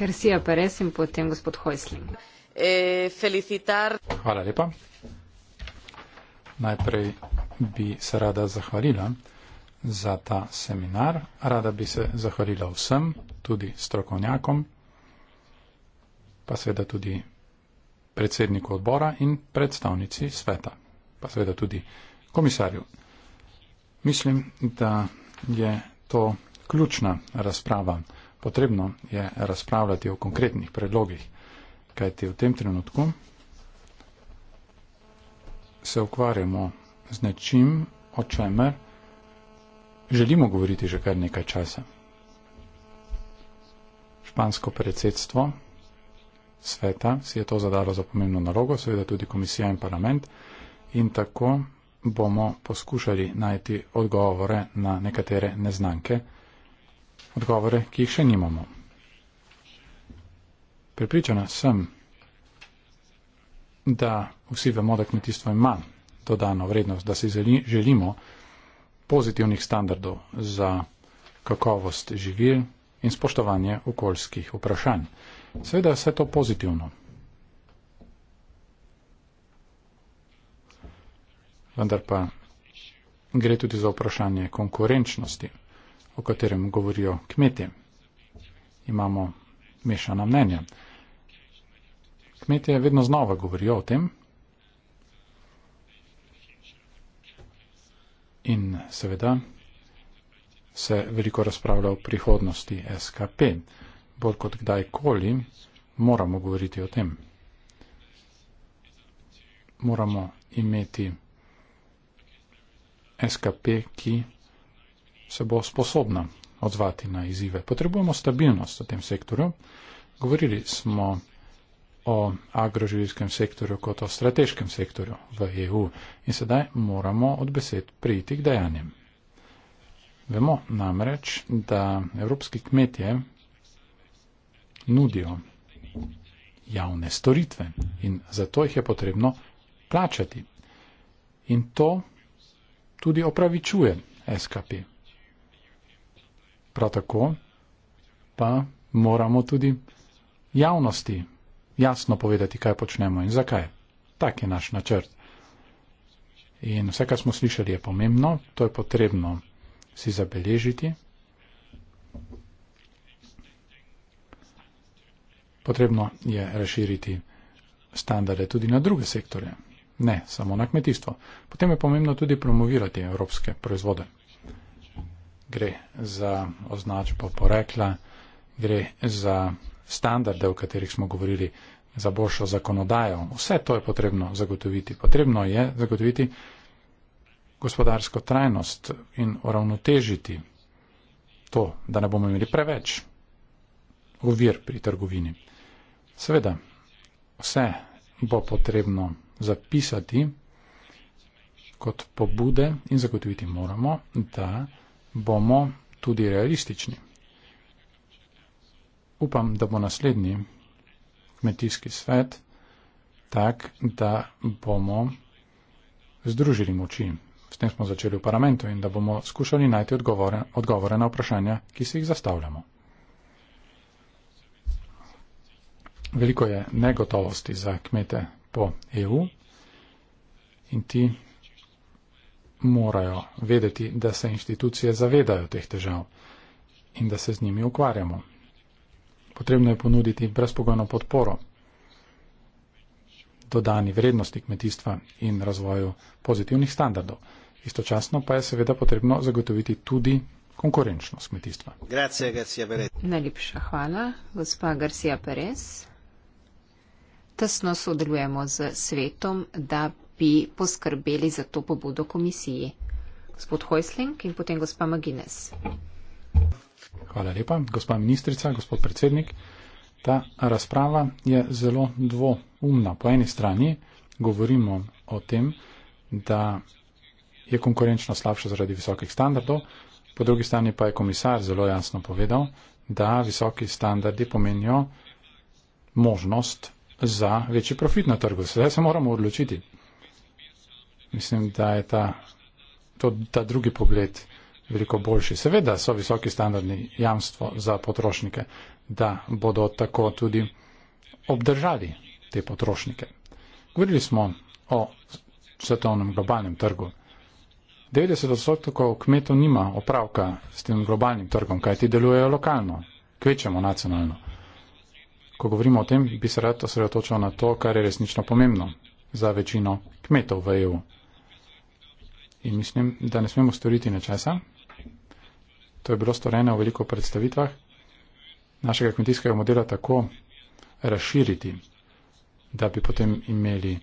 S3: Ker si je pa res in potem gospod Hojslin.
S1: E, felicitar.
S2: Hvala lepa. Najprej bi se rada zahvalila za ta seminar. Rada bi se zahvalila vsem, tudi strokovnjakom, pa seveda tudi predsedniku odbora in predstavnici sveta, pa seveda tudi komisarju. Mislim, da je to ključna razprava. Potrebno je razpravljati o konkretnih predlogih, kajti v tem trenutku se ukvarjamo z nečim, o čemer želimo govoriti že kar nekaj časa. Špansko predsedstvo sveta si je to zadalo za pomembno nalogo, seveda tudi komisija in parlament in tako bomo poskušali najti odgovore na nekatere neznanke, odgovore, ki jih še nimamo. Pripričana sem, da vsi vemo, da kmetijstvo ima dodano vrednost, da si želimo pozitivnih standardov za kakovost živil in spoštovanje okoljskih vprašanj. Seveda je vse to pozitivno. Vendar pa gre tudi za vprašanje konkurenčnosti o katerem govorijo kmetje. Imamo mešana mnenja. Kmetje vedno znova govorijo o tem in seveda se veliko razpravlja o prihodnosti SKP. Bolj kot kdajkoli moramo govoriti o tem. Moramo imeti SKP, ki se bo sposobna odzvati na izzive. Potrebujemo stabilnost v tem sektorju. Govorili smo o agroživilskem sektorju kot o strateškem sektorju v EU in sedaj moramo od besed prijeti k dejanjem. Vemo namreč, da evropski kmetje nudijo javne storitve in zato jih je potrebno plačati. In to tudi opravičuje SKP. Prav tako pa moramo tudi javnosti jasno povedati, kaj počnemo in zakaj. Tak je naš načrt. In vse, kar smo slišali, je pomembno, to je potrebno si zabeležiti. Potrebno je razširiti standarde tudi na druge sektore, ne samo na kmetijstvo. Potem je pomembno tudi promovirati evropske proizvode gre za označbo porekla, gre za standarde, o katerih smo govorili, za boljšo zakonodajo. Vse to je potrebno zagotoviti. Potrebno je zagotoviti gospodarsko trajnost in uravnotežiti to, da ne bomo imeli preveč uvir pri trgovini. Seveda, vse bo potrebno zapisati kot pobude in zagotoviti moramo, da bomo tudi realistični. Upam, da bo naslednji kmetijski svet tak, da bomo združili moči. S tem smo začeli v parlamentu in da bomo skušali najti odgovore, odgovore na vprašanja, ki si jih zastavljamo. Veliko je negotovosti za kmete po EU in ti morajo vedeti, da se institucije zavedajo teh težav in da se z njimi ukvarjamo. Potrebno je ponuditi brezpogojno podporo dodani vrednosti kmetijstva in razvoju pozitivnih standardov. Istočasno pa je seveda potrebno zagotoviti tudi konkurenčnost kmetijstva. Grazie, Garcia
S3: Perez. Najlepša hvala, gospa Garcia Perez. Tesno sodelujemo z svetom, da bi poskrbeli za to pobudo komisiji. Gospod Hojsling in potem gospa Magines.
S2: Hvala lepa, gospa ministrica, gospod predsednik. Ta razprava je zelo dvoumna. Po eni strani govorimo o tem, da je konkurenčno slabše zaradi visokih standardov, po drugi strani pa je komisar zelo jasno povedal, da visoki standardi pomenijo možnost za večji profit na trgu. Sedaj se moramo odločiti, mislim, da je ta, to, ta drugi pogled veliko boljši. Seveda so visoki standardni jamstvo za potrošnike, da bodo tako tudi obdržali te potrošnike. Govorili smo o svetovnem globalnem trgu. 90 odstotkov kmetov nima opravka s tem globalnim trgom, kaj ti delujejo lokalno, kvečemo nacionalno. Ko govorimo o tem, bi se rad osredotočil na to, kar je resnično pomembno za večino kmetov v EU in mislim, da ne smemo storiti nečesa. To je bilo storjeno v veliko predstavitvah. Našega kmetijskega modela tako razširiti, da bi potem imeli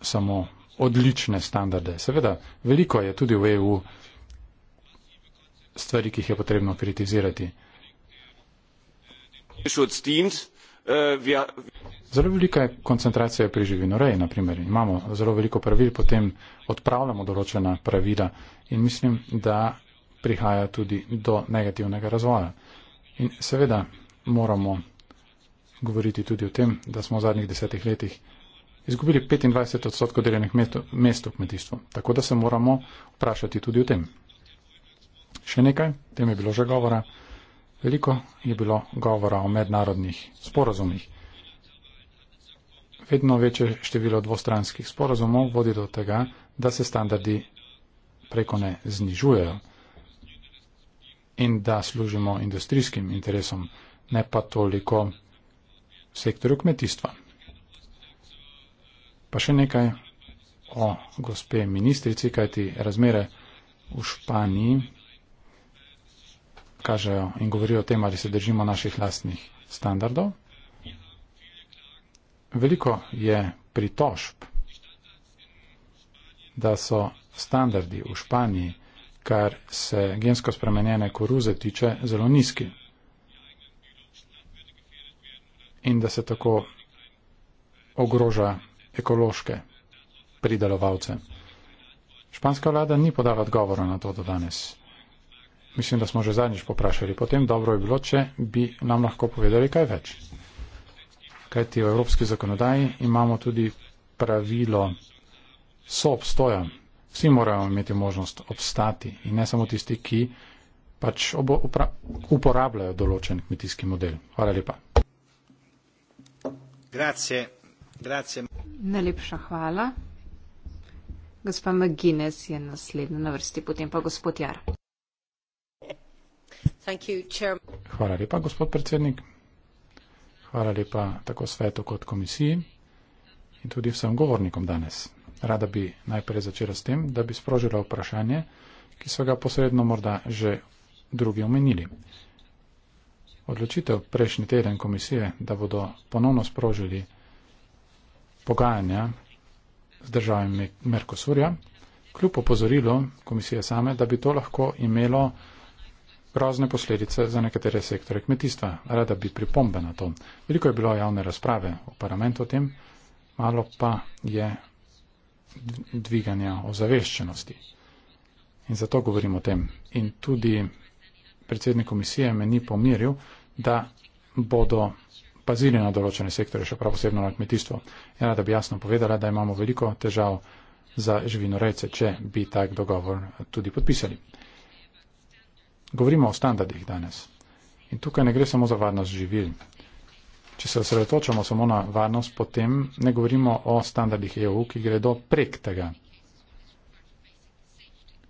S2: samo odlične standarde. Seveda, veliko je tudi v EU stvari, ki jih je potrebno kritizirati. Zelo velika je koncentracija pri živinoreji, naprimer. Imamo zelo veliko pravil, potem odpravljamo določena pravila in mislim, da prihaja tudi do negativnega razvoja. In seveda moramo govoriti tudi o tem, da smo v zadnjih desetih letih izgubili 25 odstotkov delenih mest v kmetijstvu. Tako da se moramo vprašati tudi o tem. Še nekaj, tem je bilo že govora. Veliko je bilo govora o mednarodnih sporazumih vedno večje število dvostranskih sporazumov vodi do tega, da se standardi preko ne znižujejo in da služimo industrijskim interesom, ne pa toliko sektorju kmetijstva. Pa še nekaj o gospe ministrici, kajti razmere v Španiji kažejo in govorijo o tem, ali se držimo naših lastnih standardov veliko je pritožb, da so standardi v Španiji, kar se gensko spremenjene koruze tiče, zelo nizki. In da se tako ogroža ekološke pridelovalce. Španska vlada ni podala odgovora na to do danes. Mislim, da smo že zadnjič poprašali. Potem dobro je bi bilo, če bi nam lahko povedali kaj več kajti v evropski zakonodaji imamo tudi pravilo soobstoja. Vsi moramo imeti možnost obstati in ne samo tisti, ki pač uporabljajo določen kmetijski model. Hvala lepa. Grazie. Grazie.
S3: Najlepša hvala. Gospa McGuinness je naslednja na vrsti, potem pa gospod Jar.
S2: Hvala lepa, gospod predsednik. Hvala lepa tako svetu kot komisiji in tudi vsem govornikom danes. Rada bi najprej začela s tem, da bi sprožila vprašanje, ki so ga posredno morda že drugi omenili. Odločitev prejšnji teden komisije, da bodo ponovno sprožili pogajanja z državami Merkosurja, kljub opozorilu komisije same, da bi to lahko imelo grozne posledice za nekatere sektore kmetijstva. Rada bi pripombe na to. Veliko je bilo javne razprave v parlamentu o tem, malo pa je dviganja ozaveščenosti. In zato govorim o tem. In tudi predsednik komisije me ni pomiril, da bodo pazili na določene sektore, še prav posebno na kmetijstvo. Ja, da bi jasno povedala, da imamo veliko težav za živinorejce, če bi tak dogovor tudi podpisali. Govorimo o standardih danes. In tukaj ne gre samo za varnost živil. Če se osredotočamo samo na varnost, potem ne govorimo o standardih EU, ki gredo prek tega,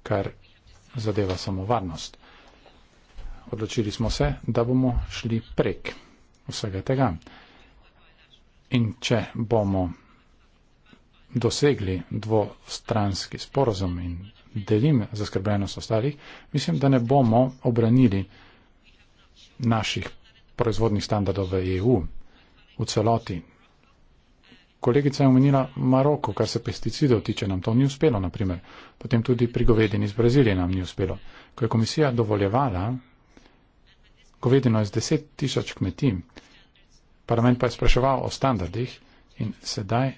S2: kar zadeva samo varnost. Odločili smo se, da bomo šli prek vsega tega. In če bomo dosegli dvostranski sporozum in delim zaskrbljenost ostalih, mislim, da ne bomo obranili naših proizvodnih standardov v EU v celoti. Kolegica je omenila Maroko, kar se pesticidov tiče, nam to ni uspelo, naprimer. Potem tudi pri govedini iz Brazilije nam ni uspelo. Ko je komisija dovoljevala govedino iz 10 tisoč kmetij, parlament pa je spraševal o standardih in sedaj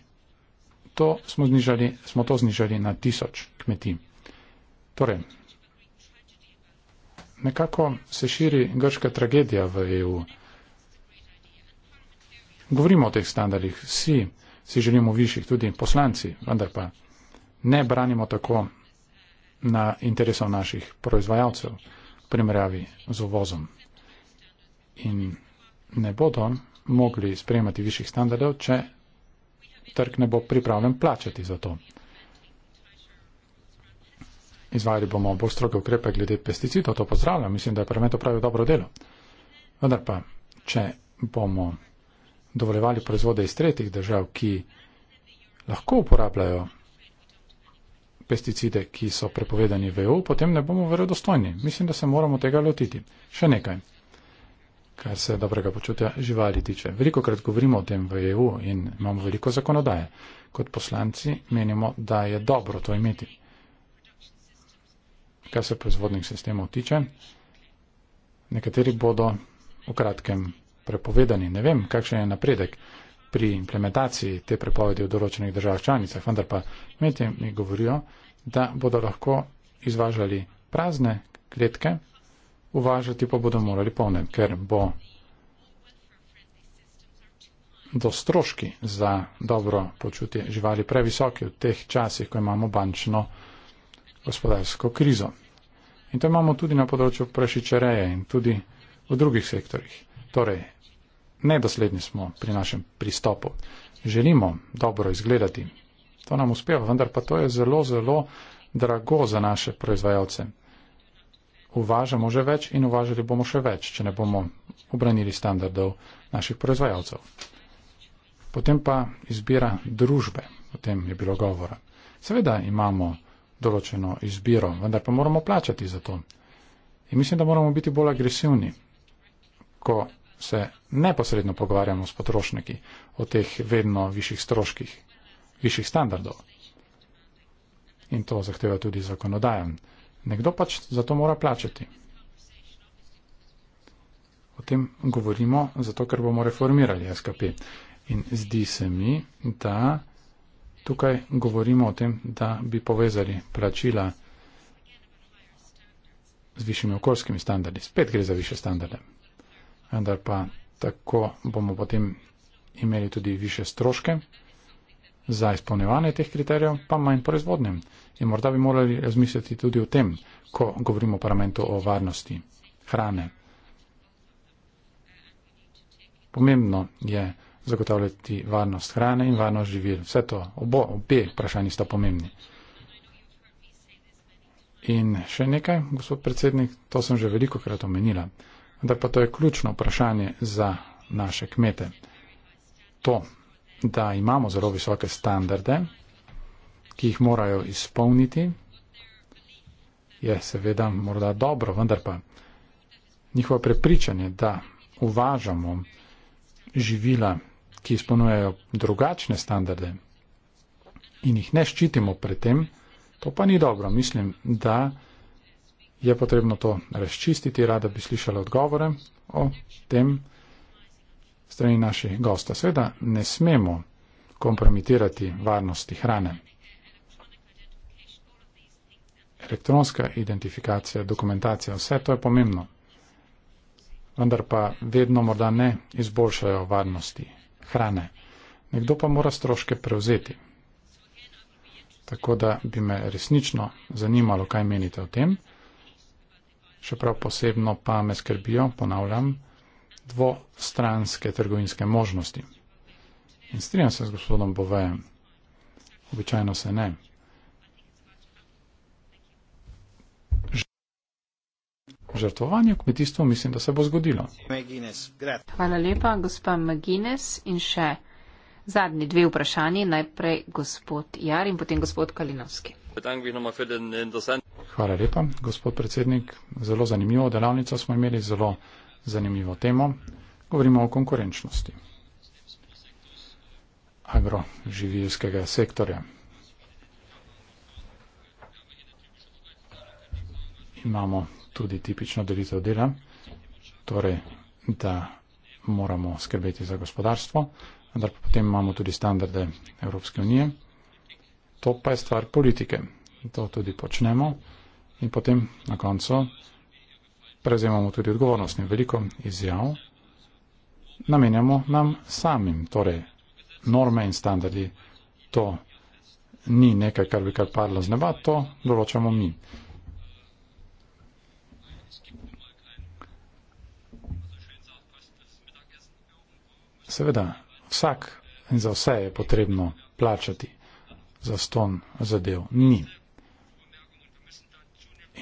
S2: to smo, znižali, smo to znižali na tisoč kmetij. Torej, nekako se širi grška tragedija v EU. Govorimo o teh standardih, vsi si želimo višjih, tudi poslanci, vendar pa ne branimo tako na interesov naših proizvajalcev v primerjavi z uvozom. In ne bodo mogli sprejemati višjih standardov, če trg ne bo pripravljen plačati za to. Izvajali bomo bolj stroge ukrepe glede pesticidov, to pozdravljam, mislim, da je premet opravil dobro delo. Vendar pa, če bomo dovoljevali proizvode iz tretjih držav, ki lahko uporabljajo pesticide, ki so prepovedani v EU, potem ne bomo verodostojni. Mislim, da se moramo tega lotiti. Še nekaj, kar se dobrega počutja živali tiče. Veliko krat govorimo o tem v EU in imamo veliko zakonodaje. Kot poslanci menimo, da je dobro to imeti kar se proizvodnih sistemov tiče. Nekateri bodo v kratkem prepovedani. Ne vem, kakšen je napredek pri implementaciji te prepovedi v določenih državah članicah, vendar pa medije mi govorijo, da bodo lahko izvažali prazne kletke, uvažati pa bodo morali polne, ker bo do stroški za dobro počutje živali previsoki v teh časih, ko imamo bančno vsega gospodarsko krizo. In to imamo tudi na področju prašičereje in tudi v drugih sektorjih. Torej, nedosledni smo pri našem pristopu. Želimo dobro izgledati. To nam uspeva, vendar pa to je zelo, zelo drago za naše proizvajalce. Uvažamo že več in uvažali bomo še več, če ne bomo obranili standardov naših proizvajalcev. Potem pa izbira družbe, o tem je bilo govora. Seveda imamo določeno izbiro, vendar pa moramo plačati za to. In mislim, da moramo biti bolj agresivni, ko se neposredno pogovarjamo s potrošniki o teh vedno višjih stroških, višjih standardov. In to zahteva tudi zakonodaja. Nekdo pač za to mora plačati. O tem govorimo zato, ker bomo reformirali SKP. In zdi se mi, da Tukaj govorimo o tem, da bi povezali plačila z višjimi okoljskimi standardi. Spet gre za više standarde. Vendar pa tako bomo potem imeli tudi više stroške za izpolnevanje teh kriterijev, pa manj proizvodnje. In morda bi morali razmisliti tudi o tem, ko govorimo v parlamentu o varnosti hrane. Pomembno je, zagotavljati varnost hrane in varnost živil. Vse to, obo, obe vprašanji sta pomembni. In še nekaj, gospod predsednik, to sem že veliko krat omenila, vendar pa to je ključno vprašanje za naše kmete. To, da imamo zelo visoke standarde, ki jih morajo izpolniti, je seveda morda dobro, vendar pa njihovo prepričanje, da uvažamo živila ki izpolnjujejo drugačne standarde in jih ne ščitimo pred tem, to pa ni dobro. Mislim, da je potrebno to razčistiti. Rada bi slišala odgovore o tem strani naših gosta. Sveda ne smemo kompromitirati varnosti hrane. Elektronska identifikacija, dokumentacija, vse to je pomembno. Vendar pa vedno morda ne izboljšajo varnosti hrane. Nekdo pa mora stroške prevzeti. Tako da bi me resnično zanimalo, kaj menite o tem. Še prav posebno pa me skrbijo, ponavljam, dvostranske trgovinske možnosti. In strinjam se z gospodom Bovejem. Običajno se ne. žrtvovanju kmetijstvu mislim, da se bo zgodilo.
S3: Hvala lepa, gospa Magines. In še zadnji dve vprašanji, najprej gospod Jar in potem gospod Kalinovski.
S2: Hvala lepa, gospod predsednik. Zelo zanimivo delavnico smo imeli, zelo zanimivo temo. Govorimo o konkurenčnosti agroživilskega sektorja. Imamo tudi tipično delitev dela, torej, da moramo skrbeti za gospodarstvo, vendar pa potem imamo tudi standarde Evropske unije. To pa je stvar politike. To tudi počnemo in potem na koncu prevzemamo tudi odgovornost in veliko izjav namenjamo nam samim. Torej, norme in standardi, to ni nekaj, kar bi kar padlo z neba, to določamo mi. Seveda, vsak in za vse je potrebno plačati za ston zadev. Ni.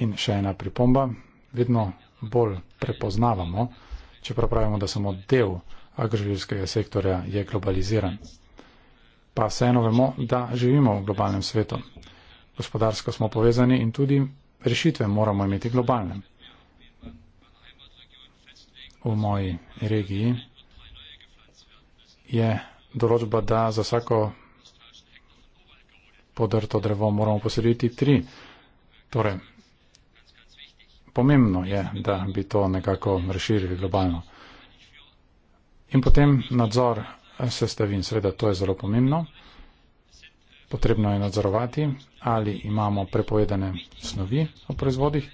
S2: In še ena pripomba. Vedno bolj prepoznavamo, čeprav pravimo, da samo del agroživljivskega sektorja je globaliziran. Pa vseeno vemo, da živimo v globalnem svetu. Gospodarsko smo povezani in tudi rešitve moramo imeti globalne v moji regiji, je določba, da za vsako podrto drevo moramo posaditi tri. Torej, pomembno je, da bi to nekako razširili globalno. In potem nadzor sestavin, seveda to je zelo pomembno. Potrebno je nadzorovati, ali imamo prepovedane snovi v proizvodih.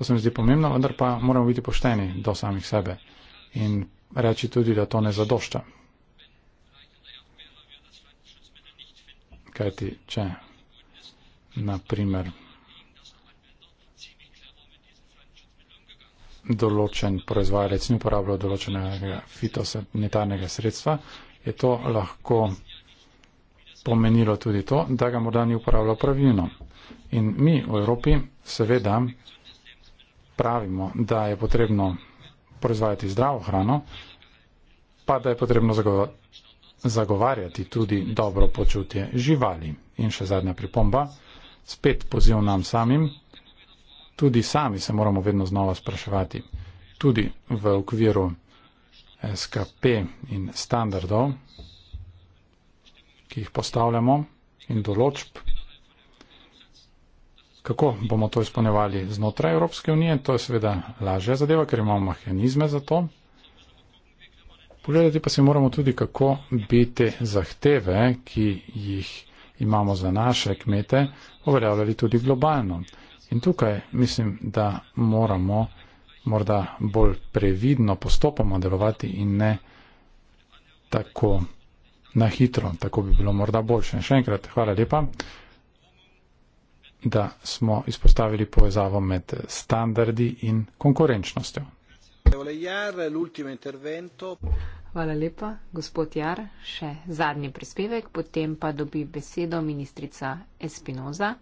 S2: To se mi zdi pomembno, vendar pa moramo biti pošteni do samih sebe in reči tudi, da to ne zadošča. Kajti, če, na primer, določen proizvajalec ni uporabljal določenega fitosanitarnega sredstva, je to lahko pomenilo tudi to, da ga morda ni uporabljal pravilno. In mi v Evropi seveda pravimo, da je potrebno proizvajati zdravo hrano, pa da je potrebno zagovarjati tudi dobro počutje živali. In še zadnja pripomba, spet poziv nam samim, tudi sami se moramo vedno znova spraševati, tudi v okviru SKP in standardov, ki jih postavljamo in določb, Kako bomo to izpolnevali znotraj Evropske unije? To je seveda lažja zadeva, ker imamo mehanizme za to. Pogledati pa si moramo tudi, kako bi te zahteve, ki jih imamo za naše kmete, uveljavljali tudi globalno. In tukaj mislim, da moramo morda bolj previdno postopoma delovati in ne tako na hitro. Tako bi bilo morda boljše. Še enkrat hvala lepa da smo izpostavili povezavo med standardi in konkurenčnostjo.
S3: Hvala lepa, gospod Jar. Še zadnji prispevek, potem pa dobi besedo ministrica Espinoza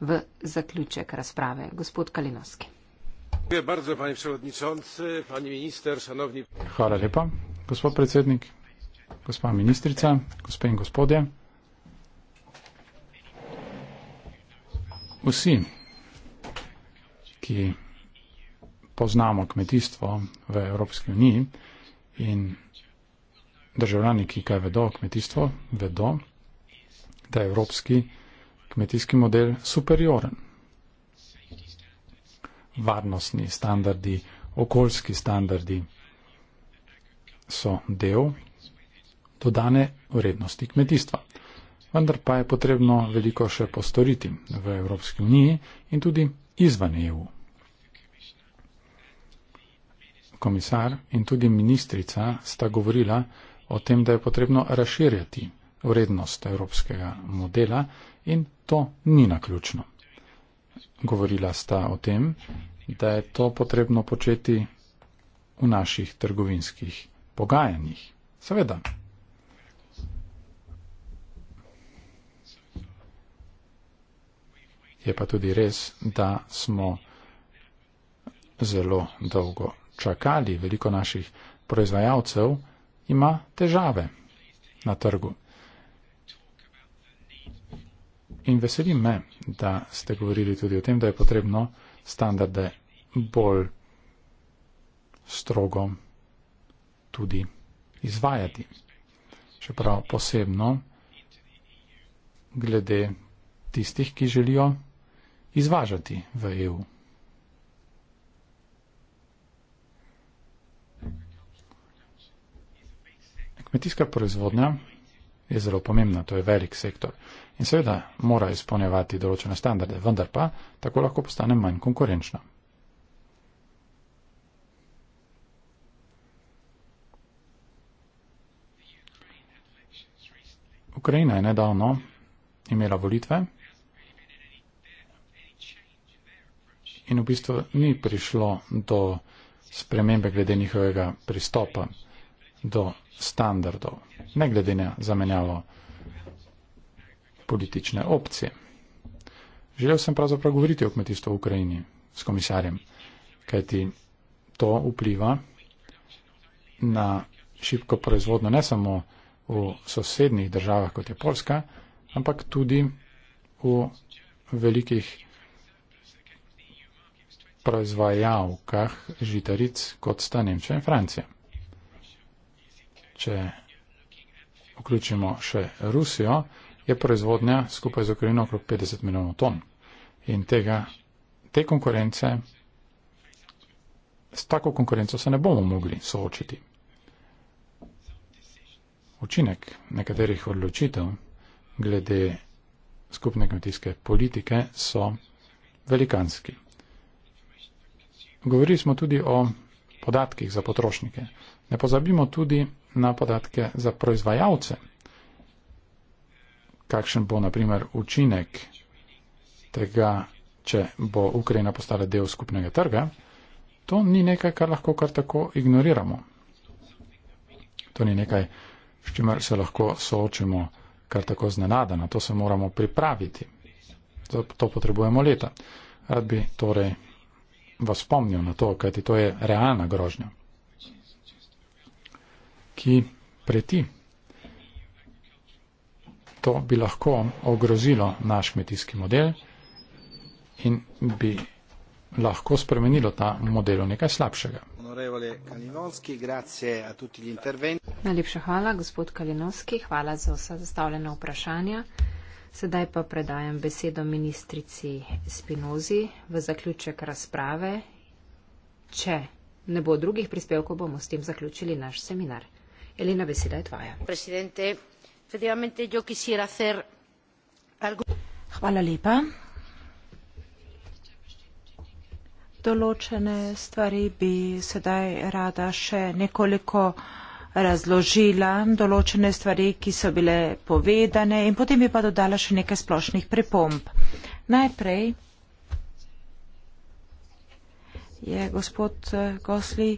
S3: v zaključek razprave. Gospod Kalinovski.
S2: Hvala lepa, gospod predsednik, gospa ministrica, gospe in gospodje. Vsi, ki poznamo kmetijstvo v Evropski uniji in državljani, ki kaj vedo o kmetijstvu, vedo, da je evropski kmetijski model superioren. Varnostni standardi, okoljski standardi so del dodane vrednosti kmetijstva vendar pa je potrebno veliko še postoriti v Evropski uniji in tudi izvan EU. Komisar in tudi ministrica sta govorila o tem, da je potrebno razširjati vrednost evropskega modela in to ni naključno. Govorila sta o tem, da je to potrebno početi v naših trgovinskih pogajanjih. Seveda, Je pa tudi res, da smo zelo dolgo čakali. Veliko naših proizvajalcev ima težave na trgu. In veselim me, da ste govorili tudi o tem, da je potrebno standarde bolj strogo tudi izvajati. Še prav posebno glede tistih, ki želijo izvažati v EU. Kmetijska proizvodnja je zelo pomembna, to je velik sektor in seveda mora izpolnjevati določene standarde, vendar pa tako lahko postane manj konkurenčna. Ukrajina je nedavno imela volitve in v bistvu ni prišlo do spremembe glede njihovega pristopa do standardov, ne glede na zamenjavo politične opcije. Želel sem pravzaprav govoriti o kmetijstvu v Ukrajini s komisarjem, kajti to vpliva na šibko proizvodno ne samo v sosednjih državah, kot je Polska, ampak tudi v velikih proizvajalkah žitaric, kot sta Nemčija in Francija. Če vključimo še Rusijo, je proizvodnja skupaj z Ukrajino okrog 50 milijonov ton. In tega, te konkurence, s tako konkurenco se ne bomo mogli soočiti. Učinek nekaterih odločitev glede skupne kmetijske politike so velikanski. Govorili smo tudi o podatkih za potrošnike. Ne pozabimo tudi na podatke za proizvajalce. Kakšen bo, na primer, učinek tega, če bo Ukrajina postala del skupnega trga, to ni nekaj, kar lahko kar tako ignoriramo. To ni nekaj, s čimer se lahko soočimo kar tako znenada. Na to se moramo pripraviti. To, to potrebujemo leta. Rad bi torej vas spomnil na to, kajti to je realna grožnja, ki preti. To bi lahko ogrozilo naš kmetijski model in bi lahko spremenilo ta model v nekaj slabšega.
S3: Najlepša hvala, gospod Kalinovski, hvala za vsa zastavljena vprašanja. Sedaj pa predajam besedo ministrici Spinozi v zaključek razprave. Če ne bo drugih prispevkov, bomo s tem zaključili naš seminar. Elena, beseda je tvoja. Hvala lepa.
S1: Določene stvari bi sedaj rada še nekoliko uh, razložila določene stvari, ki so bile povedane in potem je pa dodala še nekaj splošnih pripomb. Najprej je gospod eh, Gosli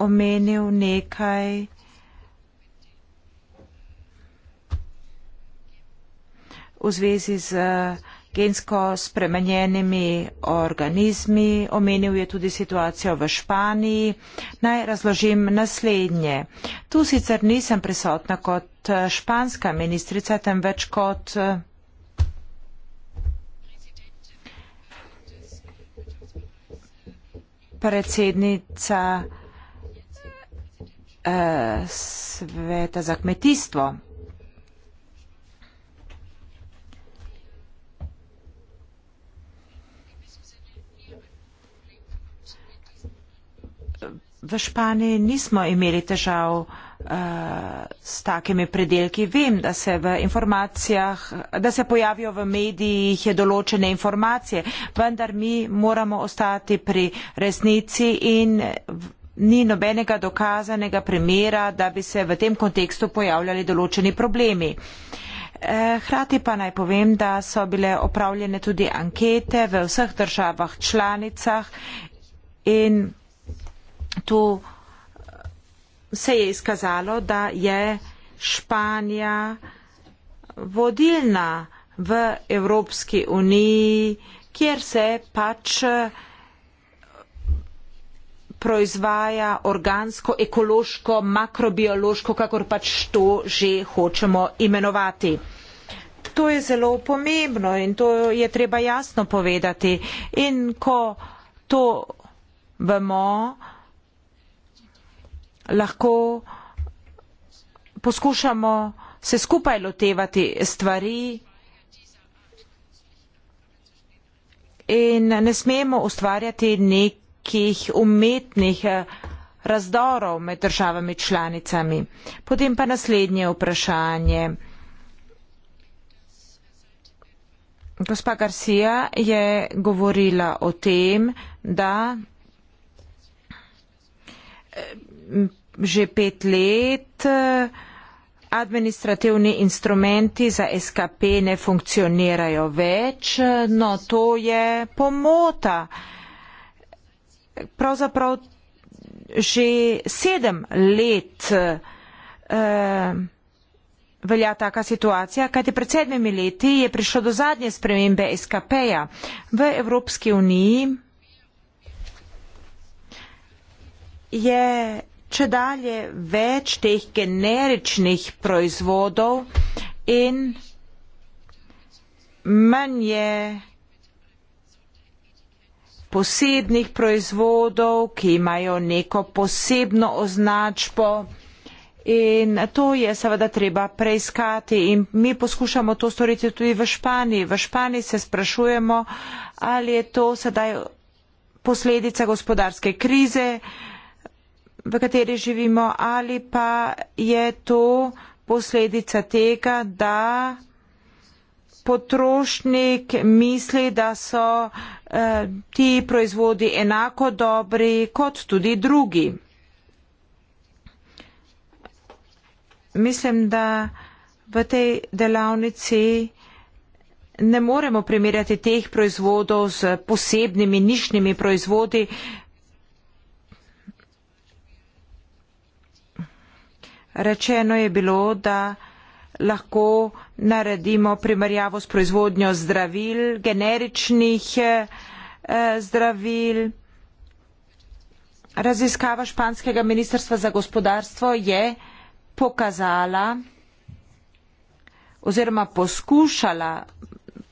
S1: omenil nekaj v zvezi z gensko spremenjenimi organizmi, omenil je tudi situacijo v Španiji. Naj razložim naslednje. Tu sicer nisem prisotna kot eh, španska ministrica, temveč kot. Eh, predsednica eh, sveta za kmetijstvo. v Španiji nismo imeli težav uh, s takimi predelki. Vem, da se, da se pojavijo v medijih določene informacije, vendar mi moramo ostati pri resnici in ni nobenega dokazanega primera, da bi se v tem kontekstu pojavljali določeni problemi. Hrati eh, pa naj povem, da so bile opravljene tudi ankete v vseh državah članicah in to eh, se je izkazalo, da je Španija vodilna v Evropski uniji, kjer se pač eh, proizvaja organsko, ekološko, makrobiološko, kakor pač to že hočemo imenovati. To je zelo pomembno in to je treba jasno povedati. In ko to vemo, lahko poskušamo se skupaj lotevati stvari in ne smemo ustvarjati nekih umetnih eh, razdorov med državami članicami. Potem pa naslednje vprašanje. Gospa Garcia je govorila o tem, da eh, že pet let administrativni instrumenti za SKP ne funkcionirajo več, no to je pomota. Pravzaprav že sedem let eh, velja taka situacija, kajti pred sedmimi leti je prišlo do zadnje spremembe SKP-ja v Evropski uniji. Je če dalje več teh generičnih proizvodov in manj je posebnih proizvodov, ki imajo neko posebno označbo in to je seveda treba preiskati in mi poskušamo to storiti tudi v Španiji. V Španiji se sprašujemo, ali je to sedaj posledica gospodarske krize, v kateri živimo ali pa je to posledica tega, da potrošnik misli, da so eh, ti proizvodi enako dobri kot tudi drugi. Mislim, da v tej delavnici ne moremo primerjati teh proizvodov z posebnimi nišnimi proizvodi, Rečeno je bilo, da lahko naredimo primerjavo s proizvodnjo zdravil, generičnih eh, zdravil. Raziskava Španskega ministrstva za gospodarstvo je pokazala oziroma poskušala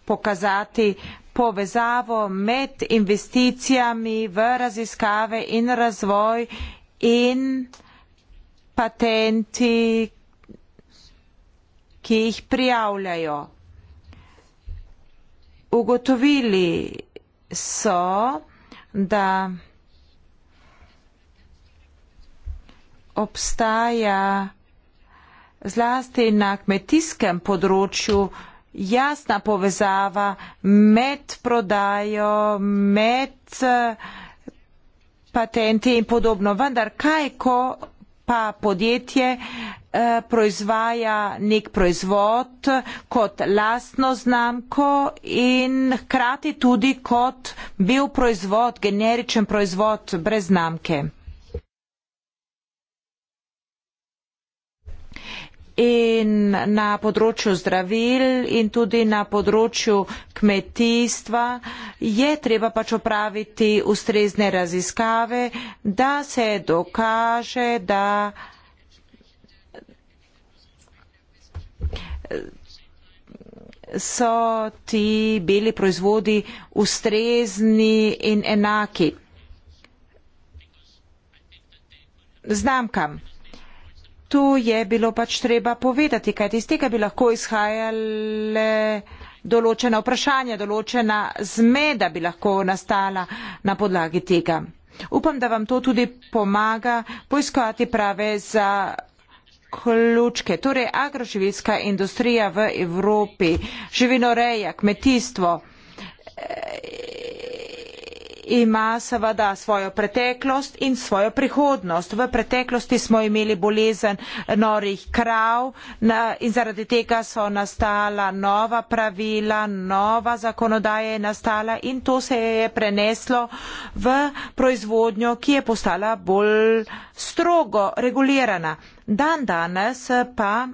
S1: pokazati povezavo med investicijami v raziskave in razvoj in patenti, ki jih prijavljajo. Ugotovili so, da obstaja zlasti na kmetijskem področju jasna povezava med prodajo, med eh, patenti in podobno. Vendar kaj, ko pa podjetje eh, proizvaja nek proizvod kot lastno znamko in hkrati tudi kot bil proizvod, generičen proizvod brez znamke. in na področju zdravil in tudi na področju kmetijstva je treba pač opraviti ustrezne raziskave, da se dokaže, da so ti beli proizvodi ustrezni in enaki znamkam to je bilo pač treba povedati, kaj iz tega bi lahko izhajale določena vprašanja, določena zmeda bi lahko nastala na podlagi tega. Upam, da vam to tudi pomaga poiskati prave za ključke. Torej, agroživilska industrija v Evropi, živinoreja, kmetijstvo, ima seveda svojo preteklost in svojo prihodnost. V preteklosti smo imeli bolezen norih krav in zaradi tega so nastala nova pravila, nova zakonodaja je nastala in to se je preneslo v proizvodnjo, ki je postala bolj strogo regulirana. Dan danes pa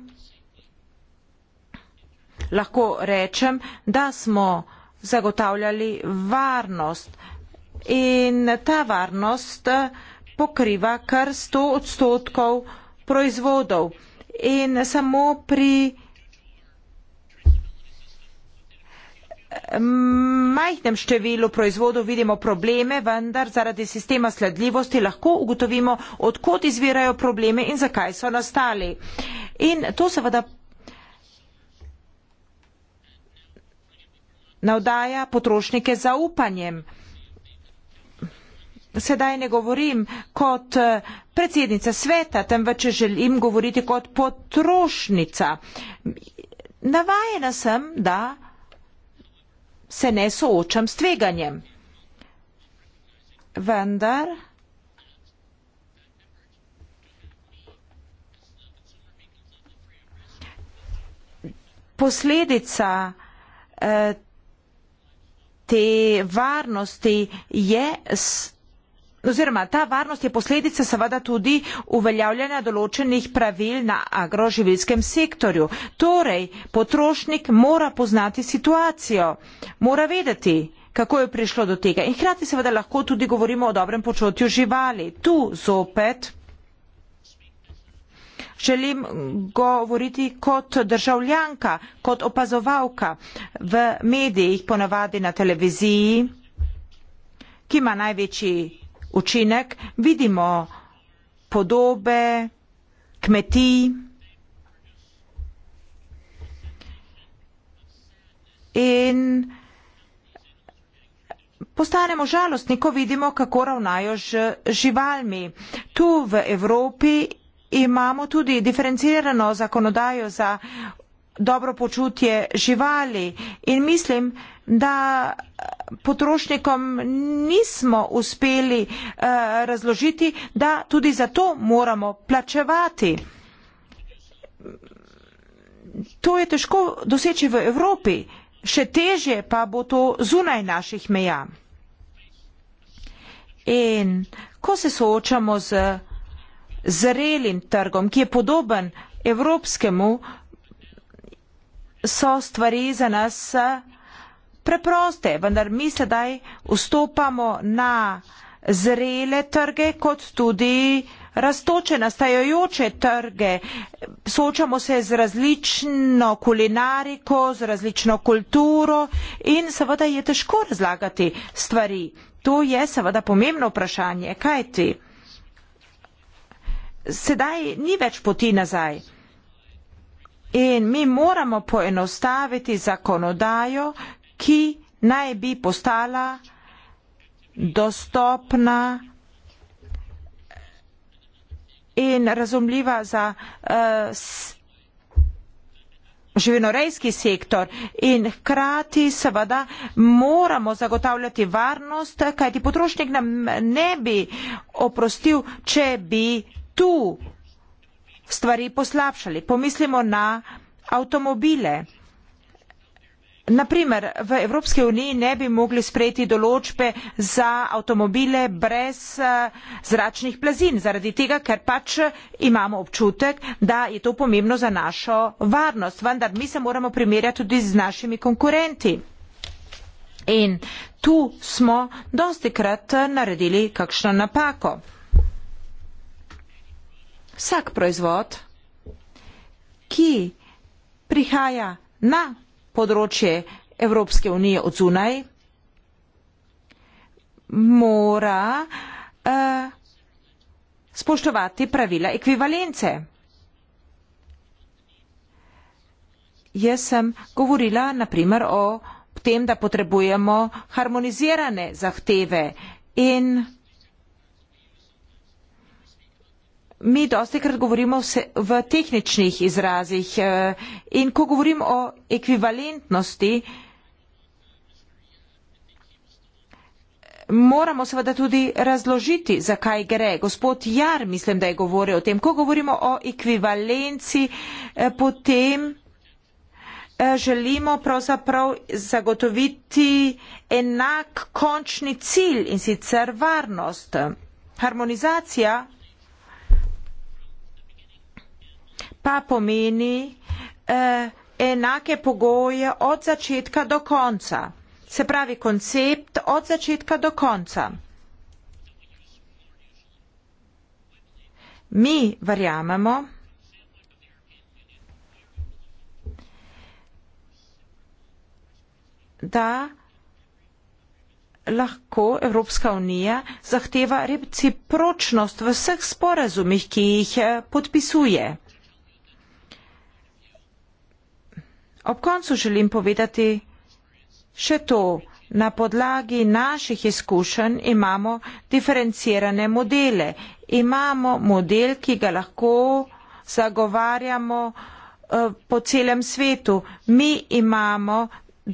S1: lahko rečem, da smo zagotavljali varnost in ta varnost pokriva kar 100 odstotkov proizvodov. In samo pri majhnem številu proizvodov vidimo probleme, vendar zaradi sistema sledljivosti lahko ugotovimo, odkot izvirajo probleme in zakaj so nastali. In to seveda navdaja potrošnike zaupanjem sedaj ne govorim kot eh, predsednica sveta, temveč želim govoriti kot potrošnica. Navajena sem, da se ne soočam s tveganjem. Vendar. Posledica eh, te varnosti je oziroma ta varnost je posledica seveda tudi uveljavljanja določenih pravil na agroživilskem sektorju. Torej, potrošnik mora poznati situacijo, mora vedeti, kako je prišlo do tega. In hkrati seveda lahko tudi govorimo o dobrem počutju živali. Tu zopet želim govoriti kot državljanka, kot opazovalka v medijih, ponavadi na televiziji ki ima največji učinek, vidimo podobe kmetij in postanemo žalostni, ko vidimo, kako ravnajo z živalmi. Tu v Evropi imamo tudi diferencirano zakonodajo za dobro počutje živali in mislim, da potrošnikom nismo uspeli uh, razložiti, da tudi za to moramo plačevati. To je težko doseči v Evropi, še teže pa bo to zunaj naših meja. In ko se soočamo z zrelim trgom, ki je podoben evropskemu, so stvari za nas eh, preproste, vendar mi sedaj vstopamo na zrele trge, kot tudi rastoče, nastajajoče trge. Soočamo se z različno kulinariko, z različno kulturo in seveda je težko razlagati stvari. To je seveda pomembno vprašanje, kaj ti. Sedaj ni več poti nazaj in mi moramo poenostaviti zakonodajo, ki naj bi postala dostopna in razumljiva za uh, živinorejski sektor in hkrati seveda moramo zagotavljati varnost, kajti potrošnik nam ne bi oprostil, če bi tu stvari poslabšali. Pomislimo na avtomobile. Naprimer, v Evropske uniji ne bi mogli sprejeti določbe za avtomobile brez eh, zračnih plazin, zaradi tega, ker pač imamo občutek, da je to pomembno za našo varnost. Vendar mi se moramo primerjati tudi z našimi konkurenti. In tu smo dosti krat naredili kakšno napako vsak proizvod, ki prihaja na področje Evropske unije od zunaj, mora uh, spoštovati pravila ekvivalence. Jaz sem govorila naprimer o tem, da potrebujemo harmonizirane zahteve in Mi dosti krat govorimo vse, v tehničnih izrazih eh, in ko govorim o ekvivalentnosti, moramo seveda tudi razložiti, zakaj gre. Gospod Jar, mislim, da je govoril o tem, ko govorimo o ekvivalenci, eh, potem eh, želimo pravzaprav zagotoviti enak končni cilj in sicer varnost. Harmonizacija pa pomeni eh, enake pogoje od začetka do konca. Se pravi koncept od začetka do konca. Mi verjamemo, da lahko Evropska unija zahteva reciprocnost v vseh sporazumih, ki jih eh, podpisuje. Ob koncu želim povedati še to, na podlagi naših izkušenj imamo diferencirane modele. Imamo model, ki ga lahko zagovarjamo eh, po celem svetu. Mi imamo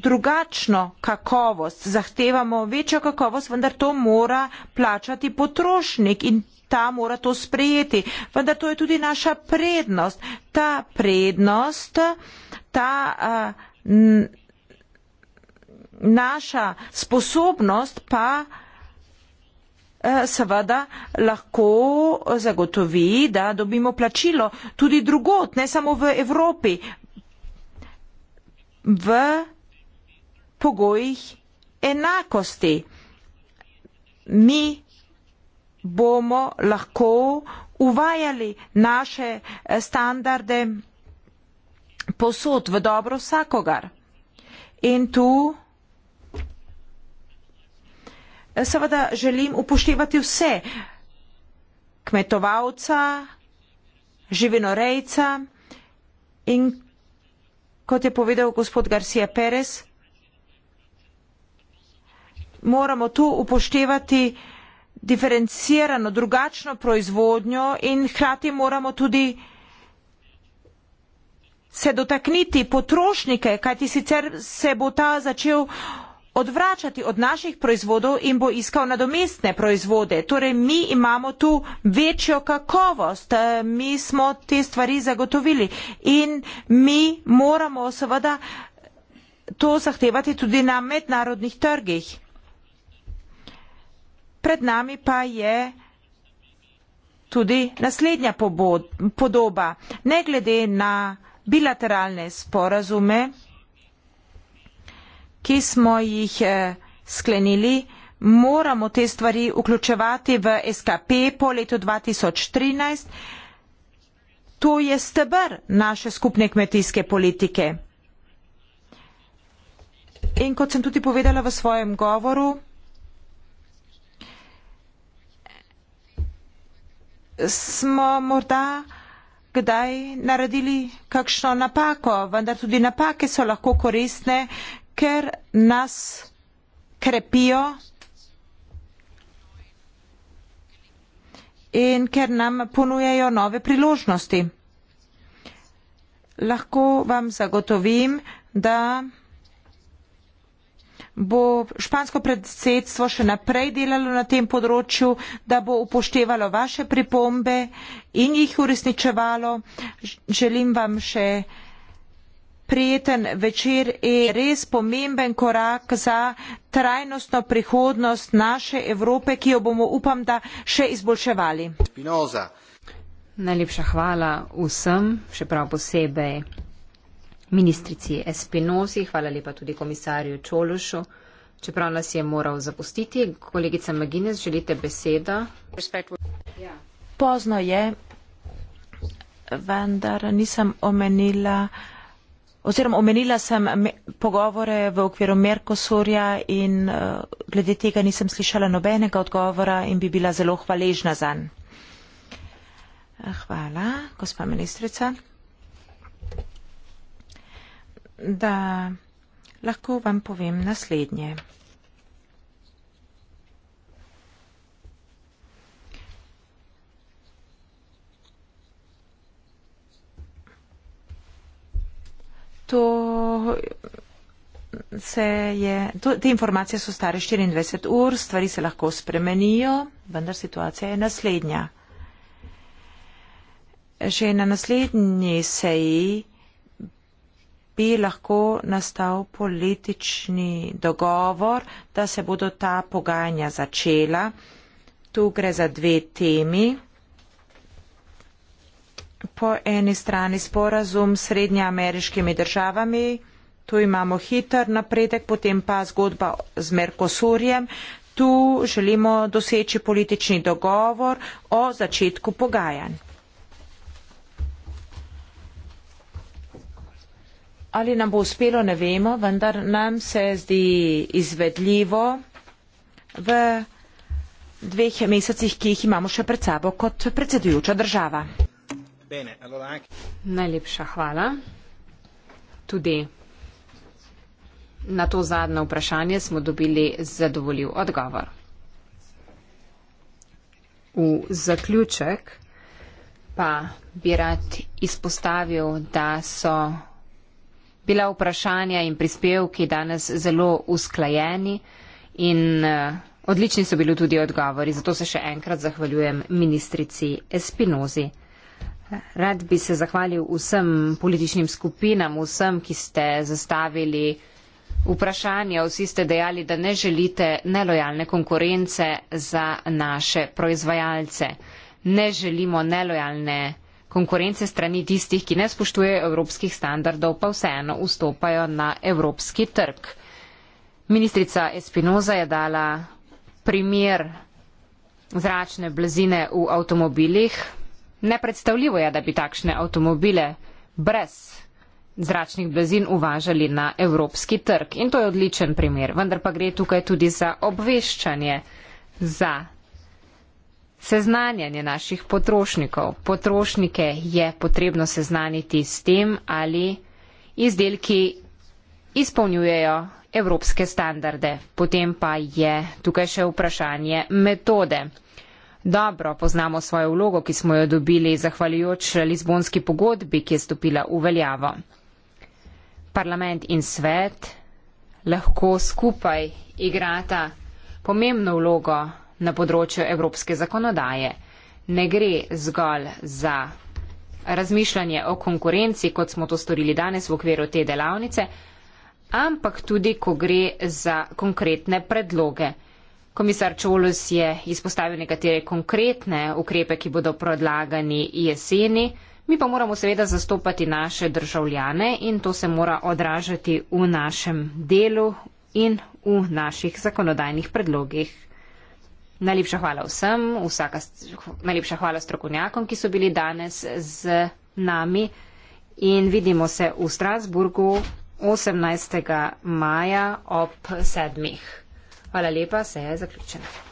S1: drugačno kakovost, zahtevamo večjo kakovost, vendar to mora plačati potrošnik in ta mora to sprejeti. Vendar to je tudi naša prednost. Ta prednost uh, ta naša sposobnost pa seveda lahko zagotovi, da dobimo plačilo tudi drugot, ne samo v Evropi, v pogojih enakosti. Mi bomo lahko uvajali naše standarde posod v dobro vsakogar. In tu seveda želim upoštevati vse kmetovalca, živinorejca in kot je povedal gospod Garcia Perez, moramo tu upoštevati diferencirano, drugačno proizvodnjo in hkrati moramo tudi se dotakniti potrošnike, kajti sicer se bo ta začel odvračati od naših proizvodov in bo iskal nadomestne proizvode. Torej, mi imamo tu večjo kakovost, eh, mi smo te stvari zagotovili in mi moramo seveda to zahtevati tudi na mednarodnih trgih. Pred nami pa je tudi naslednja podoba. Ne glede na bilateralne sporazume, ki smo jih eh, sklenili, moramo te stvari vključevati v SKP po letu 2013. To je stebr naše skupne kmetijske politike. In kot sem tudi povedala v svojem govoru, smo morda kdaj naredili kakšno napako, vendar tudi napake so lahko koristne, ker nas krepijo in ker nam ponujajo nove priložnosti. Lahko vam zagotovim, da bo špansko predsedstvo še naprej delalo na tem področju, da bo upoštevalo vaše pripombe in jih uresničevalo. Želim vam še prijeten večer in res pomemben korak za trajnostno prihodnost naše Evrope, ki jo bomo upam, da še izboljševali.
S2: Spinoza.
S3: Najlepša hvala vsem, še prav posebej ministrici Espinosi, hvala lepa tudi komisarju Čološu, čeprav nas je moral zapustiti. Kolegica Magines, želite besedo? Ja.
S1: Pozno je, vendar nisem omenila. Oziroma, omenila sem pogovore v okviru Merkosurja in uh, glede tega nisem slišala nobenega odgovora in bi bila zelo hvaležna za njega. Hvala, gospa ministrica da lahko vam povem naslednje. To se je, to, te informacije so stare 24 ur, stvari se lahko spremenijo, vendar situacija je naslednja. Že na naslednji seji bi lahko nastal politični dogovor, da se bodo ta pogajanja začela. Tu gre za dve temi. Po eni strani sporazum s srednjeameriškimi državami, tu imamo hiter napredek, potem pa zgodba z Merkosurjem. Tu želimo doseči politični dogovor o začetku pogajanj. Ali nam bo uspelo, ne vemo, vendar nam se zdi izvedljivo v dveh mesecih, ki jih imamo še pred sabo kot predsedujoča država. Bene, allora anche...
S3: Najlepša hvala. Tudi na to zadnje vprašanje smo dobili zadovoljiv odgovor. V zaključek pa bi rad izpostavil, da so bila vprašanja in prispevki danes zelo usklajeni in eh, odlični so bili tudi odgovori. Zato se še enkrat zahvaljujem ministrici Espinozi. Rad bi se zahvalil vsem političnim skupinam, vsem, ki ste zastavili vprašanja. Vsi ste dejali, da ne želite nelojalne konkurence za naše proizvajalce. Ne želimo nelojalne konkurence konkurence strani tistih, ki ne spoštujejo evropskih standardov, pa vseeno vstopajo na evropski trg. Ministrica Espinoza je dala primer zračne blazine v avtomobilih. Nepredstavljivo je, da bi takšne avtomobile brez zračnih blazin uvažali na evropski trg. In to je odličen primer. Vendar pa gre tukaj tudi za obveščanje, za seznanjanje naših potrošnikov. Potrošnike je potrebno seznaniti s tem, ali izdelki izpolnjujejo evropske standarde. Potem pa je tukaj še vprašanje metode. Dobro poznamo svojo vlogo, ki smo jo dobili zahvaljujoč Lizbonski pogodbi, ki je stopila v veljavo. Parlament in svet lahko skupaj igrata pomembno vlogo na področju evropske zakonodaje. Ne gre zgolj za razmišljanje o konkurenci, kot smo to storili danes v okviru te delavnice, ampak tudi, ko gre za konkretne predloge. Komisar Čolus je izpostavil nekatere konkretne ukrepe, ki bodo predlagani jeseni. Mi pa moramo seveda zastopati naše državljane in to se mora odražati v našem delu in v naših zakonodajnih predlogih. Najlepša hvala vsem, vsaka, najlepša hvala strokovnjakom, ki so bili danes z nami in vidimo se v Strasburgu 18. maja ob sedmih. Hvala lepa, se je zaključena.